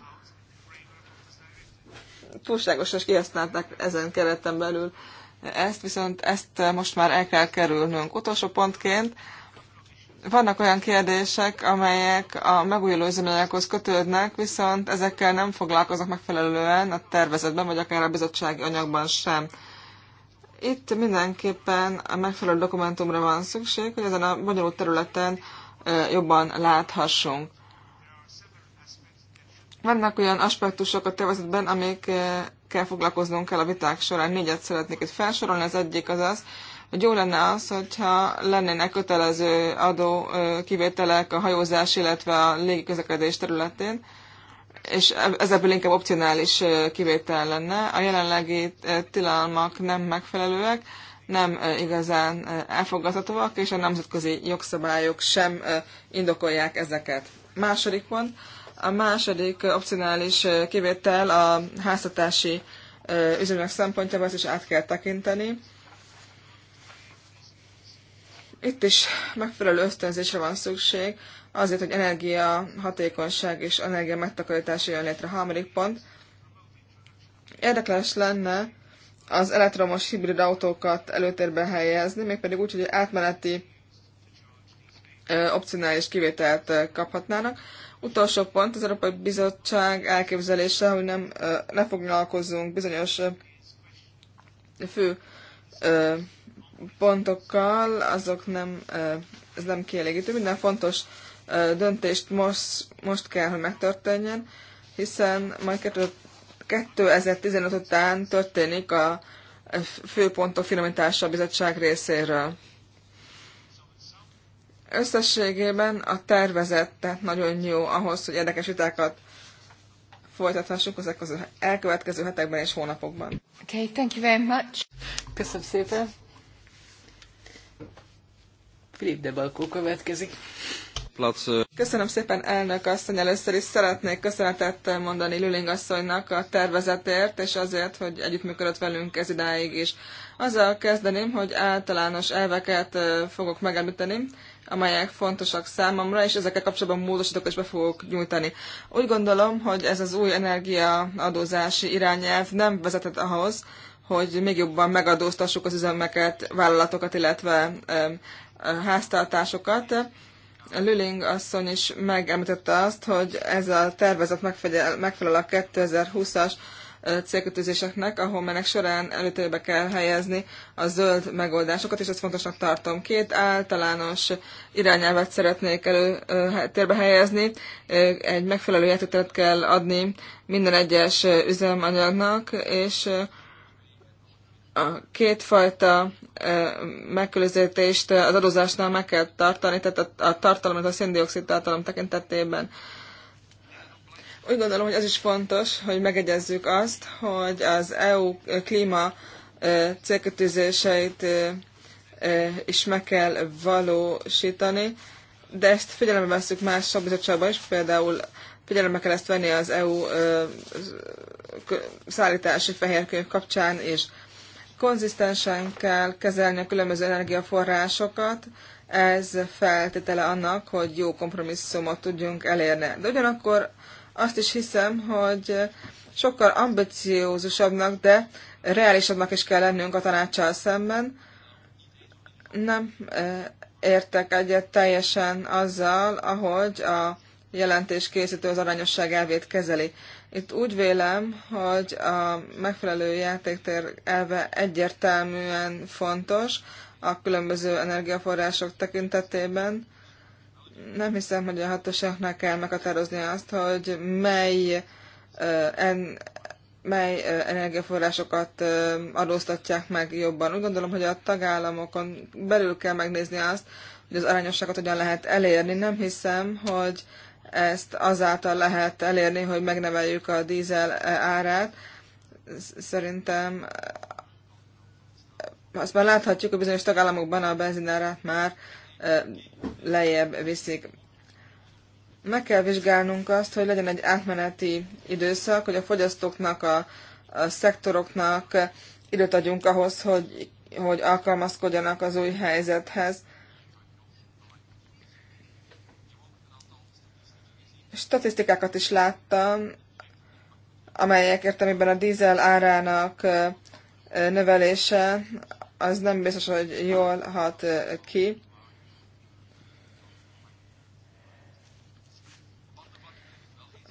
túlságosan is kihasználták ezen kereten belül ezt, viszont ezt most már el kell kerülnünk. Utolsó pontként vannak olyan kérdések, amelyek a megújuló üzemanyaghoz kötődnek, viszont ezekkel nem foglalkoznak megfelelően a tervezetben, vagy akár a bizottsági anyagban sem. Itt mindenképpen a megfelelő dokumentumra van szükség, hogy ezen a bonyolult területen jobban láthassunk. Vannak olyan aspektusok a tervezetben, amikkel foglalkoznunk kell a viták során. Négyet szeretnék itt felsorolni. Az egyik az az, hogy jó lenne az, hogyha lennének kötelező adó kivételek a hajózás, illetve a légiközlekedés területén, és e-, ebből inkább opcionális kivétel lenne. A jelenlegi tilalmak nem megfelelőek, nem igazán elfogadhatóak, és a nemzetközi jogszabályok sem indokolják ezeket. Második pont, a második opcionális kivétel a háztatási üzemek szempontjából azt is át kell tekinteni. Itt is megfelelő ösztönzésre van szükség, azért, hogy energia hatékonyság és energia megtakarítás jön létre. Harmadik pont. Érdekes lenne az elektromos hibrid autókat előtérbe helyezni, mégpedig úgy, hogy átmeneti opcionális kivételt kaphatnának. Utolsó pont, az Európai Bizottság elképzelése, hogy nem, ne foglalkozzunk bizonyos fő pontokkal, azok nem, ez nem kielégítő. Minden fontos döntést most, most kell, hogy megtörténjen, hiszen majd 2015 után történik a főpontok finomítása a bizottság részéről. Összességében a tervezet tehát nagyon jó ahhoz, hogy érdekes vitákat folytathassuk az elkövetkező hetekben és hónapokban. Okay, thank you very much. Köszönöm szépen. Filip de Balkó következik. Plac. Köszönöm szépen elnök asszony, először is szeretnék köszönetet mondani Lüling asszonynak a tervezetért, és azért, hogy együttműködött velünk ez idáig is. Azzal kezdeném, hogy általános elveket fogok megemlíteni, amelyek fontosak számomra, és ezekkel kapcsolatban módosítok és be fogok nyújtani. Úgy gondolom, hogy ez az új energiaadózási irányelv nem vezetett ahhoz, hogy még jobban megadóztassuk az üzemeket, vállalatokat, illetve háztartásokat. Lüling asszony is megemlítette azt, hogy ez a tervezet megfelel, megfelel a 2020-as célkötőzéseknek, ahol menek során előtérbe kell helyezni a zöld megoldásokat, és ezt fontosnak tartom. Két általános irányelvet szeretnék előtérbe helyezni. Egy megfelelő játékteret kell adni minden egyes üzemanyagnak, és a kétfajta megkülözítést az adózásnál meg kell tartani, tehát a, a tartalom, a széndiokszid tartalom tekintetében úgy gondolom, hogy az is fontos, hogy megegyezzük azt, hogy az EU klíma célkötőzéseit is meg kell valósítani, de ezt figyelembe veszük más szabizottságban is, például figyelembe kell ezt venni az EU szállítási fehérkönyv kapcsán, és konzisztensen kell kezelni a különböző energiaforrásokat, ez feltétele annak, hogy jó kompromisszumot tudjunk elérni. De ugyanakkor azt is hiszem, hogy sokkal ambiciózusabbnak, de reálisabbnak is kell lennünk a tanácssal szemben. Nem e, értek egyet teljesen azzal, ahogy a jelentés készítő az aranyosság elvét kezeli. Itt úgy vélem, hogy a megfelelő játéktér elve egyértelműen fontos a különböző energiaforrások tekintetében, nem hiszem, hogy a hatóságnak kell meghatározni azt, hogy mely, en, mely energiaforrásokat adóztatják meg jobban. Úgy gondolom, hogy a tagállamokon belül kell megnézni azt, hogy az arányosságot hogyan lehet elérni. Nem hiszem, hogy ezt azáltal lehet elérni, hogy megneveljük a dízel árát. Szerintem azt már láthatjuk, hogy bizonyos tagállamokban a benzinárát már lejjebb viszik. Meg kell vizsgálnunk azt, hogy legyen egy átmeneti időszak, hogy a fogyasztóknak, a, a szektoroknak időt adjunk ahhoz, hogy, hogy alkalmazkodjanak az új helyzethez. Statisztikákat is láttam, amelyek értelmében a dízel árának növelése az nem biztos, hogy jól hat ki.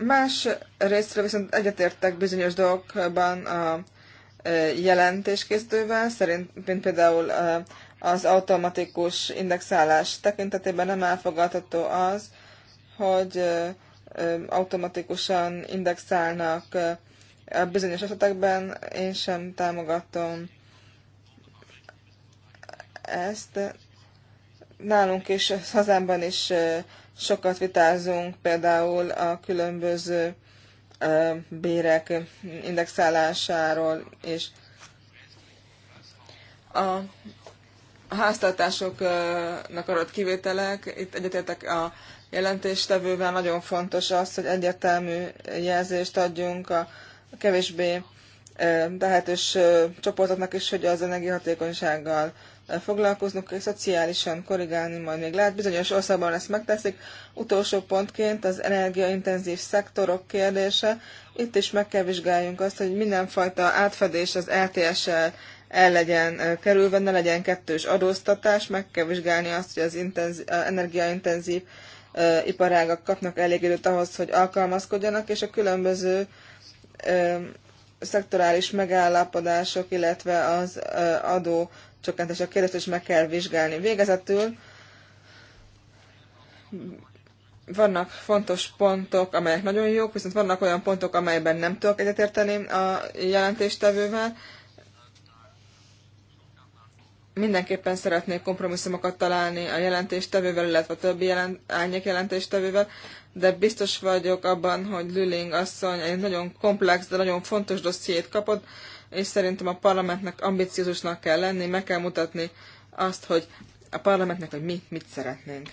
Más részről viszont egyetértek bizonyos dolgokban a e, jelentéskészítővel, szerint, mint például e, az automatikus indexálás tekintetében nem elfogadható az, hogy e, automatikusan indexálnak bizonyos esetekben. Én sem támogatom ezt. Nálunk is, hazámban is Sokat vitázunk például a különböző bérek indexálásáról, és a háztartásoknak adott kivételek, itt egyetértek a jelentéstevővel, nagyon fontos az, hogy egyértelmű jelzést adjunk a kevésbé tehetős csoportoknak is, hogy az energiahatékonysággal foglalkoznunk, és szociálisan korrigálni majd még lehet. Bizonyos országban ezt megteszik. Utolsó pontként az energiaintenzív szektorok kérdése. Itt is meg kell vizsgáljunk azt, hogy mindenfajta átfedés az lts e el el legyen kerülve, ne legyen kettős adóztatás, meg kell vizsgálni azt, hogy az intenzív, energiaintenzív iparágak kapnak elég időt ahhoz, hogy alkalmazkodjanak, és a különböző szektorális megállapodások, illetve az adó a kérdést is meg kell vizsgálni. Végezetül vannak fontos pontok, amelyek nagyon jók, viszont vannak olyan pontok, amelyben nem tudok egyetérteni a jelentéstevővel. Mindenképpen szeretnék kompromisszumokat találni a jelentéstevővel, illetve a többi jelent, árnyék jelentéstevővel, de biztos vagyok abban, hogy Lüling asszony egy nagyon komplex, de nagyon fontos dossziét kapott, és szerintem a parlamentnek ambiciózusnak kell lenni, meg kell mutatni azt, hogy a parlamentnek, hogy mi mit szeretnénk.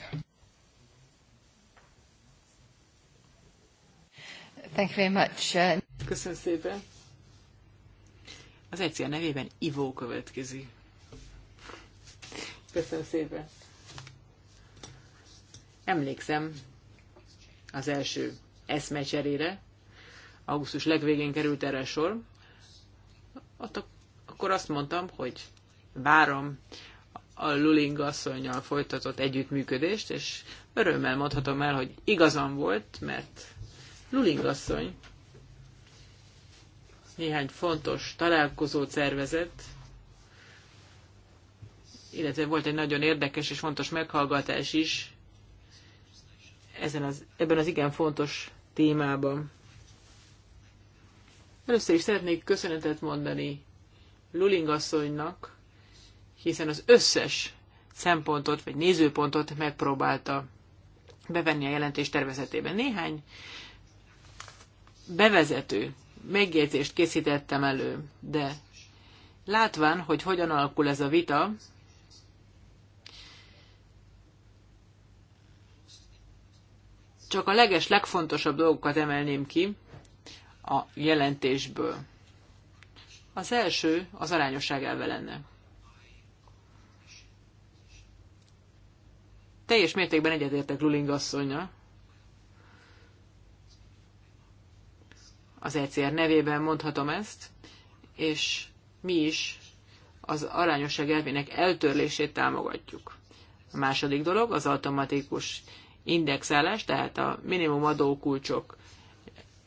Thank you very much. Köszönöm szépen. Az egyszer nevében Ivó következik. Köszönöm szépen. Emlékszem az első eszmecserére. Augusztus legvégén került erre sor. Ott akkor azt mondtam, hogy várom a Luling asszonynal folytatott együttműködést, és örömmel mondhatom el, hogy igazam volt, mert Luling asszony néhány fontos találkozót szervezett, illetve volt egy nagyon érdekes és fontos meghallgatás is ezen az, ebben az igen fontos témában. Először is szeretnék köszönetet mondani Luling asszonynak, hiszen az összes szempontot vagy nézőpontot megpróbálta bevenni a jelentés tervezetében. Néhány bevezető megjegyzést készítettem elő, de látván, hogy hogyan alakul ez a vita, csak a leges, legfontosabb dolgokat emelném ki, a jelentésből. Az első az arányosság elve lenne. Teljes mértékben egyetértek Luling asszonya. Az ECR nevében mondhatom ezt, és mi is az arányosság elvének eltörlését támogatjuk. A második dolog az automatikus indexálás, tehát a minimum adókulcsok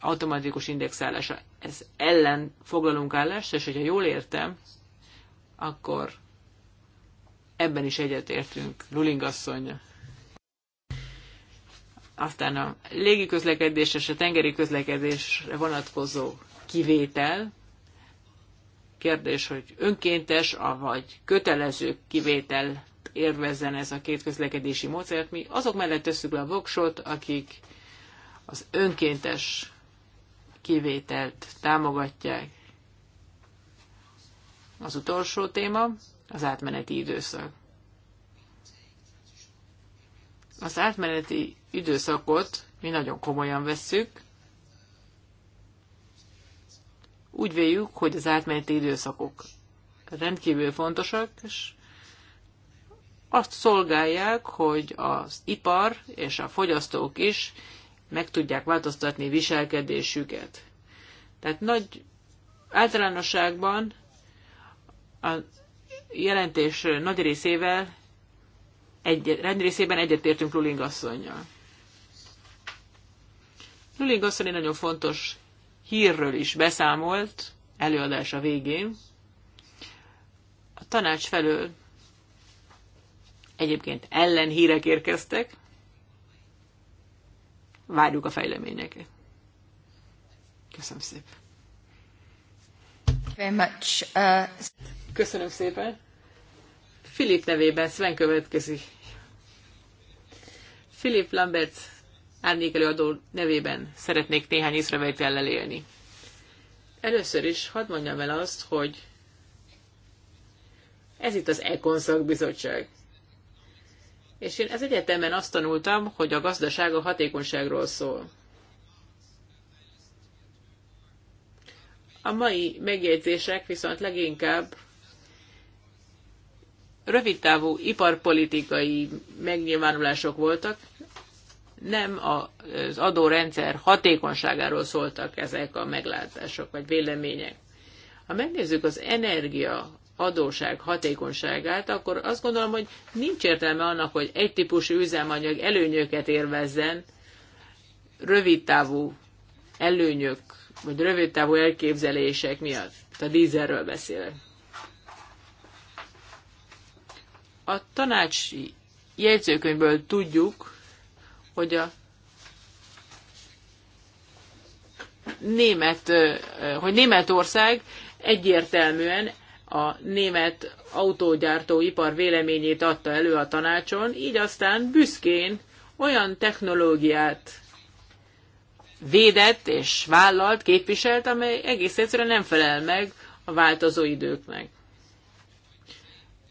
automatikus indexálása. Ez ellen foglalunk állást, és hogyha jól értem, akkor ebben is egyetértünk Luling asszony. Aztán a légiközlekedés és a tengeri közlekedésre vonatkozó kivétel. Kérdés, hogy önkéntes, vagy kötelező kivétel érvezzen ez a két közlekedési módszert. Mi azok mellett tesszük le a voksot, akik az önkéntes kivételt támogatják. Az utolsó téma az átmeneti időszak. Az átmeneti időszakot mi nagyon komolyan vesszük. Úgy véljük, hogy az átmeneti időszakok rendkívül fontosak, és azt szolgálják, hogy az ipar és a fogyasztók is meg tudják változtatni viselkedésüket. Tehát nagy általánosságban a jelentés nagy részével egy, rendrészében egyetértünk Luling asszonynal. Luling asszony egy nagyon fontos hírről is beszámolt előadása végén. A tanács felől egyébként ellenhírek érkeztek, Várjuk a fejleményeket. Köszönöm szépen. Very much, uh... Köszönöm szépen. Filip nevében Sven következik. Filip Lambert árnyékelőadó nevében szeretnék néhány észrevétellel élni. Először is hadd mondjam el azt, hogy ez itt az Ekonszak Bizottság és én ez egyetemen azt tanultam, hogy a gazdaság a hatékonyságról szól. A mai megjegyzések viszont leginkább rövidtávú iparpolitikai megnyilvánulások voltak, nem az adórendszer hatékonyságáról szóltak ezek a meglátások vagy vélemények. Ha megnézzük az energia adóság hatékonyságát, akkor azt gondolom, hogy nincs értelme annak, hogy egy típusú üzemanyag előnyöket érvezzen, rövidtávú előnyök, vagy rövidtávú elképzelések miatt. A dízerről beszélek. A tanácsi jegyzőkönyvből tudjuk, hogy a német, hogy Németország egyértelműen a német autógyártóipar véleményét adta elő a tanácson, így aztán büszkén olyan technológiát védett és vállalt, képviselt, amely egész egyszerűen nem felel meg a változó időknek.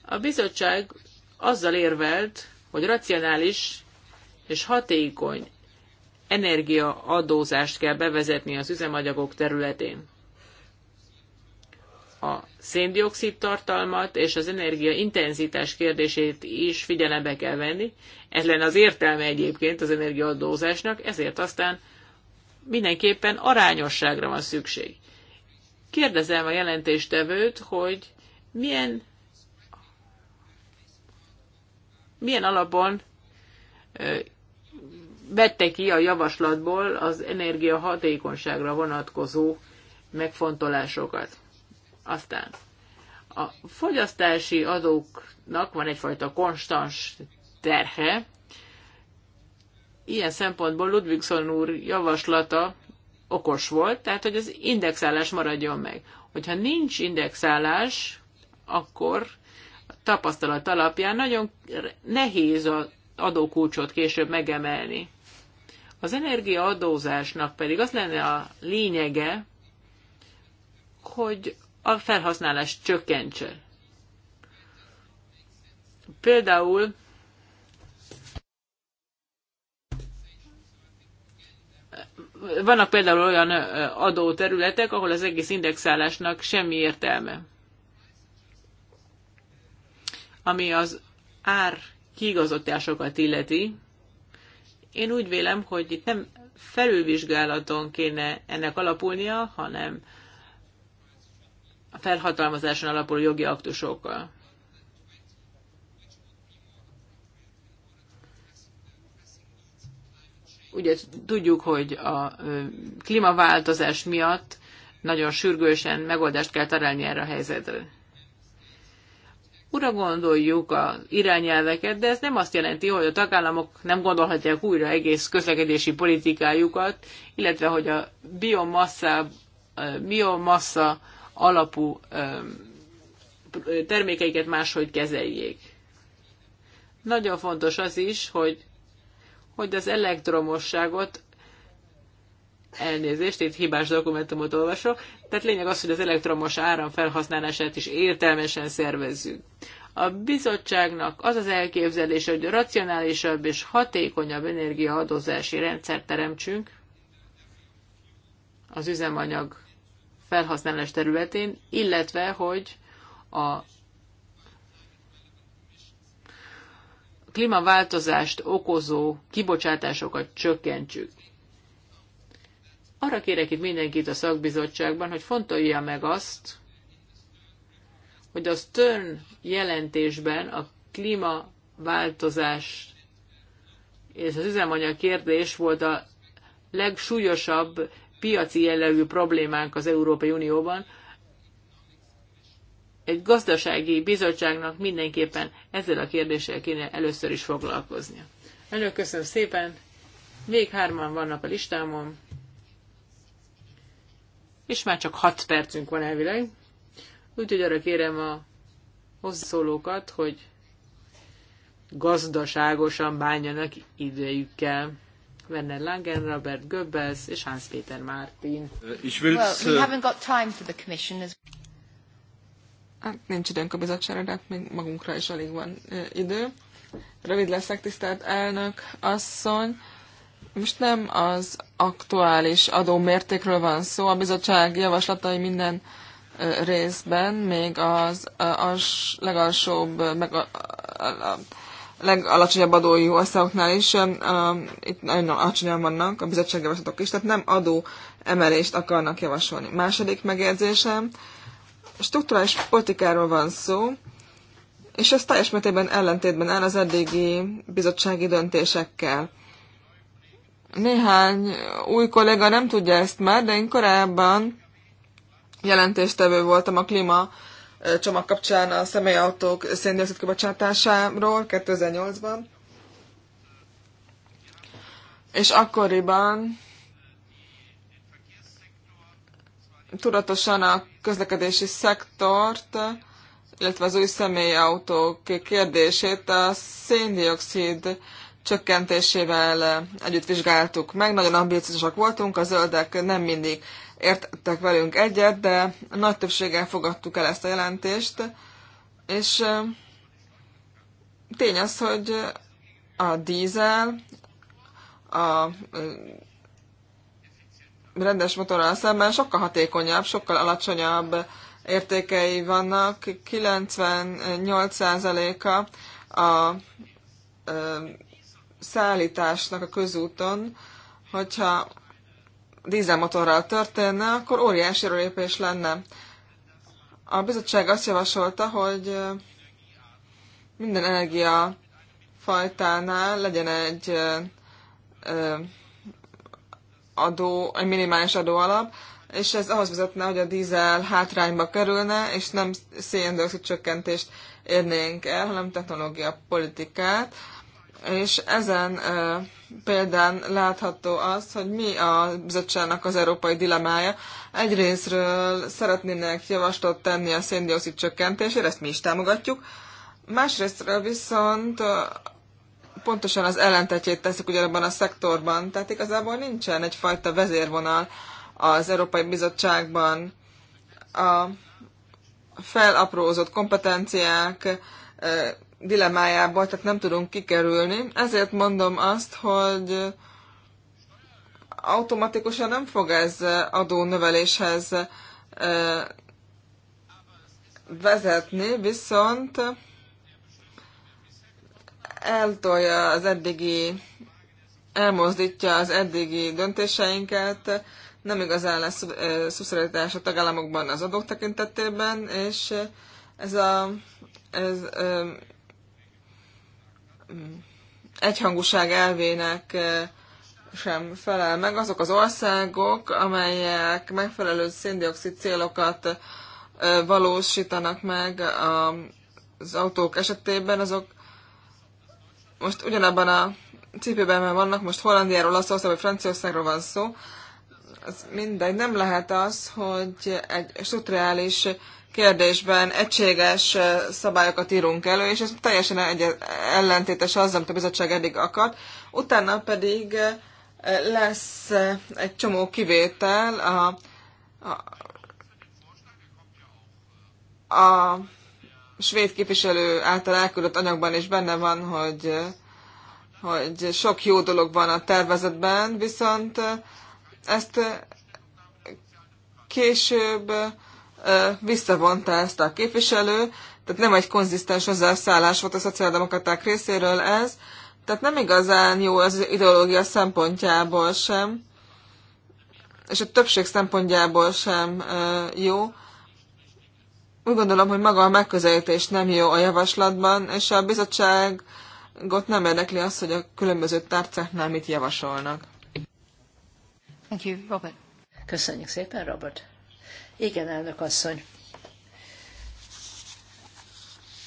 A bizottság azzal érvelt, hogy racionális és hatékony energiaadózást kell bevezetni az üzemanyagok területén a széndiokszid tartalmat és az energia intenzitás kérdését is figyelembe kell venni. Ez lenne az értelme egyébként az energiaadózásnak, ezért aztán mindenképpen arányosságra van szükség. Kérdezem a jelentéstevőt, hogy milyen, milyen alapon vette ki a javaslatból az energiahatékonyságra vonatkozó megfontolásokat. Aztán a fogyasztási adóknak van egyfajta konstans terhe. Ilyen szempontból Ludvigson úr javaslata okos volt, tehát hogy az indexálás maradjon meg. Hogyha nincs indexálás, akkor a tapasztalat alapján nagyon nehéz az adókulcsot később megemelni. Az energiaadózásnak pedig az lenne a lényege, hogy a felhasználás csökkentse. Például vannak például olyan adóterületek, ahol az egész indexálásnak semmi értelme. Ami az ár kiigazításokat illeti, én úgy vélem, hogy itt nem felülvizsgálaton kéne ennek alapulnia, hanem a felhatalmazáson alapuló jogi aktusokkal. Ugye tudjuk, hogy a klímaváltozás miatt nagyon sürgősen megoldást kell találni erre a helyzetre. Ura gondoljuk az irányelveket, de ez nem azt jelenti, hogy a tagállamok nem gondolhatják újra egész közlekedési politikájukat, illetve hogy a biomassa, biomassa alapú termékeiket máshogy kezeljék. Nagyon fontos az is, hogy, hogy az elektromosságot elnézést, itt hibás dokumentumot olvasok, tehát lényeg az, hogy az elektromos áram felhasználását is értelmesen szervezzük. A bizottságnak az az elképzelés, hogy racionálisabb és hatékonyabb energiaadózási rendszert teremtsünk az üzemanyag felhasználás területén, illetve hogy a klímaváltozást okozó kibocsátásokat csökkentsük. Arra kérek itt mindenkit a szakbizottságban, hogy fontolja meg azt, hogy a Stern jelentésben a klímaváltozás és az üzemanyag kérdés volt a legsúlyosabb piaci jellegű problémánk az Európai Unióban, egy gazdasági bizottságnak mindenképpen ezzel a kérdéssel kéne először is foglalkoznia. Elnök, köszönöm szépen! Még hárman vannak a listámon, és már csak hat percünk van elvileg. Úgyhogy arra kérem a hozzászólókat, hogy gazdaságosan bánjanak idejükkel. Werner Langen, Robert Goebbels és Hans Peter Martin. Uh, well, we uh, haven't got time for the commission as... Hát nincs időnk a bizottságra, de hát még magunkra is alig van uh, idő. Rövid leszek, tisztelt elnök asszony. Most nem az aktuális adó mértékről van szó. A bizottság javaslatai minden uh, részben, még az, az legalsóbb, meg a, a, a, legalacsonyabb adói országoknál is, itt nagyon alacsonyan vannak a bizottságjavaslatok is, tehát nem adó emelést akarnak javasolni. Második megjegyzésem, struktúrális politikáról van szó, és ez teljes mértékben ellentétben áll az eddigi bizottsági döntésekkel. Néhány új kolléga nem tudja ezt már, de én korábban jelentéstevő voltam a klíma csomag kapcsán a személyautók széndiokszid kibocsátásáról 2008-ban. És akkoriban tudatosan a közlekedési szektort, illetve az új személyautók kérdését a széndiokszid csökkentésével együtt vizsgáltuk meg. Nagyon ambíciósak voltunk, a zöldek nem mindig értettek velünk egyet, de nagy többséggel fogadtuk el ezt a jelentést, és tény az, hogy a dízel, a rendes motorral szemben sokkal hatékonyabb, sokkal alacsonyabb értékei vannak. 98%-a a szállításnak a közúton, hogyha dízelmotorral történne, akkor óriási lépés lenne. A bizottság azt javasolta, hogy minden energia fajtánál legyen egy adó, egy minimális adóalap, és ez ahhoz vezetne, hogy a dízel hátrányba kerülne, és nem széndiokszid csökkentést érnénk el, hanem technológia politikát. És ezen példán látható az, hogy mi a bizottságnak az európai dilemája. Egyrésztről szeretnének javaslatot tenni a széndiokszid csökkentésére, ezt mi is támogatjuk. Másrésztről viszont pontosan az ellentetjét teszik ugyanabban a szektorban, tehát igazából nincsen egyfajta vezérvonal az Európai Bizottságban a felaprózott kompetenciák dilemájából, tehát nem tudunk kikerülni. Ezért mondom azt, hogy automatikusan nem fog ez növeléshez vezetni, viszont eltolja az eddigi, elmozdítja az eddigi döntéseinket, nem igazán lesz szubszidiaritás a tagállamokban az adók tekintetében, és ez a ez, egyhangúság elvének sem felel meg. Azok az országok, amelyek megfelelő széndiokszid célokat valósítanak meg az autók esetében, azok most ugyanabban a cipőben vannak, most Hollandiáról, Olaszország vagy Franciaországról van szó, az mindegy, nem lehet az, hogy egy strukturális kérdésben egységes szabályokat írunk elő, és ez teljesen egy- ellentétes azzal, amit a bizottság eddig akart. Utána pedig lesz egy csomó kivétel a, a, a svéd képviselő által elküldött anyagban is benne van, hogy, hogy sok jó dolog van a tervezetben, viszont ezt később visszavonta ezt a képviselő, tehát nem egy konzisztens hozzászállás volt a szociáldemokraták részéről ez, tehát nem igazán jó az ideológia szempontjából sem, és a többség szempontjából sem jó. Úgy gondolom, hogy maga a megközelítés nem jó a javaslatban, és a bizottságot nem érdekli az, hogy a különböző tárcáknál mit javasolnak. Thank you, Robert. Köszönjük szépen, Robert. Igen, elnök asszony.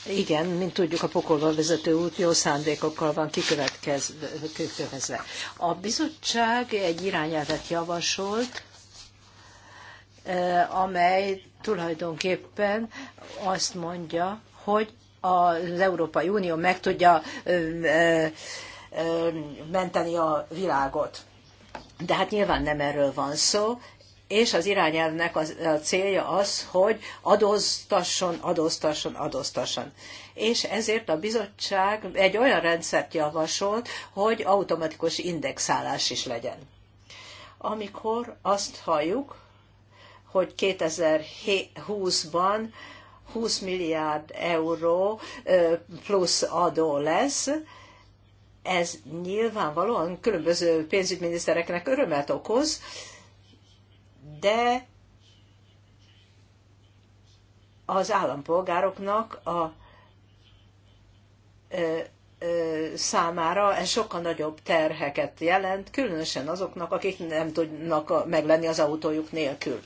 Igen, mint tudjuk, a pokolban vezető út jó szándékokkal van kikövetkezve. A bizottság egy irányelvet javasolt, amely tulajdonképpen azt mondja, hogy az Európai Unió meg tudja menteni a világot. De hát nyilván nem erről van szó, és az irányelvnek az, a célja az, hogy adóztasson, adóztasson, adóztasson. És ezért a bizottság egy olyan rendszert javasolt, hogy automatikus indexálás is legyen. Amikor azt halljuk, hogy 2020-ban 20 milliárd euró plusz adó lesz, ez nyilvánvalóan különböző pénzügyminisztereknek örömet okoz, de az állampolgároknak a számára ez sokkal nagyobb terheket jelent, különösen azoknak, akik nem tudnak meglenni az autójuk nélkül.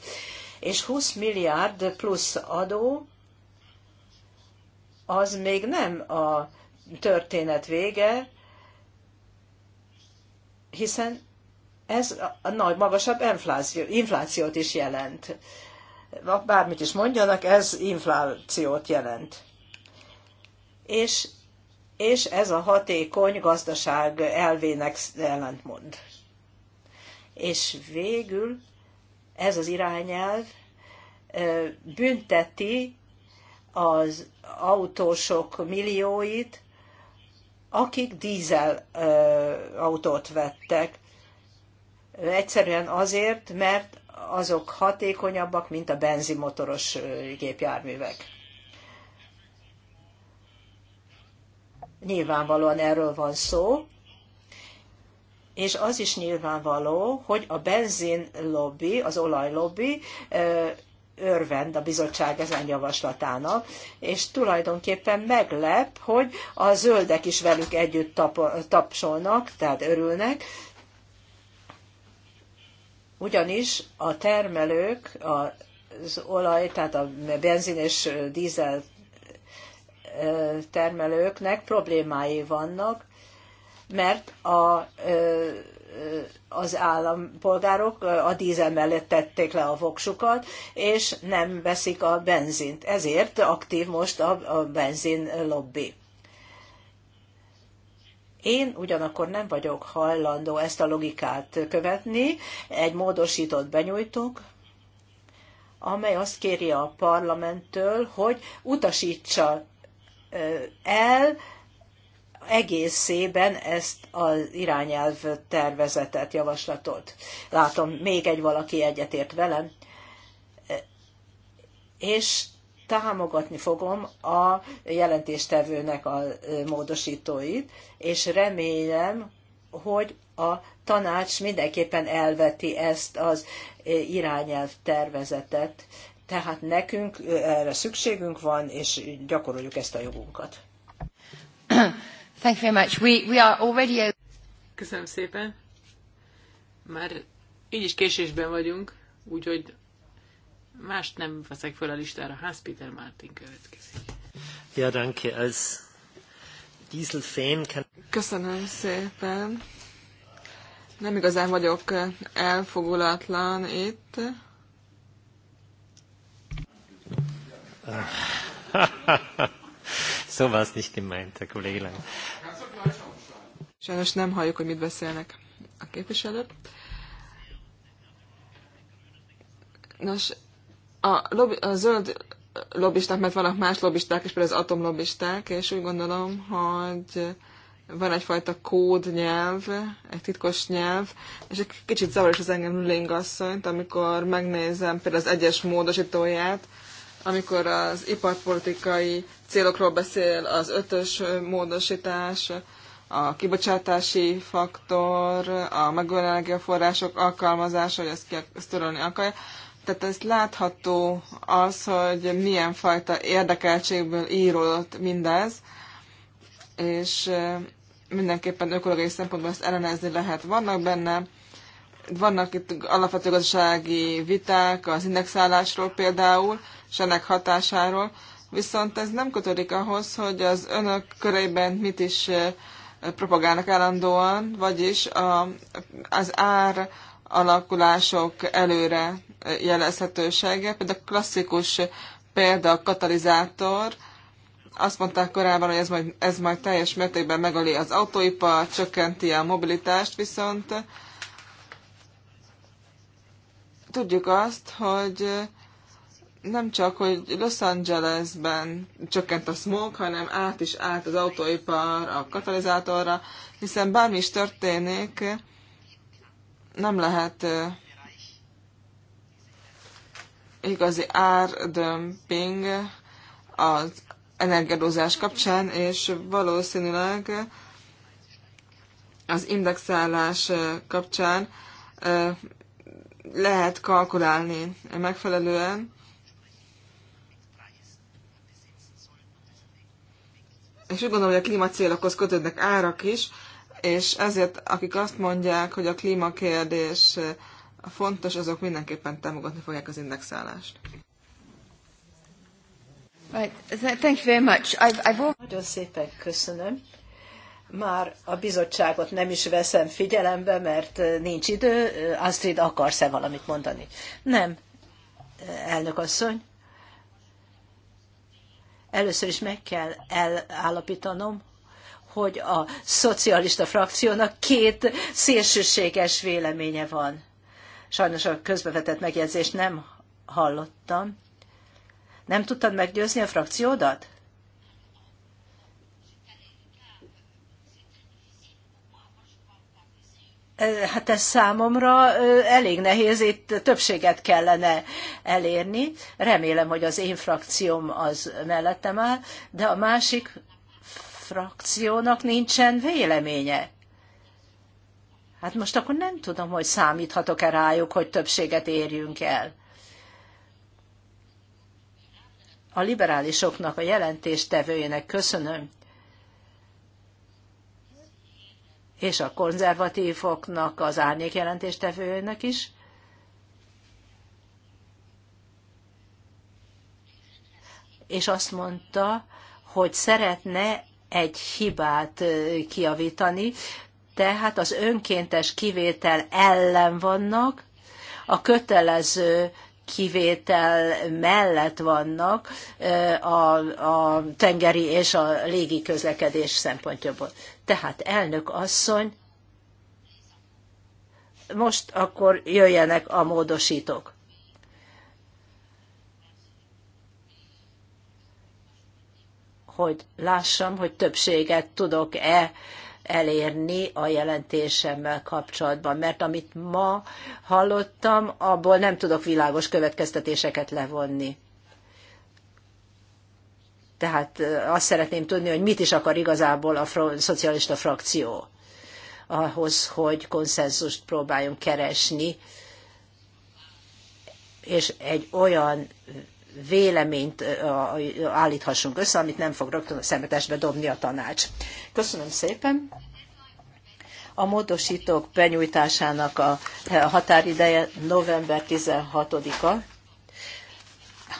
És 20 milliárd plusz adó, az még nem a történet vége, hiszen ez a nagy, magasabb infláció, inflációt is jelent. Bármit is mondjanak, ez inflációt jelent. És, és ez a hatékony gazdaság elvének ellentmond. És végül ez az irányelv bünteti az autósok millióit, akik dízel autót vettek, Egyszerűen azért, mert azok hatékonyabbak, mint a benzimotoros gépjárművek. Nyilvánvalóan erről van szó, és az is nyilvánvaló, hogy a benzin lobby, az olajlobby örvend a bizottság ezen javaslatának, és tulajdonképpen meglep, hogy a zöldek is velük együtt tap, tapsolnak, tehát örülnek, ugyanis a termelők az olaj, tehát a benzin és dízel termelőknek problémái vannak, mert a, az állampolgárok a dízel mellett tették le a voksukat, és nem veszik a benzint. Ezért aktív most a, a benzin lobby. Én ugyanakkor nem vagyok hajlandó ezt a logikát követni, egy módosított benyújtok, amely azt kéri a parlamenttől, hogy utasítsa el egészében ezt az irányelv tervezetet, javaslatot. Látom, még egy valaki egyetért velem. És támogatni fogom a jelentéstevőnek a módosítóit, és remélem, hogy a tanács mindenképpen elveti ezt az irányelv tervezetet. Tehát nekünk erre szükségünk van, és gyakoroljuk ezt a jogunkat. Thank you very much. We, we are already Köszönöm szépen. Már így is késésben vagyunk, úgyhogy Mást nem veszek föl a listára. Hans Peter Martin következik. Ja, danke. Als Diesel-fan kann... Köszönöm szépen. Nem igazán vagyok eh, elfogulatlan itt. Ah. so war es nicht gemeint, Herr Kollege Lang. Sajnos nem halljuk, hogy mit beszélnek a képviselők. Nos, a, lobby, a zöld lobbisták, mert vannak más lobbisták és például az atomlobbisták, és úgy gondolom, hogy van egyfajta kódnyelv, egy titkos nyelv, és egy kicsit zavar is az engem Lingasszonyt, amikor megnézem például az egyes módosítóját, amikor az iparpolitikai célokról beszél az ötös módosítás, a kibocsátási faktor, a megújuló energiaforrások alkalmazása, hogy ezt, ki, ezt törölni akarja. Tehát ez látható az, hogy milyen fajta érdekeltségből íródott mindez, és mindenképpen ökológiai szempontból ezt ellenezni lehet. Vannak benne, vannak itt alapvető gazdasági viták az indexálásról például, és ennek hatásáról, viszont ez nem kötődik ahhoz, hogy az önök körében mit is propagálnak állandóan, vagyis a, az ár alakulások előre jelezhetősége. Például klasszikus példa a katalizátor. Azt mondták korábban, hogy ez majd, ez majd teljes mértékben megöli az autóipar, csökkenti a mobilitást, viszont tudjuk azt, hogy nem csak, hogy Los Angelesben csökkent a smog, hanem át is állt az autóipar a katalizátorra, hiszen bármi is történik, nem lehet igazi árdömping az energiadózás kapcsán, és valószínűleg az indexálás kapcsán lehet kalkulálni megfelelően, és úgy gondolom, hogy a klímacélokhoz kötődnek árak is, és ezért akik azt mondják, hogy a klímakérdés fontos, azok mindenképpen támogatni fogják az indexálást. Right. Thank you very much. I've, I've... Nagyon szépen köszönöm. Már a bizottságot nem is veszem figyelembe, mert nincs idő. Astrid, akarsz-e valamit mondani? Nem, elnök asszony. Először is meg kell elállapítanom, hogy a szocialista frakciónak két szélsőséges véleménye van. Sajnos a közbevetett megjegyzést nem hallottam. Nem tudtad meggyőzni a frakciódat? Hát ez számomra elég nehéz, itt többséget kellene elérni. Remélem, hogy az én frakcióm az mellettem áll, de a másik frakciónak nincsen véleménye. Hát most akkor nem tudom, hogy számíthatok-e rájuk, hogy többséget érjünk el. A liberálisoknak, a jelentéstevőjének köszönöm, és a konzervatívoknak, az árnyék jelentéstevőjének is. És azt mondta, hogy szeretne egy hibát kiavítani, tehát az önkéntes kivétel ellen vannak, a kötelező kivétel mellett vannak a, a tengeri és a légi közlekedés szempontjából. Tehát elnök asszony, most akkor jöjjenek a módosítók. hogy lássam, hogy többséget tudok-e elérni a jelentésemmel kapcsolatban, mert amit ma hallottam, abból nem tudok világos következtetéseket levonni. Tehát azt szeretném tudni, hogy mit is akar igazából a szocialista frakció ahhoz, hogy konszenzust próbáljunk keresni, és egy olyan véleményt állíthassunk össze, amit nem fog rögtön a szemetesbe dobni a tanács. Köszönöm szépen! A módosítók benyújtásának a határideje november 16-a,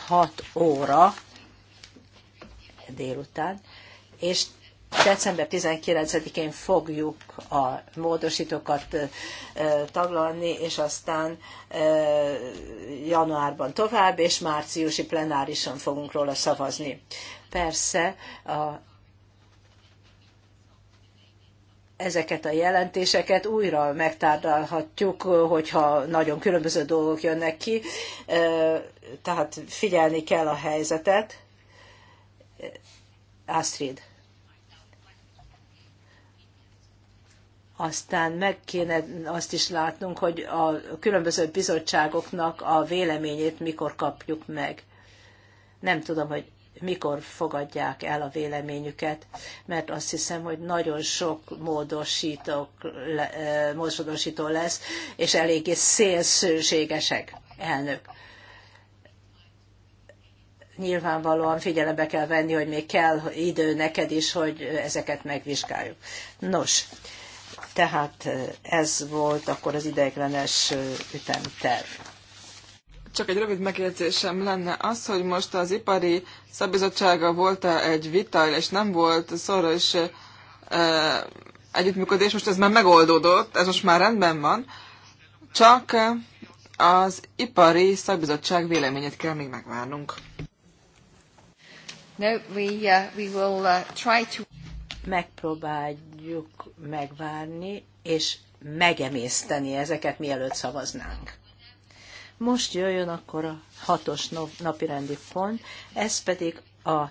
6 óra délután, és december 19-én fogjuk a módosítókat taglalni, és aztán januárban tovább, és márciusi plenárison fogunk róla szavazni. Persze a ezeket a jelentéseket újra megtárgyalhatjuk, hogyha nagyon különböző dolgok jönnek ki, tehát figyelni kell a helyzetet. Astrid. Aztán meg kéne azt is látnunk, hogy a különböző bizottságoknak a véleményét mikor kapjuk meg. Nem tudom, hogy mikor fogadják el a véleményüket, mert azt hiszem, hogy nagyon sok módosítók, módosító lesz, és eléggé szélsőségesek, elnök. Nyilvánvalóan figyelembe kell venni, hogy még kell idő neked is, hogy ezeket megvizsgáljuk. Nos, tehát ez volt akkor az ideiglenes ütemterv. Csak egy rövid megjegyzésem lenne az, hogy most az ipari szabizottsága volt -e egy vita, és nem volt szoros e, együttműködés, most ez már megoldódott, ez most már rendben van, csak az ipari szabizottság véleményét kell még megvárnunk. No, we, uh, we will, uh, try to megpróbáljuk megvárni és megemészteni ezeket, mielőtt szavaznánk. Most jöjjön akkor a hatos napirendi pont, ez pedig a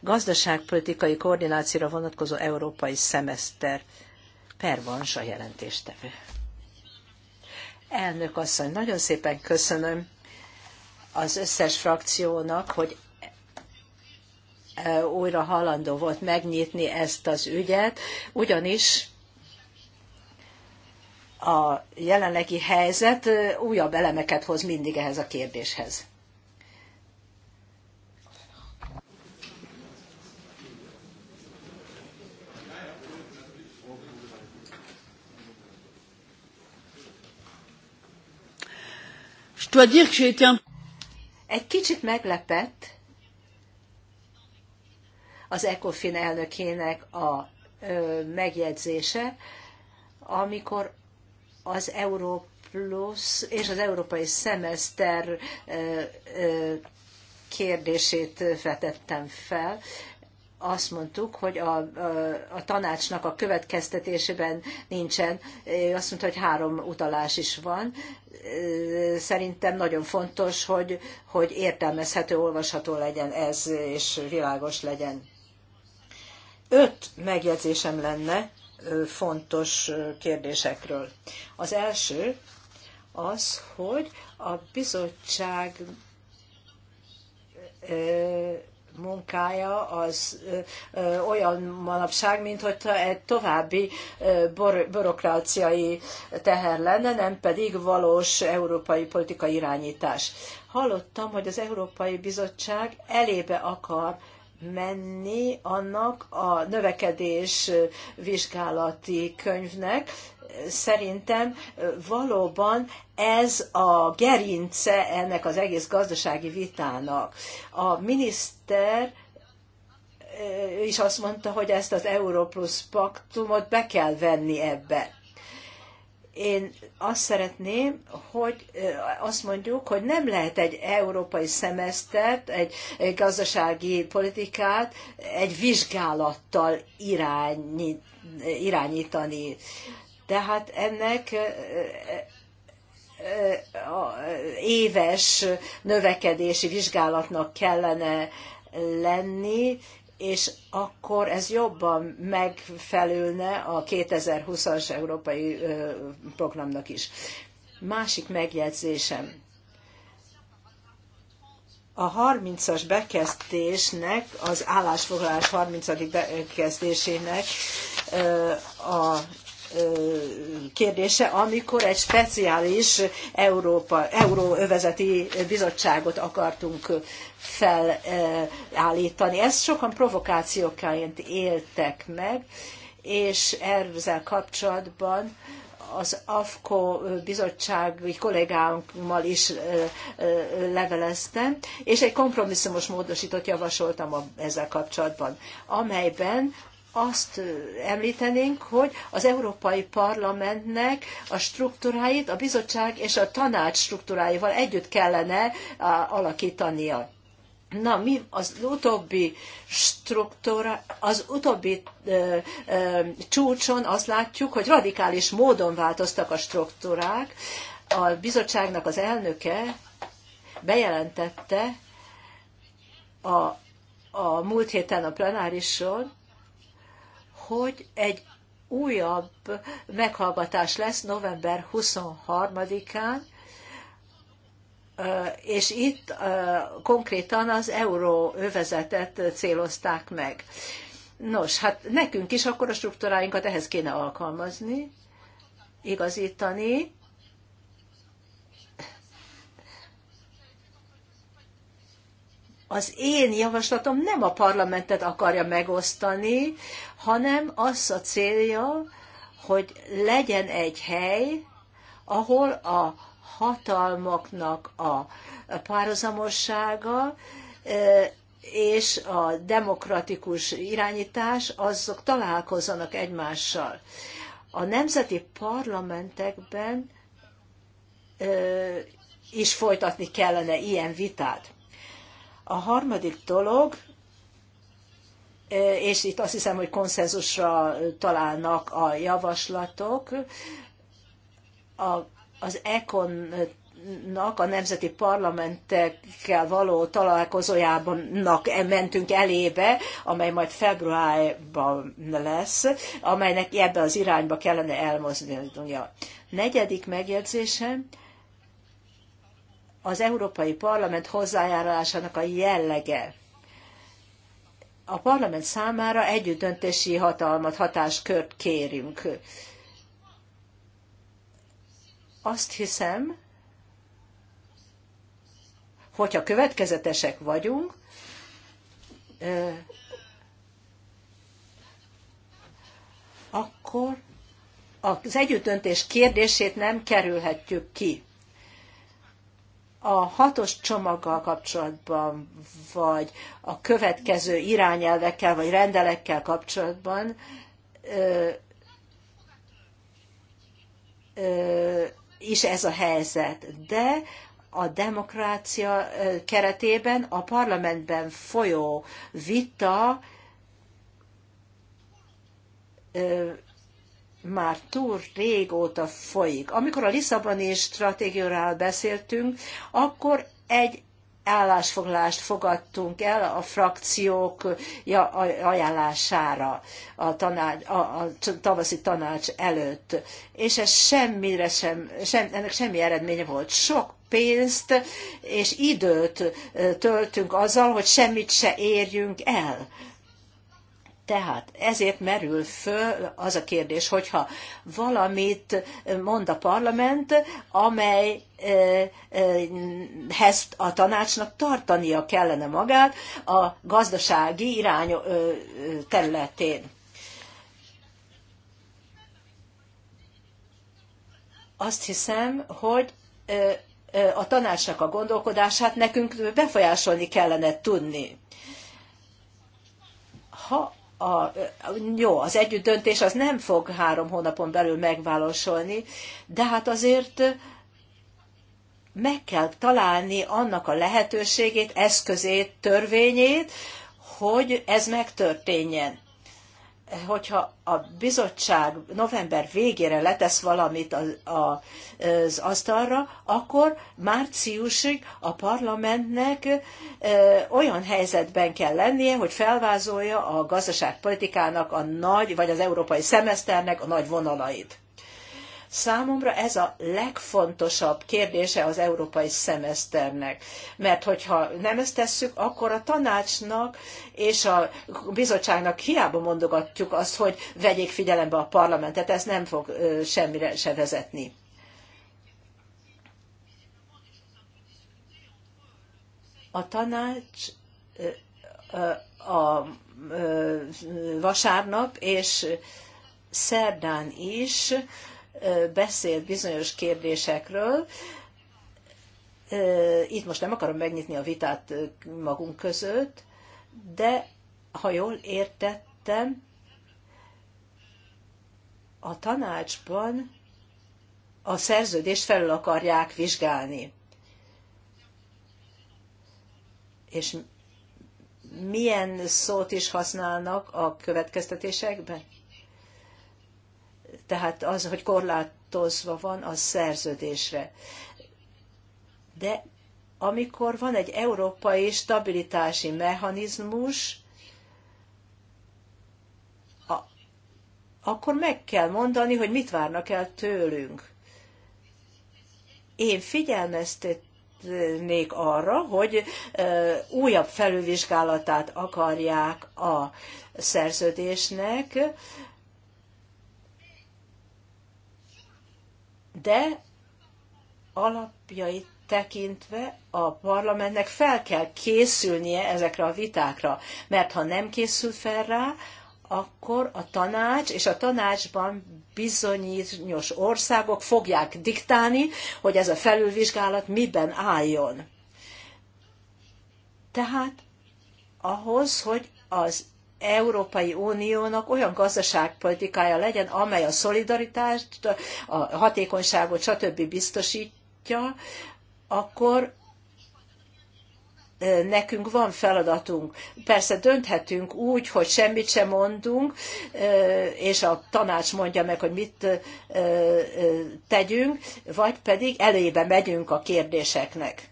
gazdaságpolitikai koordinációra vonatkozó európai szemeszter. Pervans a jelentéstevő. Elnök asszony, nagyon szépen köszönöm az összes frakciónak, hogy újra halandó volt megnyitni ezt az ügyet, ugyanis a jelenlegi helyzet újabb elemeket hoz mindig ehhez a kérdéshez. Egy kicsit meglepett, az ECOFIN elnökének a megjegyzése, amikor az Euró és az európai szemeszter kérdését vetettem fel. Azt mondtuk, hogy a, a, a tanácsnak a következtetésében nincsen, azt mondta, hogy három utalás is van. Szerintem nagyon fontos, hogy, hogy értelmezhető, olvasható legyen ez, és világos legyen Öt megjegyzésem lenne fontos kérdésekről. Az első az, hogy a bizottság munkája az olyan manapság, mint hogy további bürokráciai teher lenne, nem pedig valós európai politikai irányítás. Hallottam, hogy az Európai Bizottság elébe akar menni annak a növekedés vizsgálati könyvnek. Szerintem valóban ez a gerince ennek az egész gazdasági vitának. A miniszter is azt mondta, hogy ezt az Európlusz paktumot be kell venni ebbe én azt szeretném, hogy azt mondjuk, hogy nem lehet egy európai szemesztert, egy gazdasági politikát egy vizsgálattal irányítani. Tehát ennek éves növekedési vizsgálatnak kellene lenni, és akkor ez jobban megfelülne a 2020-as európai programnak is. Másik megjegyzésem. A 30-as bekezdésnek, az állásfoglalás 30. bekezdésének a kérdése, amikor egy speciális Európa, euróövezeti bizottságot akartunk felállítani. Ezt sokan provokációként éltek meg, és ezzel kapcsolatban az AFKO bizottsági kollégámmal is leveleztem, és egy kompromisszumos módosítót javasoltam ezzel kapcsolatban, amelyben azt említenénk, hogy az Európai Parlamentnek a struktúráit a bizottság és a tanács struktúráival együtt kellene alakítania. Na, mi az utóbbi struktúra, az utóbbi ö, ö, csúcson azt látjuk, hogy radikális módon változtak a struktúrák. A bizottságnak az elnöke bejelentette a, a múlt héten a plenárison, hogy egy újabb meghallgatás lesz november 23-án, és itt konkrétan az euróövezetet célozták meg. Nos, hát nekünk is akkor a struktúráinkat ehhez kéne alkalmazni, igazítani, az én javaslatom nem a parlamentet akarja megosztani, hanem az a célja, hogy legyen egy hely, ahol a hatalmaknak a párhuzamossága és a demokratikus irányítás, azok találkozzanak egymással. A nemzeti parlamentekben is folytatni kellene ilyen vitát. A harmadik dolog, e, és itt azt hiszem, hogy konszenzusra találnak a javaslatok, a, az ECON a nemzeti parlamentekkel való találkozójának e mentünk elébe, amely majd februárban lesz, amelynek ebbe az irányba kellene elmozdulnia. Negyedik megjegyzésem, az Európai Parlament hozzájárulásának a jellege. A parlament számára együttdöntési hatalmat, hatáskört kérünk. Azt hiszem, hogyha következetesek vagyunk, akkor az együttöntés kérdését nem kerülhetjük ki a hatos csomaggal kapcsolatban, vagy a következő irányelvekkel, vagy rendelekkel kapcsolatban is ez a helyzet. De a demokrácia keretében a parlamentben folyó vita már túl régóta folyik. Amikor a Lisszaboni stratégiáról beszéltünk, akkor egy állásfoglalást fogadtunk el a frakciók ajánlására a, tanács, a, a tavaszi tanács előtt, és ez semmire sem, sem, ennek semmi eredménye volt. Sok pénzt és időt töltünk azzal, hogy semmit se érjünk el tehát ezért merül föl az a kérdés, hogyha valamit mond a parlament, amelyhez a tanácsnak tartania kellene magát a gazdasági irány területén. Azt hiszem, hogy a tanácsnak a gondolkodását nekünk befolyásolni kellene tudni. Ha a, jó, az együtt döntés az nem fog három hónapon belül megvalósulni, de hát azért meg kell találni annak a lehetőségét, eszközét, törvényét, hogy ez megtörténjen hogyha a bizottság november végére letesz valamit az, az asztalra, akkor márciusig a parlamentnek olyan helyzetben kell lennie, hogy felvázolja a gazdaságpolitikának a nagy, vagy az európai szemeszternek a nagy vonalait. Számomra ez a legfontosabb kérdése az európai szemeszternek, mert hogyha nem ezt tesszük, akkor a tanácsnak és a bizottságnak hiába mondogatjuk azt, hogy vegyék figyelembe a parlamentet, ez nem fog semmire se vezetni. A tanács a vasárnap és szerdán is beszélt bizonyos kérdésekről. Itt most nem akarom megnyitni a vitát magunk között, de ha jól értettem, a tanácsban a szerződést felül akarják vizsgálni. És milyen szót is használnak a következtetésekben? tehát az, hogy korlátozva van a szerződésre. De amikor van egy európai stabilitási mechanizmus, akkor meg kell mondani, hogy mit várnak el tőlünk. Én figyelmeztetnék arra, hogy újabb felülvizsgálatát akarják a szerződésnek, de alapjait tekintve a parlamentnek fel kell készülnie ezekre a vitákra, mert ha nem készül fel rá, akkor a tanács és a tanácsban bizonyos országok fogják diktálni, hogy ez a felülvizsgálat miben álljon. Tehát ahhoz, hogy az Európai Uniónak olyan gazdaságpolitikája legyen, amely a szolidaritást, a hatékonyságot, stb. biztosítja, akkor nekünk van feladatunk. Persze dönthetünk úgy, hogy semmit sem mondunk, és a tanács mondja meg, hogy mit tegyünk, vagy pedig elébe megyünk a kérdéseknek.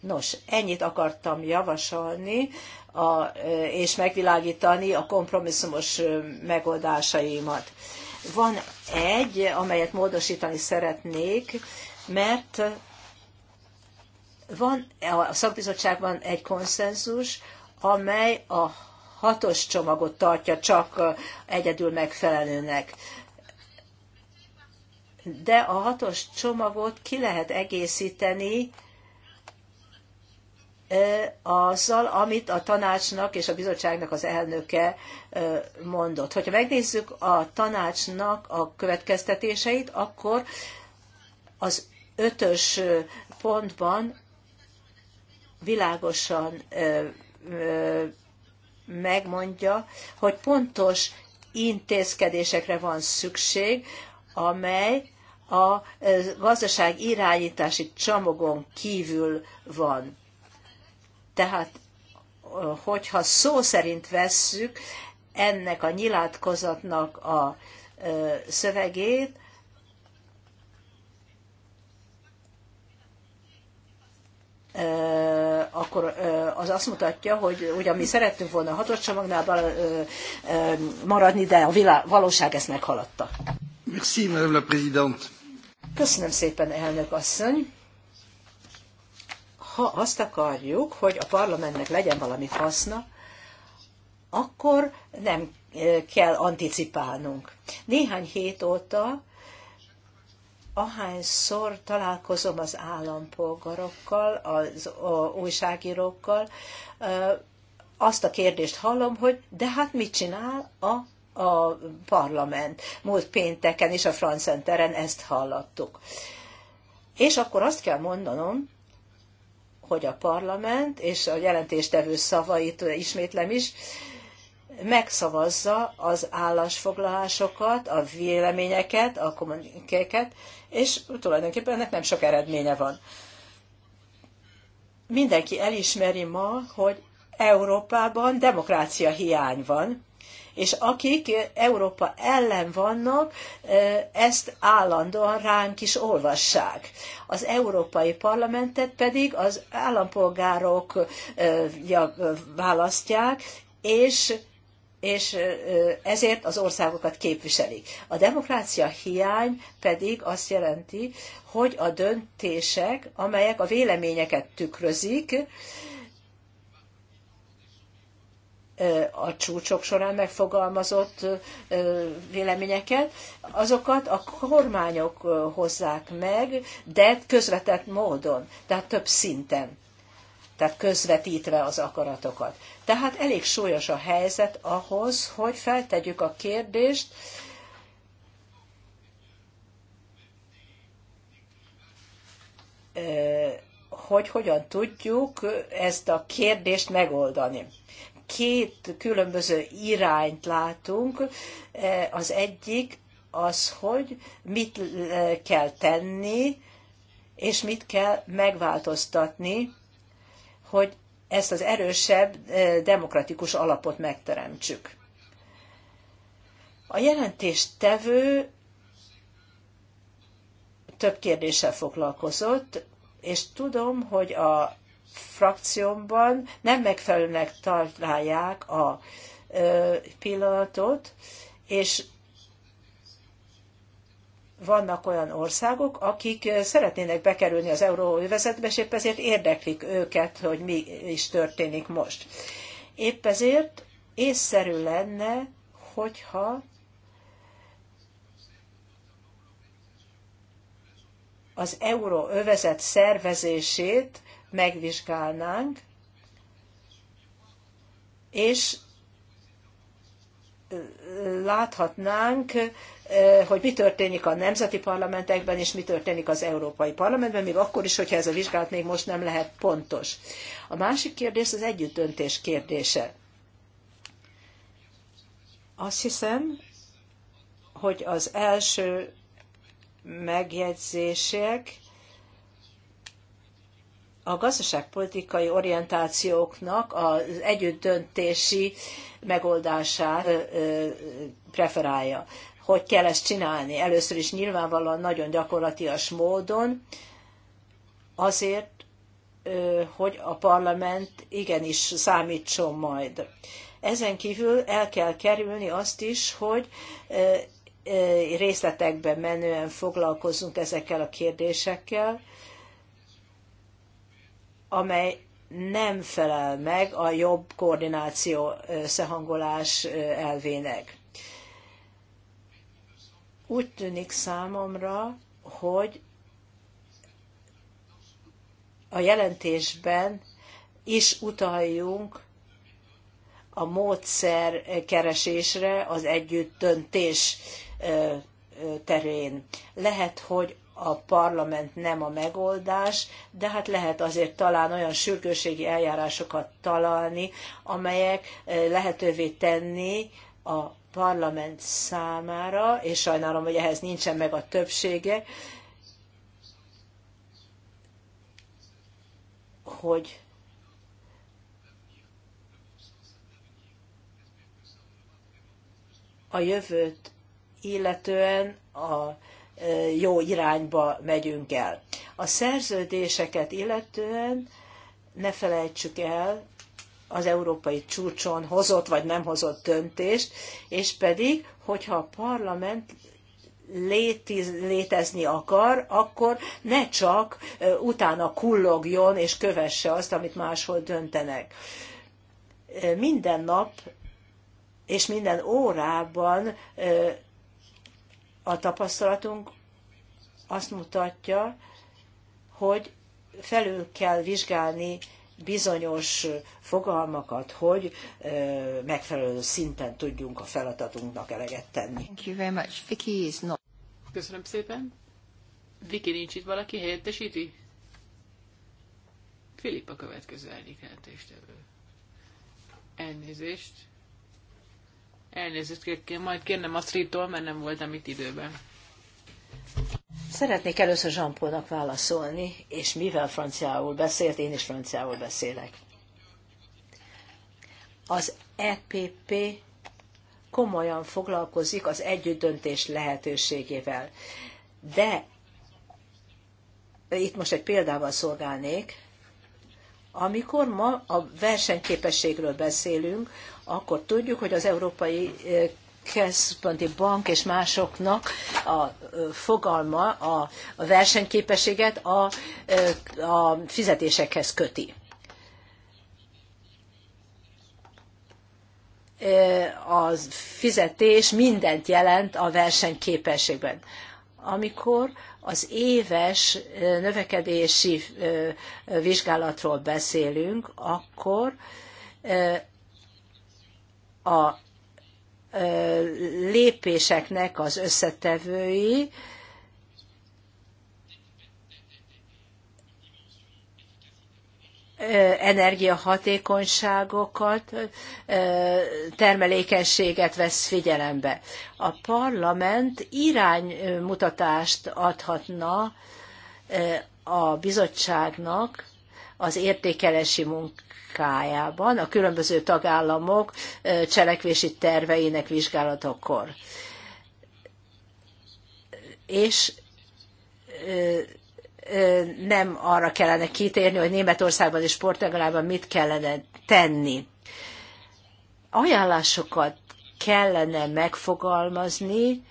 Nos, ennyit akartam javasolni a, és megvilágítani a kompromisszumos megoldásaimat. Van egy, amelyet módosítani szeretnék, mert van a szakbizottságban egy konszenzus, amely a hatos csomagot tartja csak egyedül megfelelőnek. De a hatos csomagot ki lehet egészíteni azzal, amit a tanácsnak és a bizottságnak az elnöke mondott. Hogyha megnézzük a tanácsnak a következtetéseit, akkor az ötös pontban világosan megmondja, hogy pontos intézkedésekre van szükség, amely a gazdaság irányítási csomagon kívül van tehát, hogyha szó szerint vesszük ennek a nyilatkozatnak a szövegét, akkor az azt mutatja, hogy ugyan mi szerettünk volna a hatos csomagnál maradni, de a világ, valóság ezt meghaladta. Merci, Madame la Présidente. Köszönöm szépen, elnök asszony ha azt akarjuk, hogy a parlamentnek legyen valami haszna, akkor nem kell anticipálnunk. Néhány hét óta, ahányszor találkozom az állampolgarokkal, az újságírókkal, azt a kérdést hallom, hogy de hát mit csinál a, a parlament? Múlt pénteken is a Francenteren ezt hallottuk. És akkor azt kell mondanom, hogy a parlament, és a jelentéstevő szavait ismétlem is, megszavazza az állásfoglalásokat, a véleményeket, a kommunikéket, és tulajdonképpen ennek nem sok eredménye van. Mindenki elismeri ma, hogy Európában demokrácia hiány van, és akik Európa ellen vannak, ezt állandóan ránk is olvassák. Az Európai Parlamentet pedig az állampolgárok választják, és és ezért az országokat képviselik. A demokrácia hiány pedig azt jelenti, hogy a döntések, amelyek a véleményeket tükrözik, a csúcsok során megfogalmazott véleményeket, azokat a kormányok hozzák meg, de közvetett módon, tehát több szinten, tehát közvetítve az akaratokat. Tehát elég súlyos a helyzet ahhoz, hogy feltegyük a kérdést, hogy hogyan tudjuk ezt a kérdést megoldani két különböző irányt látunk. E, az egyik az, hogy mit e, kell tenni, és mit kell megváltoztatni, hogy ezt az erősebb e, demokratikus alapot megteremtsük. A tevő több kérdéssel foglalkozott, és tudom, hogy a frakciómban nem megfelelőnek találják a pillanatot, és vannak olyan országok, akik szeretnének bekerülni az euróövezetbe, és épp ezért érdeklik őket, hogy mi is történik most. Épp ezért észszerű lenne, hogyha az euróövezet szervezését megvizsgálnánk, és láthatnánk, hogy mi történik a nemzeti parlamentekben, és mi történik az Európai Parlamentben, még akkor is, hogyha ez a vizsgálat még most nem lehet pontos. A másik kérdés az együttdöntés kérdése. Azt hiszem, hogy az első megjegyzések a gazdaságpolitikai orientációknak az együttdöntési megoldását preferálja. Hogy kell ezt csinálni? Először is nyilvánvalóan nagyon gyakorlatias módon, azért, hogy a parlament igenis számítson majd. Ezen kívül el kell kerülni azt is, hogy részletekben menően foglalkozzunk ezekkel a kérdésekkel, amely nem felel meg a jobb koordináció összehangolás elvének. Úgy tűnik számomra, hogy a jelentésben is utaljunk a módszer keresésre az együtt döntés terén. Lehet, hogy a parlament nem a megoldás, de hát lehet azért talán olyan sürgőségi eljárásokat találni, amelyek eh, lehetővé tenni a parlament számára, és sajnálom, hogy ehhez nincsen meg a többsége, hogy a jövőt illetően a jó irányba megyünk el. A szerződéseket illetően ne felejtsük el az európai csúcson hozott vagy nem hozott döntést, és pedig, hogyha a parlament létiz, létezni akar, akkor ne csak utána kullogjon és kövesse azt, amit máshol döntenek. Minden nap és minden órában a tapasztalatunk azt mutatja, hogy felül kell vizsgálni bizonyos fogalmakat, hogy megfelelő szinten tudjunk a feladatunknak eleget tenni. Thank you very much. Vicky is not... Köszönöm szépen. Viki nincs itt valaki, helyettesíti? Filip a következő elnékeltéstevő. Elnézést. Elnézést kérek, majd kérnem Asztridtól, mert nem voltam itt időben. Szeretnék először jean válaszolni, és mivel franciául beszélt, én is franciául beszélek. Az EPP komolyan foglalkozik az együttdöntés lehetőségével. De itt most egy példával szolgálnék, amikor ma a versenyképességről beszélünk, akkor tudjuk, hogy az Európai Központi Bank és másoknak a fogalma a versenyképességet a, a fizetésekhez köti. a fizetés mindent jelent a versenyképességben amikor az éves növekedési vizsgálatról beszélünk, akkor a lépéseknek az összetevői, energiahatékonyságokat, termelékenységet vesz figyelembe. A parlament iránymutatást adhatna a bizottságnak az értékelési munkájában, a különböző tagállamok cselekvési terveinek vizsgálatakor. És nem arra kellene kitérni, hogy Németországban és Portugálban mit kellene tenni. Ajánlásokat kellene megfogalmazni,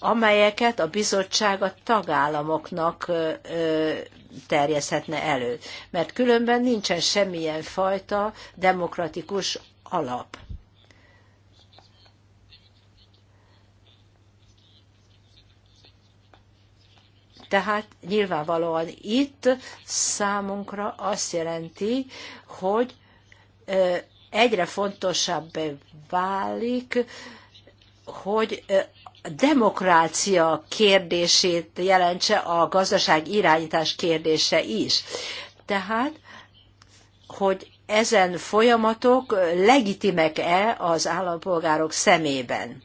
amelyeket a bizottság a tagállamoknak terjeszthetne elő. Mert különben nincsen semmilyen fajta demokratikus alap. Tehát nyilvánvalóan itt számunkra azt jelenti, hogy egyre fontosabb válik, hogy demokrácia kérdését jelentse a gazdaság irányítás kérdése is. Tehát, hogy ezen folyamatok legitimek-e az állampolgárok szemében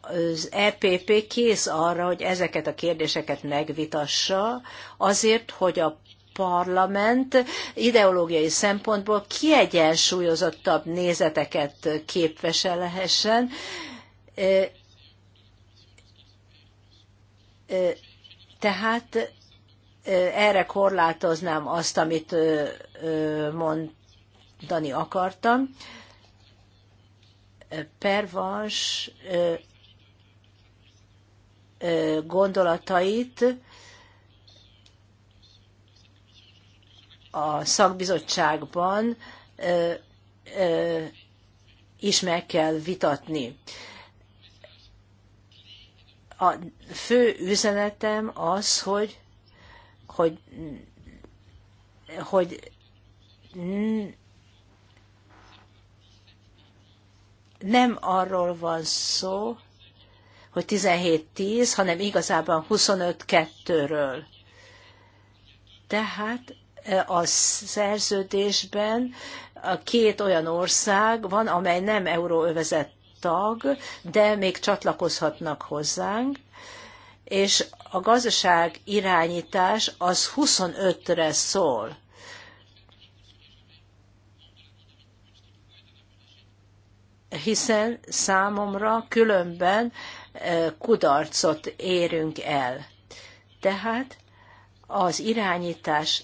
az EPP kész arra, hogy ezeket a kérdéseket megvitassa, azért, hogy a parlament ideológiai szempontból kiegyensúlyozottabb nézeteket képviselhessen, tehát erre korlátoznám azt, amit mondani akartam pervans gondolatait a szakbizottságban is meg kell vitatni. A fő üzenetem az, hogy, hogy, hogy nem arról van szó, hogy 17-10, hanem igazában 25-2-ről. Tehát e, a szerződésben a két olyan ország van, amely nem euróövezet tag, de még csatlakozhatnak hozzánk, és a gazdaság irányítás az 25-re szól. hiszen számomra különben e, kudarcot érünk el. Tehát az irányítás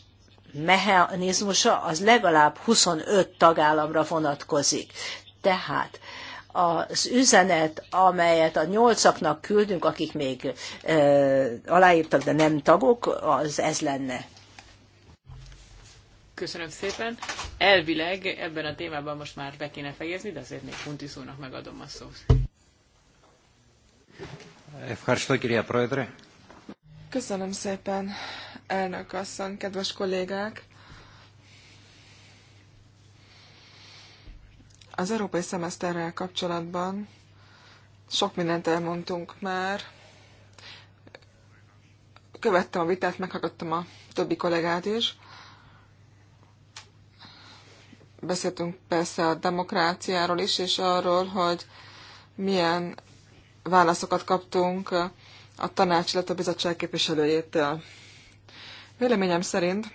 mechanizmusa az legalább 25 tagállamra vonatkozik. Tehát az üzenet, amelyet a nyolcaknak küldünk, akik még e, aláírtak, de nem tagok, az ez lenne. Köszönöm szépen. Elvileg ebben a témában most már be kéne fejezni, de azért még Punti szónak megadom a szót. Köszönöm szépen, elnök asszony, kedves kollégák! Az európai szemeszterrel kapcsolatban sok mindent elmondtunk már. Követtem a vitát, meghallgattam a többi kollégát is. Beszéltünk persze a demokráciáról is, és arról, hogy milyen válaszokat kaptunk a tanács, illetve a bizottság képviselőjétől. Véleményem szerint,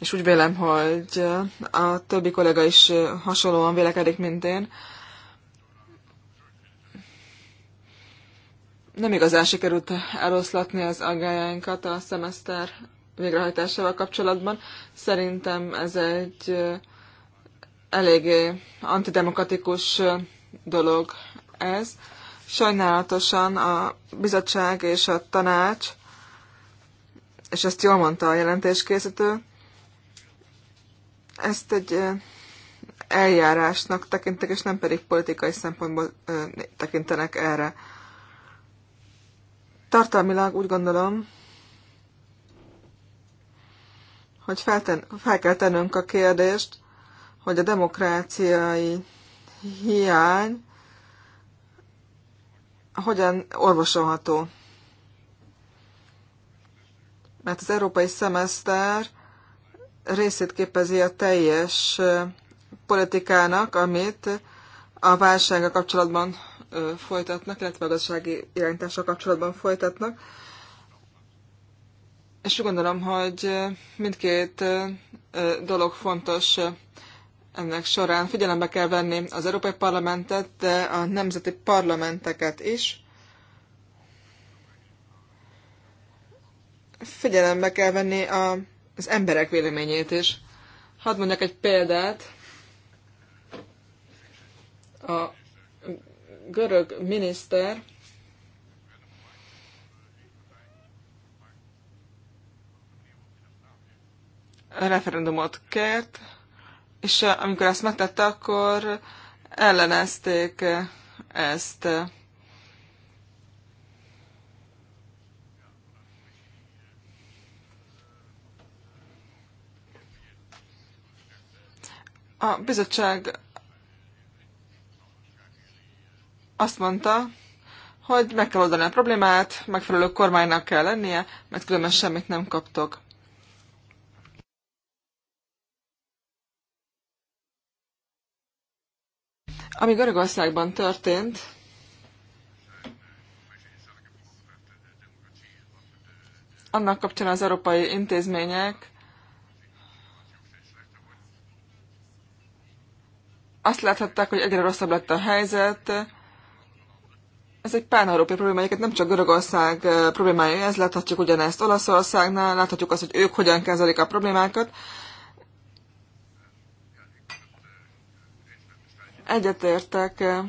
és úgy vélem, hogy a többi kollega is hasonlóan vélekedik, mint én, nem igazán sikerült eloszlatni az aggájainkat a szemeszter végrehajtásával kapcsolatban. Szerintem ez egy eléggé antidemokratikus dolog ez. Sajnálatosan a bizottság és a tanács, és ezt jól mondta a jelentéskészítő, ezt egy eljárásnak tekintek, és nem pedig politikai szempontból tekintenek erre. Tartalmilag úgy gondolom, hogy felten, fel kell tennünk a kérdést, hogy a demokráciai hiány hogyan orvosolható. Mert az európai szemeszter részét képezi a teljes politikának, amit a válsággal kapcsolatban folytatnak, illetve a gazdasági irányítással kapcsolatban folytatnak és úgy gondolom, hogy mindkét dolog fontos ennek során. Figyelembe kell venni az Európai Parlamentet, de a nemzeti parlamenteket is. Figyelembe kell venni a, az emberek véleményét is. Hadd mondjak egy példát. A görög miniszter referendumot kért, és amikor ezt megtette, akkor ellenezték ezt. A bizottság azt mondta, hogy meg kell oldani a problémát, megfelelő kormánynak kell lennie, mert különben semmit nem kaptok. Ami Görögországban történt, annak kapcsán az európai intézmények azt láthatták, hogy egyre rosszabb lett a helyzet. Ez egy pán-európai probléma, egyébként nem csak Görögország eh, problémája ez, láthatjuk ugyanezt Olaszországnál, láthatjuk azt, hogy ők hogyan kezelik a problémákat, Egyetértek eh,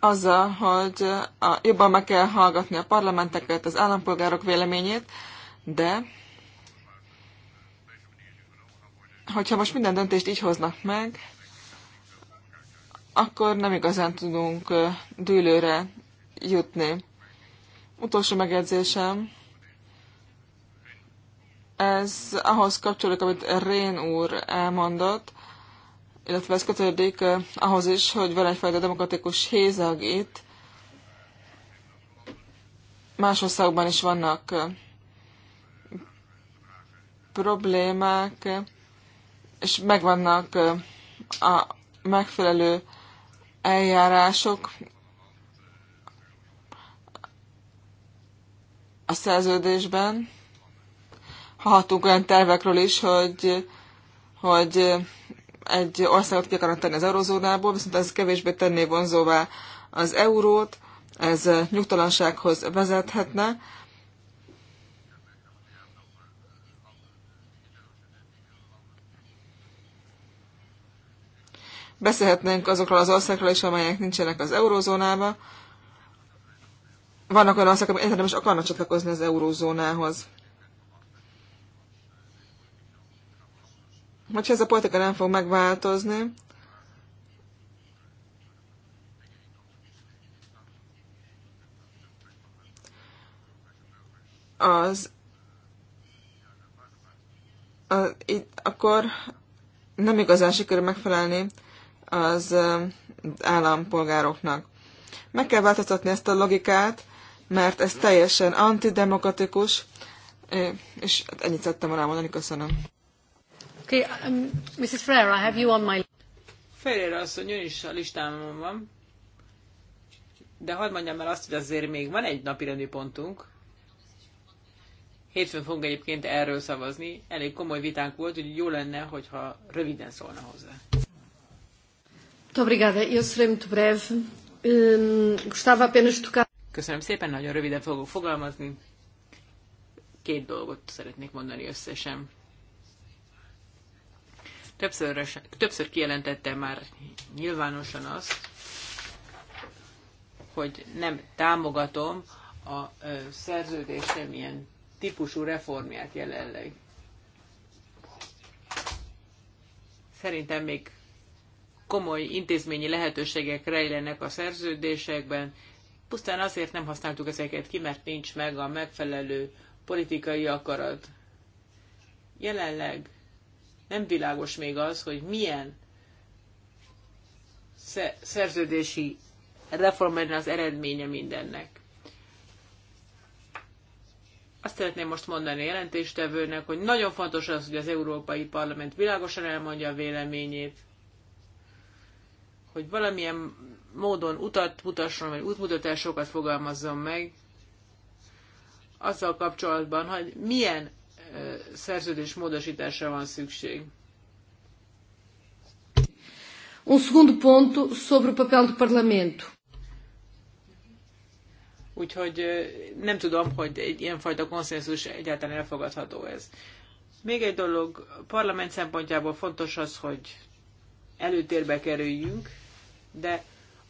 azzal, hogy eh, a, jobban meg kell hallgatni a parlamenteket, az állampolgárok véleményét, de hogyha most minden döntést így hoznak meg, akkor nem igazán tudunk eh, dűlőre jutni. Utolsó megjegyzésem. Ez ahhoz kapcsolódik, amit Rén úr elmondott illetve ez kötődik eh, ahhoz is, hogy van egyfajta demokratikus hézag itt. Más országban is vannak eh, problémák, eh, és megvannak a megfelelő eljárások, a szerződésben. Hallhatunk olyan tervekről is, hogy, hogy egy országot ki akarnak tenni az eurozónából, viszont ez kevésbé tenné vonzóvá az eurót, ez nyugtalansághoz vezethetne. Beszélhetnénk azokról az országról is, amelyek nincsenek az eurózónába. Vannak olyan országok, amelyek nem is akarnak csatlakozni az eurózónához. Hogyha ez a politika nem fog megváltozni, az, az itt akkor nem igazán sikerül megfelelni az, az um, állampolgároknak. Meg kell változtatni ezt a logikát, mert ez teljesen antidemokratikus, és ennyit szerettem volna mondani, köszönöm. Okay, um, Mrs. Ferrer, I have you on my... Ferrer asszony, ön is a listámon van. De hadd mondjam el azt, hogy azért még van egy napi rendi pontunk. Hétfőn fogunk egyébként erről szavazni. Elég komoly vitánk volt, hogy jó lenne, hogyha röviden szólna hozzá. Köszönöm szépen, nagyon röviden fogok fogalmazni. Két dolgot szeretnék mondani összesen. Többször, többször kijelentette már nyilvánosan azt, hogy nem támogatom a szerződés semmilyen típusú reformját jelenleg. Szerintem még komoly intézményi lehetőségek rejlenek a szerződésekben, pusztán azért nem használtuk ezeket ki, mert nincs meg a megfelelő politikai akarat. Jelenleg nem világos még az, hogy milyen szerződési reform lenne az eredménye mindennek. Azt szeretném most mondani a jelentéstevőnek, hogy nagyon fontos az, hogy az Európai Parlament világosan elmondja a véleményét, hogy valamilyen módon utat mutasson, vagy útmutatásokat fogalmazzon meg, azzal kapcsolatban, hogy milyen szerződés módosításra van szükség. Um segundo ponto sobre o papel do Parlamento. Úgyhogy nem tudom, hogy egy ilyenfajta konszenzus egyáltalán elfogadható ez. Még egy dolog, a parlament szempontjából fontos az, hogy előtérbe kerüljünk, de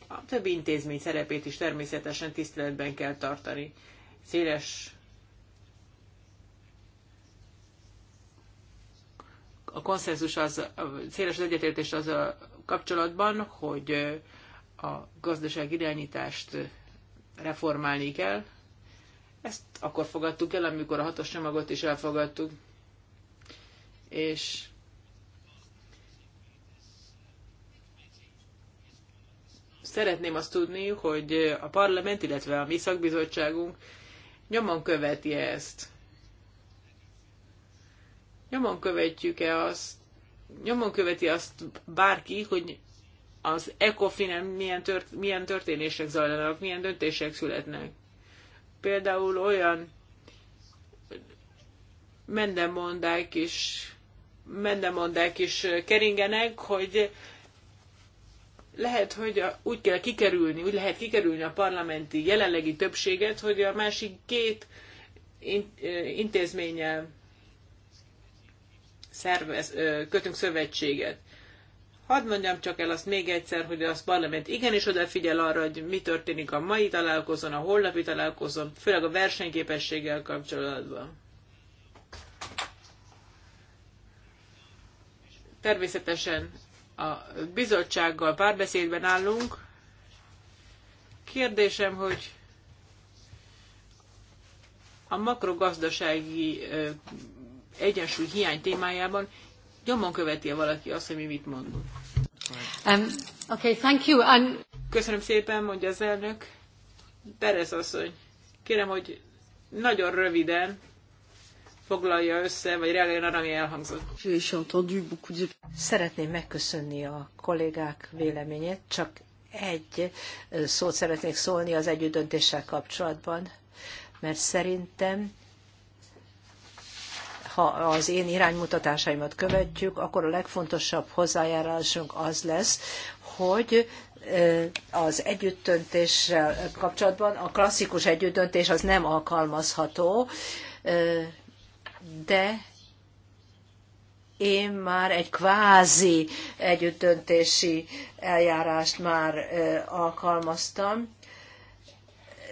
a többi intézmény szerepét is természetesen tiszteletben kell tartani. Széles a konszenzus az, a széles egyetértés az a kapcsolatban, hogy a gazdaság irányítást reformálni kell. Ezt akkor fogadtuk el, amikor a hatos csomagot is elfogadtuk. És szeretném azt tudni, hogy a parlament, illetve a mi szakbizottságunk nyomon követi ezt. Nyomon követjük-e azt, nyomon követi azt bárki, hogy az ECOFIN-en milyen, tört, milyen történések zajlanak, milyen döntések születnek. Például olyan mendemondák is, mendemondák is keringenek, hogy lehet, hogy a, úgy kell kikerülni, úgy lehet kikerülni a parlamenti jelenlegi többséget, hogy a másik két intézménnyel szervez, kötünk szövetséget. Hadd mondjam csak el azt még egyszer, hogy az parlament igenis odafigyel arra, hogy mi történik a mai találkozón, a holnapi találkozón, főleg a versenyképességgel kapcsolatban. Természetesen a bizottsággal párbeszédben állunk. Kérdésem, hogy a makrogazdasági egyensúly hiány témájában gyomon követi valaki azt, hogy mi mit mondunk. Um, okay, thank you. I'm... Köszönöm szépen, mondja az elnök. Perez asszony, kérem, hogy nagyon röviden foglalja össze, vagy reagáljon arra, ami elhangzott. Szeretném megköszönni a kollégák véleményét, csak egy szót szeretnék szólni az együttdöntéssel kapcsolatban, mert szerintem ha az én iránymutatásaimat követjük, akkor a legfontosabb hozzájárulásunk az lesz, hogy az együttdöntéssel kapcsolatban a klasszikus együttdöntés az nem alkalmazható, de én már egy kvázi együttdöntési eljárást már alkalmaztam,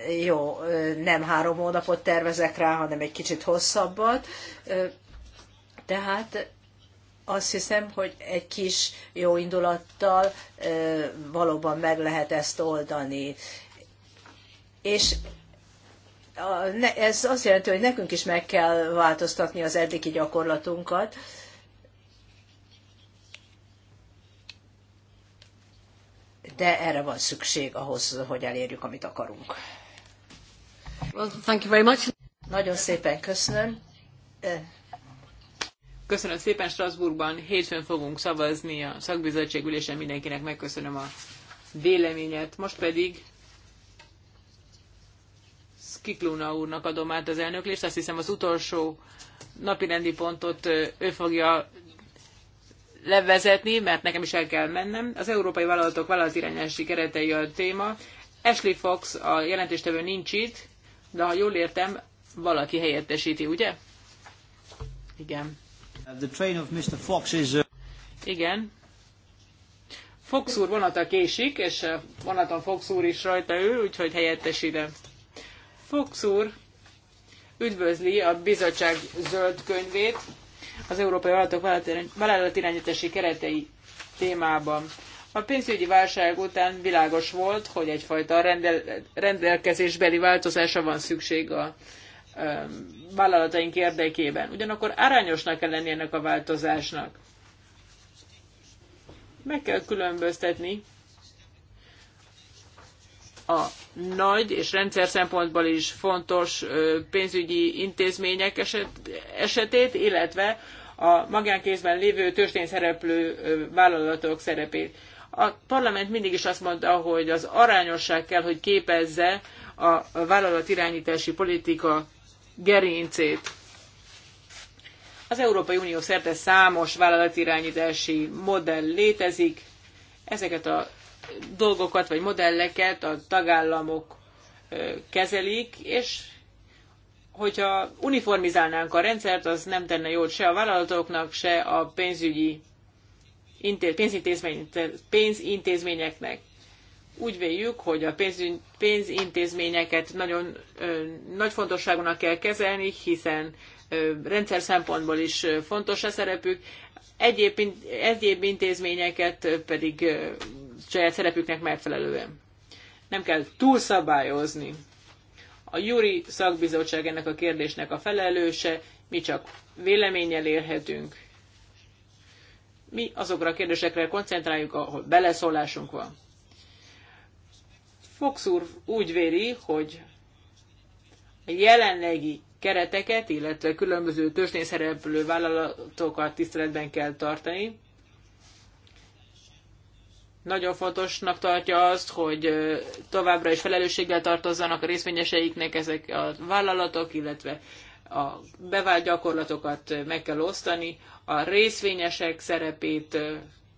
jó, nem három hónapot tervezek rá, hanem egy kicsit hosszabbat. Tehát azt hiszem, hogy egy kis jó indulattal valóban meg lehet ezt oldani. És ez azt jelenti, hogy nekünk is meg kell változtatni az eddigi gyakorlatunkat. De erre van szükség ahhoz, hogy elérjük, amit akarunk. Well, thank you very much. Nagyon szépen köszönöm. Köszönöm szépen, Strasbourgban hétfőn fogunk szavazni a szakbizottság ülésen, mindenkinek megköszönöm a véleményet. Most pedig Skiklóna úrnak adom át az elnöklést, azt hiszem az utolsó napirendi pontot ő fogja levezetni, mert nekem is el kell mennem. Az európai vállalatok vállalatirányási keretei a téma. Ashley Fox, a jelentéstevő nincs itt, de ha jól értem, valaki helyettesíti, ugye? Igen. The train of Mr. Fox is, uh... Igen. Fox úr vonata késik, és uh, vonaton Fox úr is rajta ő, úgyhogy helyettesítem. Fox úr üdvözli a bizottság zöld könyvét az Európai Vállalatok vállalatirányítási keretei témában. A pénzügyi válság után világos volt, hogy egyfajta rendel, rendelkezésbeli változásra van szükség a vállalataink érdekében. Ugyanakkor arányosnak kell lenni ennek a változásnak. Meg kell különböztetni a nagy és rendszer szempontból is fontos pénzügyi intézmények eset, esetét, illetve a magánkézben lévő tőzsdén szereplő vállalatok szerepét. A parlament mindig is azt mondta, hogy az arányosság kell, hogy képezze a vállalat irányítási politika gerincét. Az Európai Unió szerte számos vállalatirányítási modell létezik. Ezeket a dolgokat vagy modelleket a tagállamok kezelik, és hogyha uniformizálnánk a rendszert, az nem tenne jót se a vállalatoknak, se a pénzügyi pénzintézmény, pénzintézményeknek. Úgy véljük, hogy a pénzintézményeket nagyon ö, nagy fontosságonak kell kezelni, hiszen ö, rendszer szempontból is fontos a szerepük, egyéb, egyéb intézményeket pedig ö, saját szerepüknek megfelelően. Nem kell túlszabályozni. A Júri szakbizottság ennek a kérdésnek a felelőse, mi csak véleménnyel élhetünk. Mi azokra a kérdésekre koncentráljuk, ahol beleszólásunk van. Fox úr úgy véli, hogy a jelenlegi kereteket, illetve különböző tőzsdén szereplő vállalatokat tiszteletben kell tartani. Nagyon fontosnak tartja azt, hogy továbbra is felelősséggel tartozzanak a részvényeseiknek ezek a vállalatok, illetve a bevált gyakorlatokat meg kell osztani, a részvényesek szerepét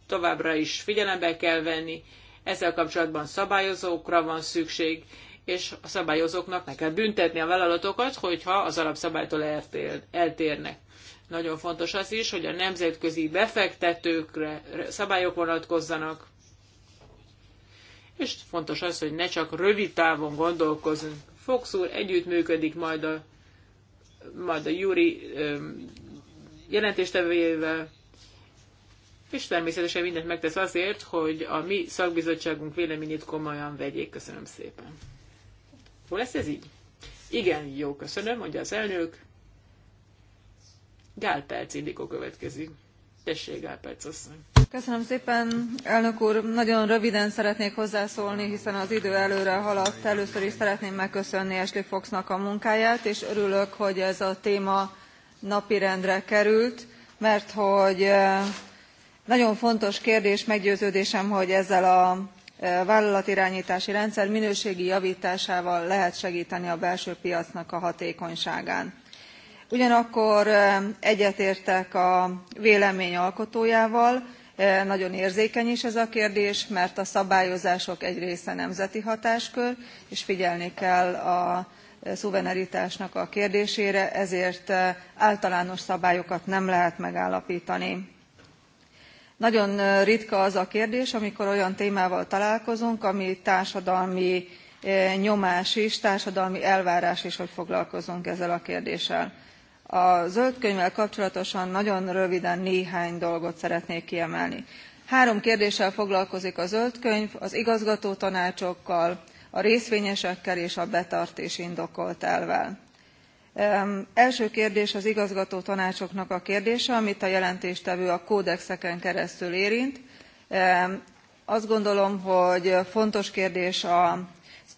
továbbra is figyelembe kell venni, ezzel kapcsolatban szabályozókra van szükség, és a szabályozóknak meg kell büntetni a vállalatokat, hogyha az alapszabálytól eltérnek. Nagyon fontos az is, hogy a nemzetközi befektetőkre szabályok vonatkozzanak, és fontos az, hogy ne csak rövid távon gondolkozunk. Fox úr együttműködik majd a majd a Júri jelentéstevőjével, és természetesen mindent megtesz azért, hogy a mi szakbizottságunk véleményét komolyan vegyék. Köszönöm szépen. Hol lesz ez így? Igen, jó, köszönöm, mondja az elnök. Gál Perc Indikó következik. Köszönöm szépen, elnök úr. Nagyon röviden szeretnék hozzászólni, hiszen az idő előre haladt. Először is szeretném megköszönni Ashley Foxnak a munkáját, és örülök, hogy ez a téma napirendre került, mert hogy eh, nagyon fontos kérdés, meggyőződésem, hogy ezzel a eh, vállalatiránytási rendszer minőségi javtásával lehet segteni a belső piacnak a hatékonyságán ugyanakkor egyetértek a vélemény alkotójával nagyon érzékeny is ez a kérdés mert a szabályozások egy része nemzeti hatáskör és figyelni kell a szuverenitás a kérdésére ezért általános szabályokat nem lehet megállaptani. nagyon ritka az a kérdés amikor olyan témával találkozunk ami társadalmi nyomás is társadalmi elvárás is hogy foglalkozzunk ezzel a kérdéssel a zöld könyvvel kapcsolatosan nagyon röviden néhány dolgot szeretnék kiemelni. három kérdéssel foglalkozik a zöld könyv az igazgatótanácsokkal a részvényesekkel és a betartás indokolt elvvel. első kérdés az igazgatótanácsoknak a kérdése amit a jelentéstevő a kódexeken keresztül érint. azt gondolom hogy fontos kérdés a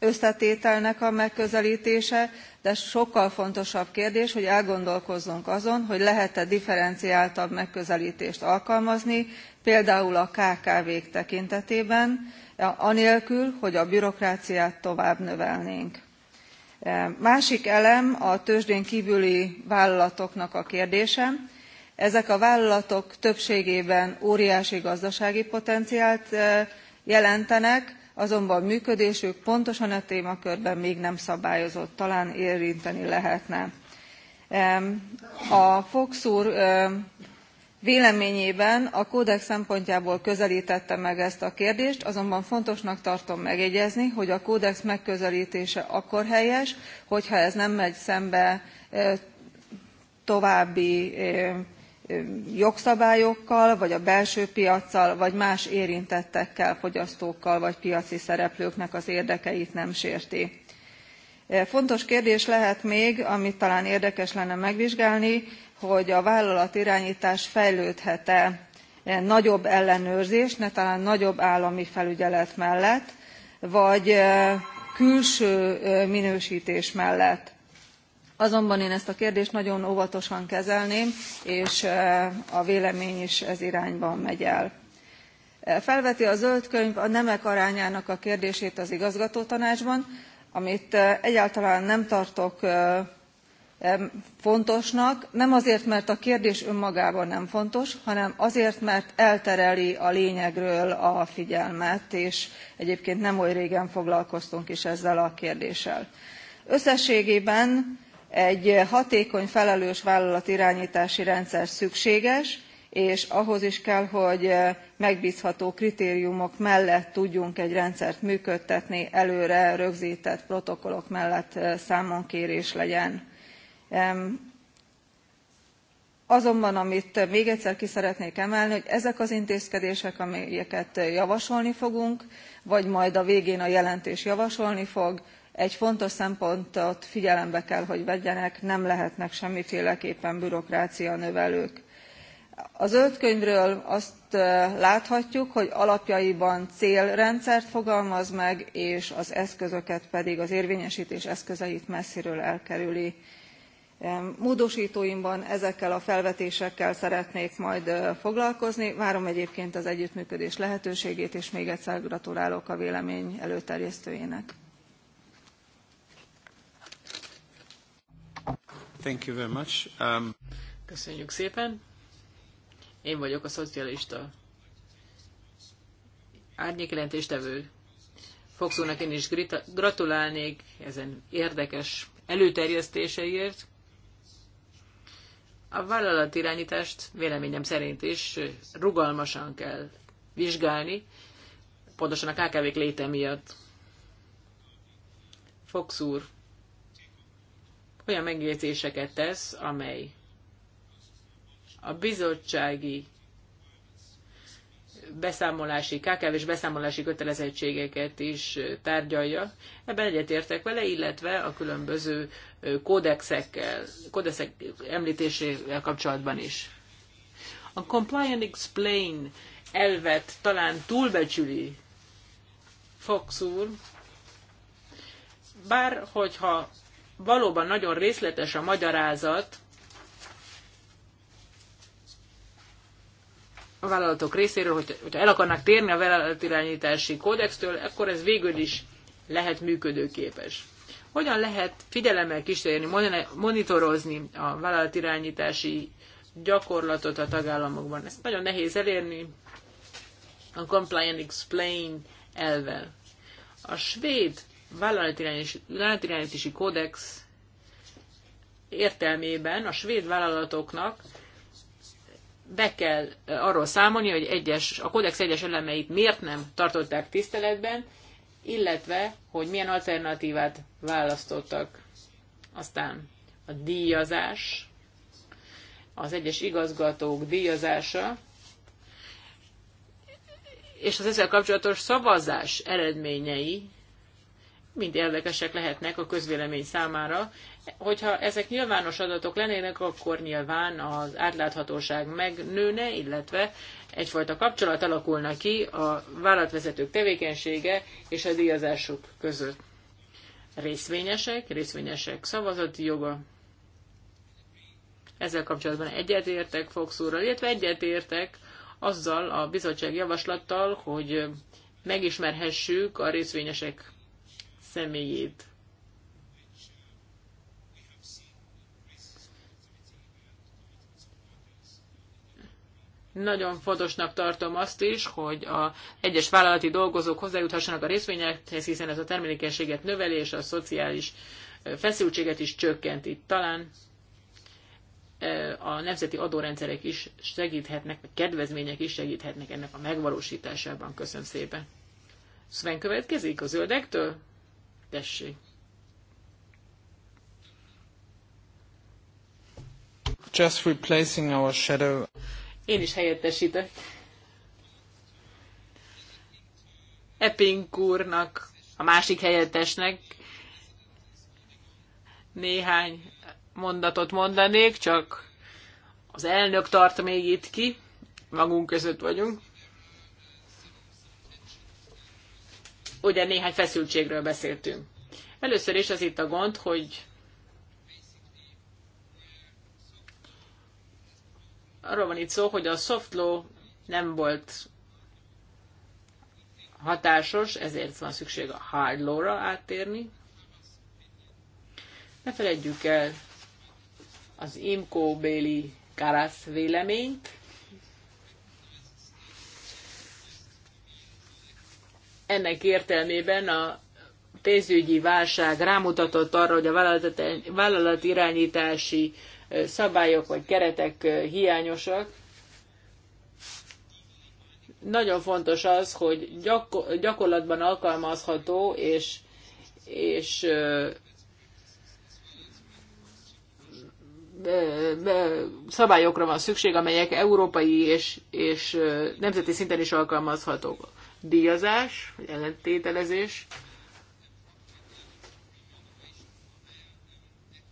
összetételnek a megközeltése de sokkal fontosabb kérdés hogy elgondolkozzunk azon hogy lehet e differenciáltabb megközeltést alkalmazni például a kkv k tekintetében anélkül hogy a bürokráciát tovább növelnénk. E, másik elem a tőzsdén kvüli vállalatoknak a kérdése. ezek a vállalatok többségében óriási gazdasági potenciált e, jelentenek azonban működésük pontosan e témakörben még nem szabályozott talán érinteni lehetne. a fox úr véleményében a kódex szempontjából közeltette meg ezt a kérdést azonban fontosnak tartom megjegyezni hogy a kódex megközeltése akkor helyes hogyha ez nem megy szembe e, további jogszabályokkal vagy a belső piaccal vagy más érintettekkel fogyasztókkal vagy piaci szereplőknek az érdekeit nem sérti. E, fontos kérdés lehet még amit talán érdekes lenne megvizsgálni hogy a vállalatiránytás fejlődhet e nagyobb ellenőrzés netán nagyobb állami felügyelet mellett vagy e, külső e, minőstés mellett azonban én ezt a kérdést nagyon óvatosan kezelném és eh, a vélemény is ez irányba megy el. Eh, felveti a zöld könyv a nemek arányának a kérdését az igazgatótanácsban amit eh, egyáltalán nem tartok fontosnak nem azért mert a kérdés önmagában nem fontos hanem azért mert eltereli a lényegről a figyelmet és egyébként nem oly régen foglalkoztunk is ezzel a kérdéssel. összességében egy hatékony felelős vállalatiránytási rendszer szükséges és ahhoz is kell hogy eh, megbzható kritériumok mellett tudjunk egy rendszert működtetni előre rögztett protokollok mellett eh, számonkérés legyen. azonban amit még egyszer ki szeretnék emelni hogy ezek az intézkedések amelyeket javasolni fogunk vagy majd a végén a jelentés javasolni fog egy fontos szempontot figyelembe kell hogy vegyenek nem lehetnek semmiféleképpen bürokrácianövelők. a zöld könyvről azt láthatjuk hogy alapjaiban célrendszert fogalmaz meg és az eszközöket pedig az érvényestés eszközeit messziről elkerüli. módostóimban ezekkel a felvetésekkel szeretnék majd foglalkozni várom egyébként az együttműködés lehetőségét és még egyszer gratulálok a vélemény előterjesztőjének. Thank you very much. Um... Köszönjük szépen. Én vagyok a szocialista árnyékjelentéstevő. Foxónak én is gratulálnék ezen érdekes előterjesztéseért. A irányítást véleményem szerint is rugalmasan kell vizsgálni, pontosan a KKV-k léte miatt. Fox úr olyan megjegyzéseket tesz, amely a bizottsági beszámolási, kkv és beszámolási kötelezettségeket is tárgyalja. Ebben egyetértek vele, illetve a különböző kódexekkel, kódexek említésével kapcsolatban is. A Comply and Explain elvet talán túlbecsüli Fox úr, bár hogyha valóban nagyon részletes a magyarázat a vállalatok részéről, hogy, hogyha el akarnak térni a vállalatirányítási kódextől, akkor ez végül is lehet működőképes. Hogyan lehet figyelemmel kísérni, monitorozni a vállalatirányítási gyakorlatot a tagállamokban? Ezt nagyon nehéz elérni a Comply and Explain elvel. A svéd vállalatirányítási kódex értelmében a svéd vállalatoknak be kell arról számolni, hogy egyes, a kódex egyes elemeit miért nem tartották tiszteletben, illetve, hogy milyen alternatívát választottak. Aztán a díjazás, az egyes igazgatók díjazása, és az ezzel kapcsolatos szavazás eredményei mind érdekesek lehetnek a közvélemény számára. Hogyha ezek nyilvános adatok lennének, akkor nyilván az átláthatóság megnőne, illetve egyfajta kapcsolat alakulna ki a vállalatvezetők tevékenysége és a díjazásuk között. Részvényesek, részvényesek szavazati joga. Ezzel kapcsolatban egyetértek Fox úrral, illetve egyetértek azzal a bizottság javaslattal, hogy megismerhessük a részvényesek személyét. Nagyon fontosnak tartom azt is, hogy a egyes vállalati dolgozók hozzájuthassanak a részvényekhez, hiszen ez a termelékenységet növeli, és a szociális feszültséget is csökkenti. Talán a nemzeti adórendszerek is segíthetnek, vagy kedvezmények is segíthetnek ennek a megvalósításában. Köszönöm szépen. Sven következik a zöldektől? Tessék. Just replacing our shadow. Én is helyettesítek. Epping úrnak, a másik helyettesnek néhány mondatot mondanék, csak az elnök tart még itt ki, magunk között vagyunk. ugye néhány feszültségről beszéltünk. Először is az itt a gond, hogy arról van itt szó, hogy a soft law nem volt hatásos, ezért van szükség a hard law-ra áttérni. Ne felejtjük el az IMCO Béli Karasz véleményt, Ennek értelmében a pénzügyi válság rámutatott arra, hogy a vállalat irányítási szabályok vagy keretek hiányosak. Nagyon fontos az, hogy gyakorlatban alkalmazható és, és szabályokra van szükség, amelyek európai és, és nemzeti szinten is alkalmazhatók díjazás, vagy ellentételezés.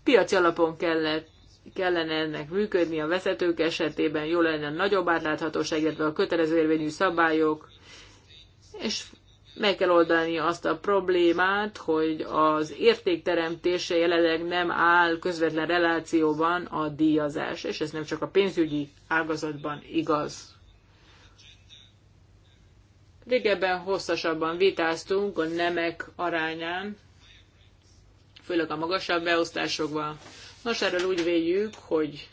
Piaci alapon kellett kellene ennek működni a vezetők esetében, jó lenne nagyobb átláthatóság, illetve a kötelező érvényű szabályok, és meg kell oldani azt a problémát, hogy az értékteremtése jelenleg nem áll közvetlen relációban a díjazás, és ez nem csak a pénzügyi ágazatban igaz. Régebben hosszasabban vitáztunk a nemek arányán, főleg a magasabb beosztásokban. Nos, erről úgy véljük, hogy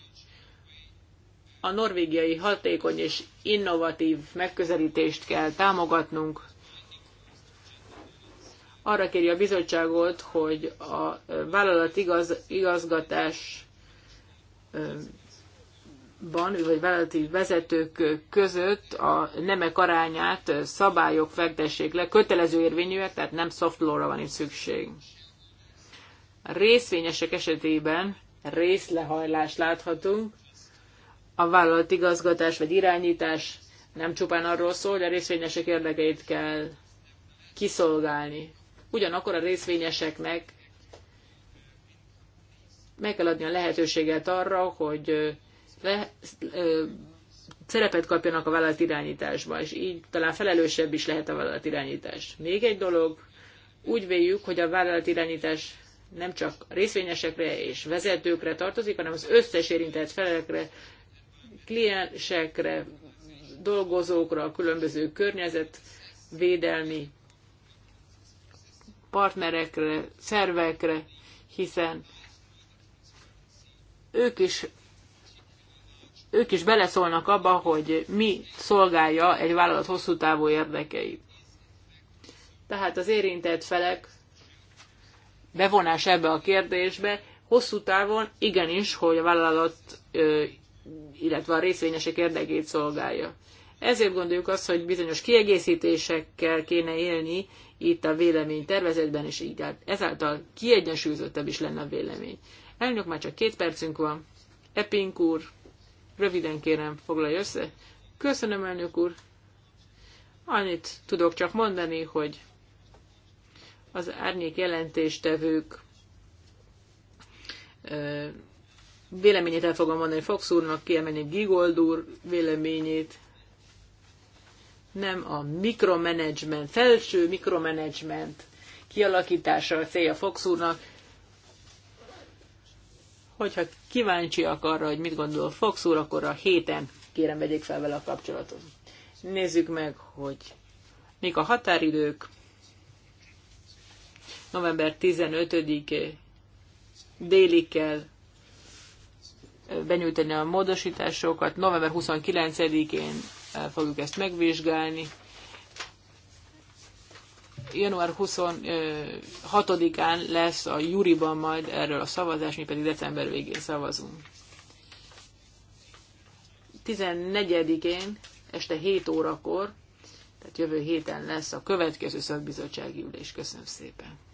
a norvégiai hatékony és innovatív megközelítést kell támogatnunk. Arra kéri a bizottságot, hogy a vállalat igaz, igazgatás ban vagy vállalati vezetők között a nemek arányát szabályok fektessék le, kötelező érvényűek, tehát nem soft law-ra van itt szükség. A részvényesek esetében részlehajlást láthatunk. A vállalat igazgatás vagy irányítás nem csupán arról szól, hogy a részvényesek érdekeit kell kiszolgálni. Ugyanakkor a részvényeseknek meg kell adni a lehetőséget arra, hogy le, ö, szerepet kapjanak a vállalat irányításba, és így talán felelősebb is lehet a vállalat irányítás. Még egy dolog, úgy véljük, hogy a vállalat irányítás nem csak részvényesekre és vezetőkre tartozik, hanem az összes érintett felekre, kliensekre, dolgozókra, a különböző környezetvédelmi partnerekre, szervekre, hiszen ők is ők is beleszólnak abba, hogy mi szolgálja egy vállalat hosszú távú érdekeit. Tehát az érintett felek bevonás ebbe a kérdésbe hosszú távon igenis, hogy a vállalat, illetve a részvényesek érdekét szolgálja. Ezért gondoljuk azt, hogy bizonyos kiegészítésekkel kéne élni itt a vélemény tervezetben, és így ezáltal kiegyensúlyozottabb is lenne a vélemény. Elnök, már csak két percünk van. Epping úr, Röviden kérem, foglalj össze. Köszönöm, elnök úr. Annyit tudok csak mondani, hogy az árnyék jelentéstevők véleményét el fogom mondani Fox úrnak, kiemelni Gigold úr véleményét, nem a mikromanagement, felső mikromanagement kialakítása a célja Fox úrnak, Hogyha kíváncsiak arra, hogy mit gondol Fox úr, akkor a héten kérem vegyék fel vele a kapcsolatot. Nézzük meg, hogy mik a határidők. November 15 déli kell benyújtani a módosításokat. November 29-én fogjuk ezt megvizsgálni január 26-án lesz a Juriban majd erről a szavazás, mi pedig december végén szavazunk. 14-én este 7 órakor, tehát jövő héten lesz a következő szakbizottsági ülés. Köszönöm szépen!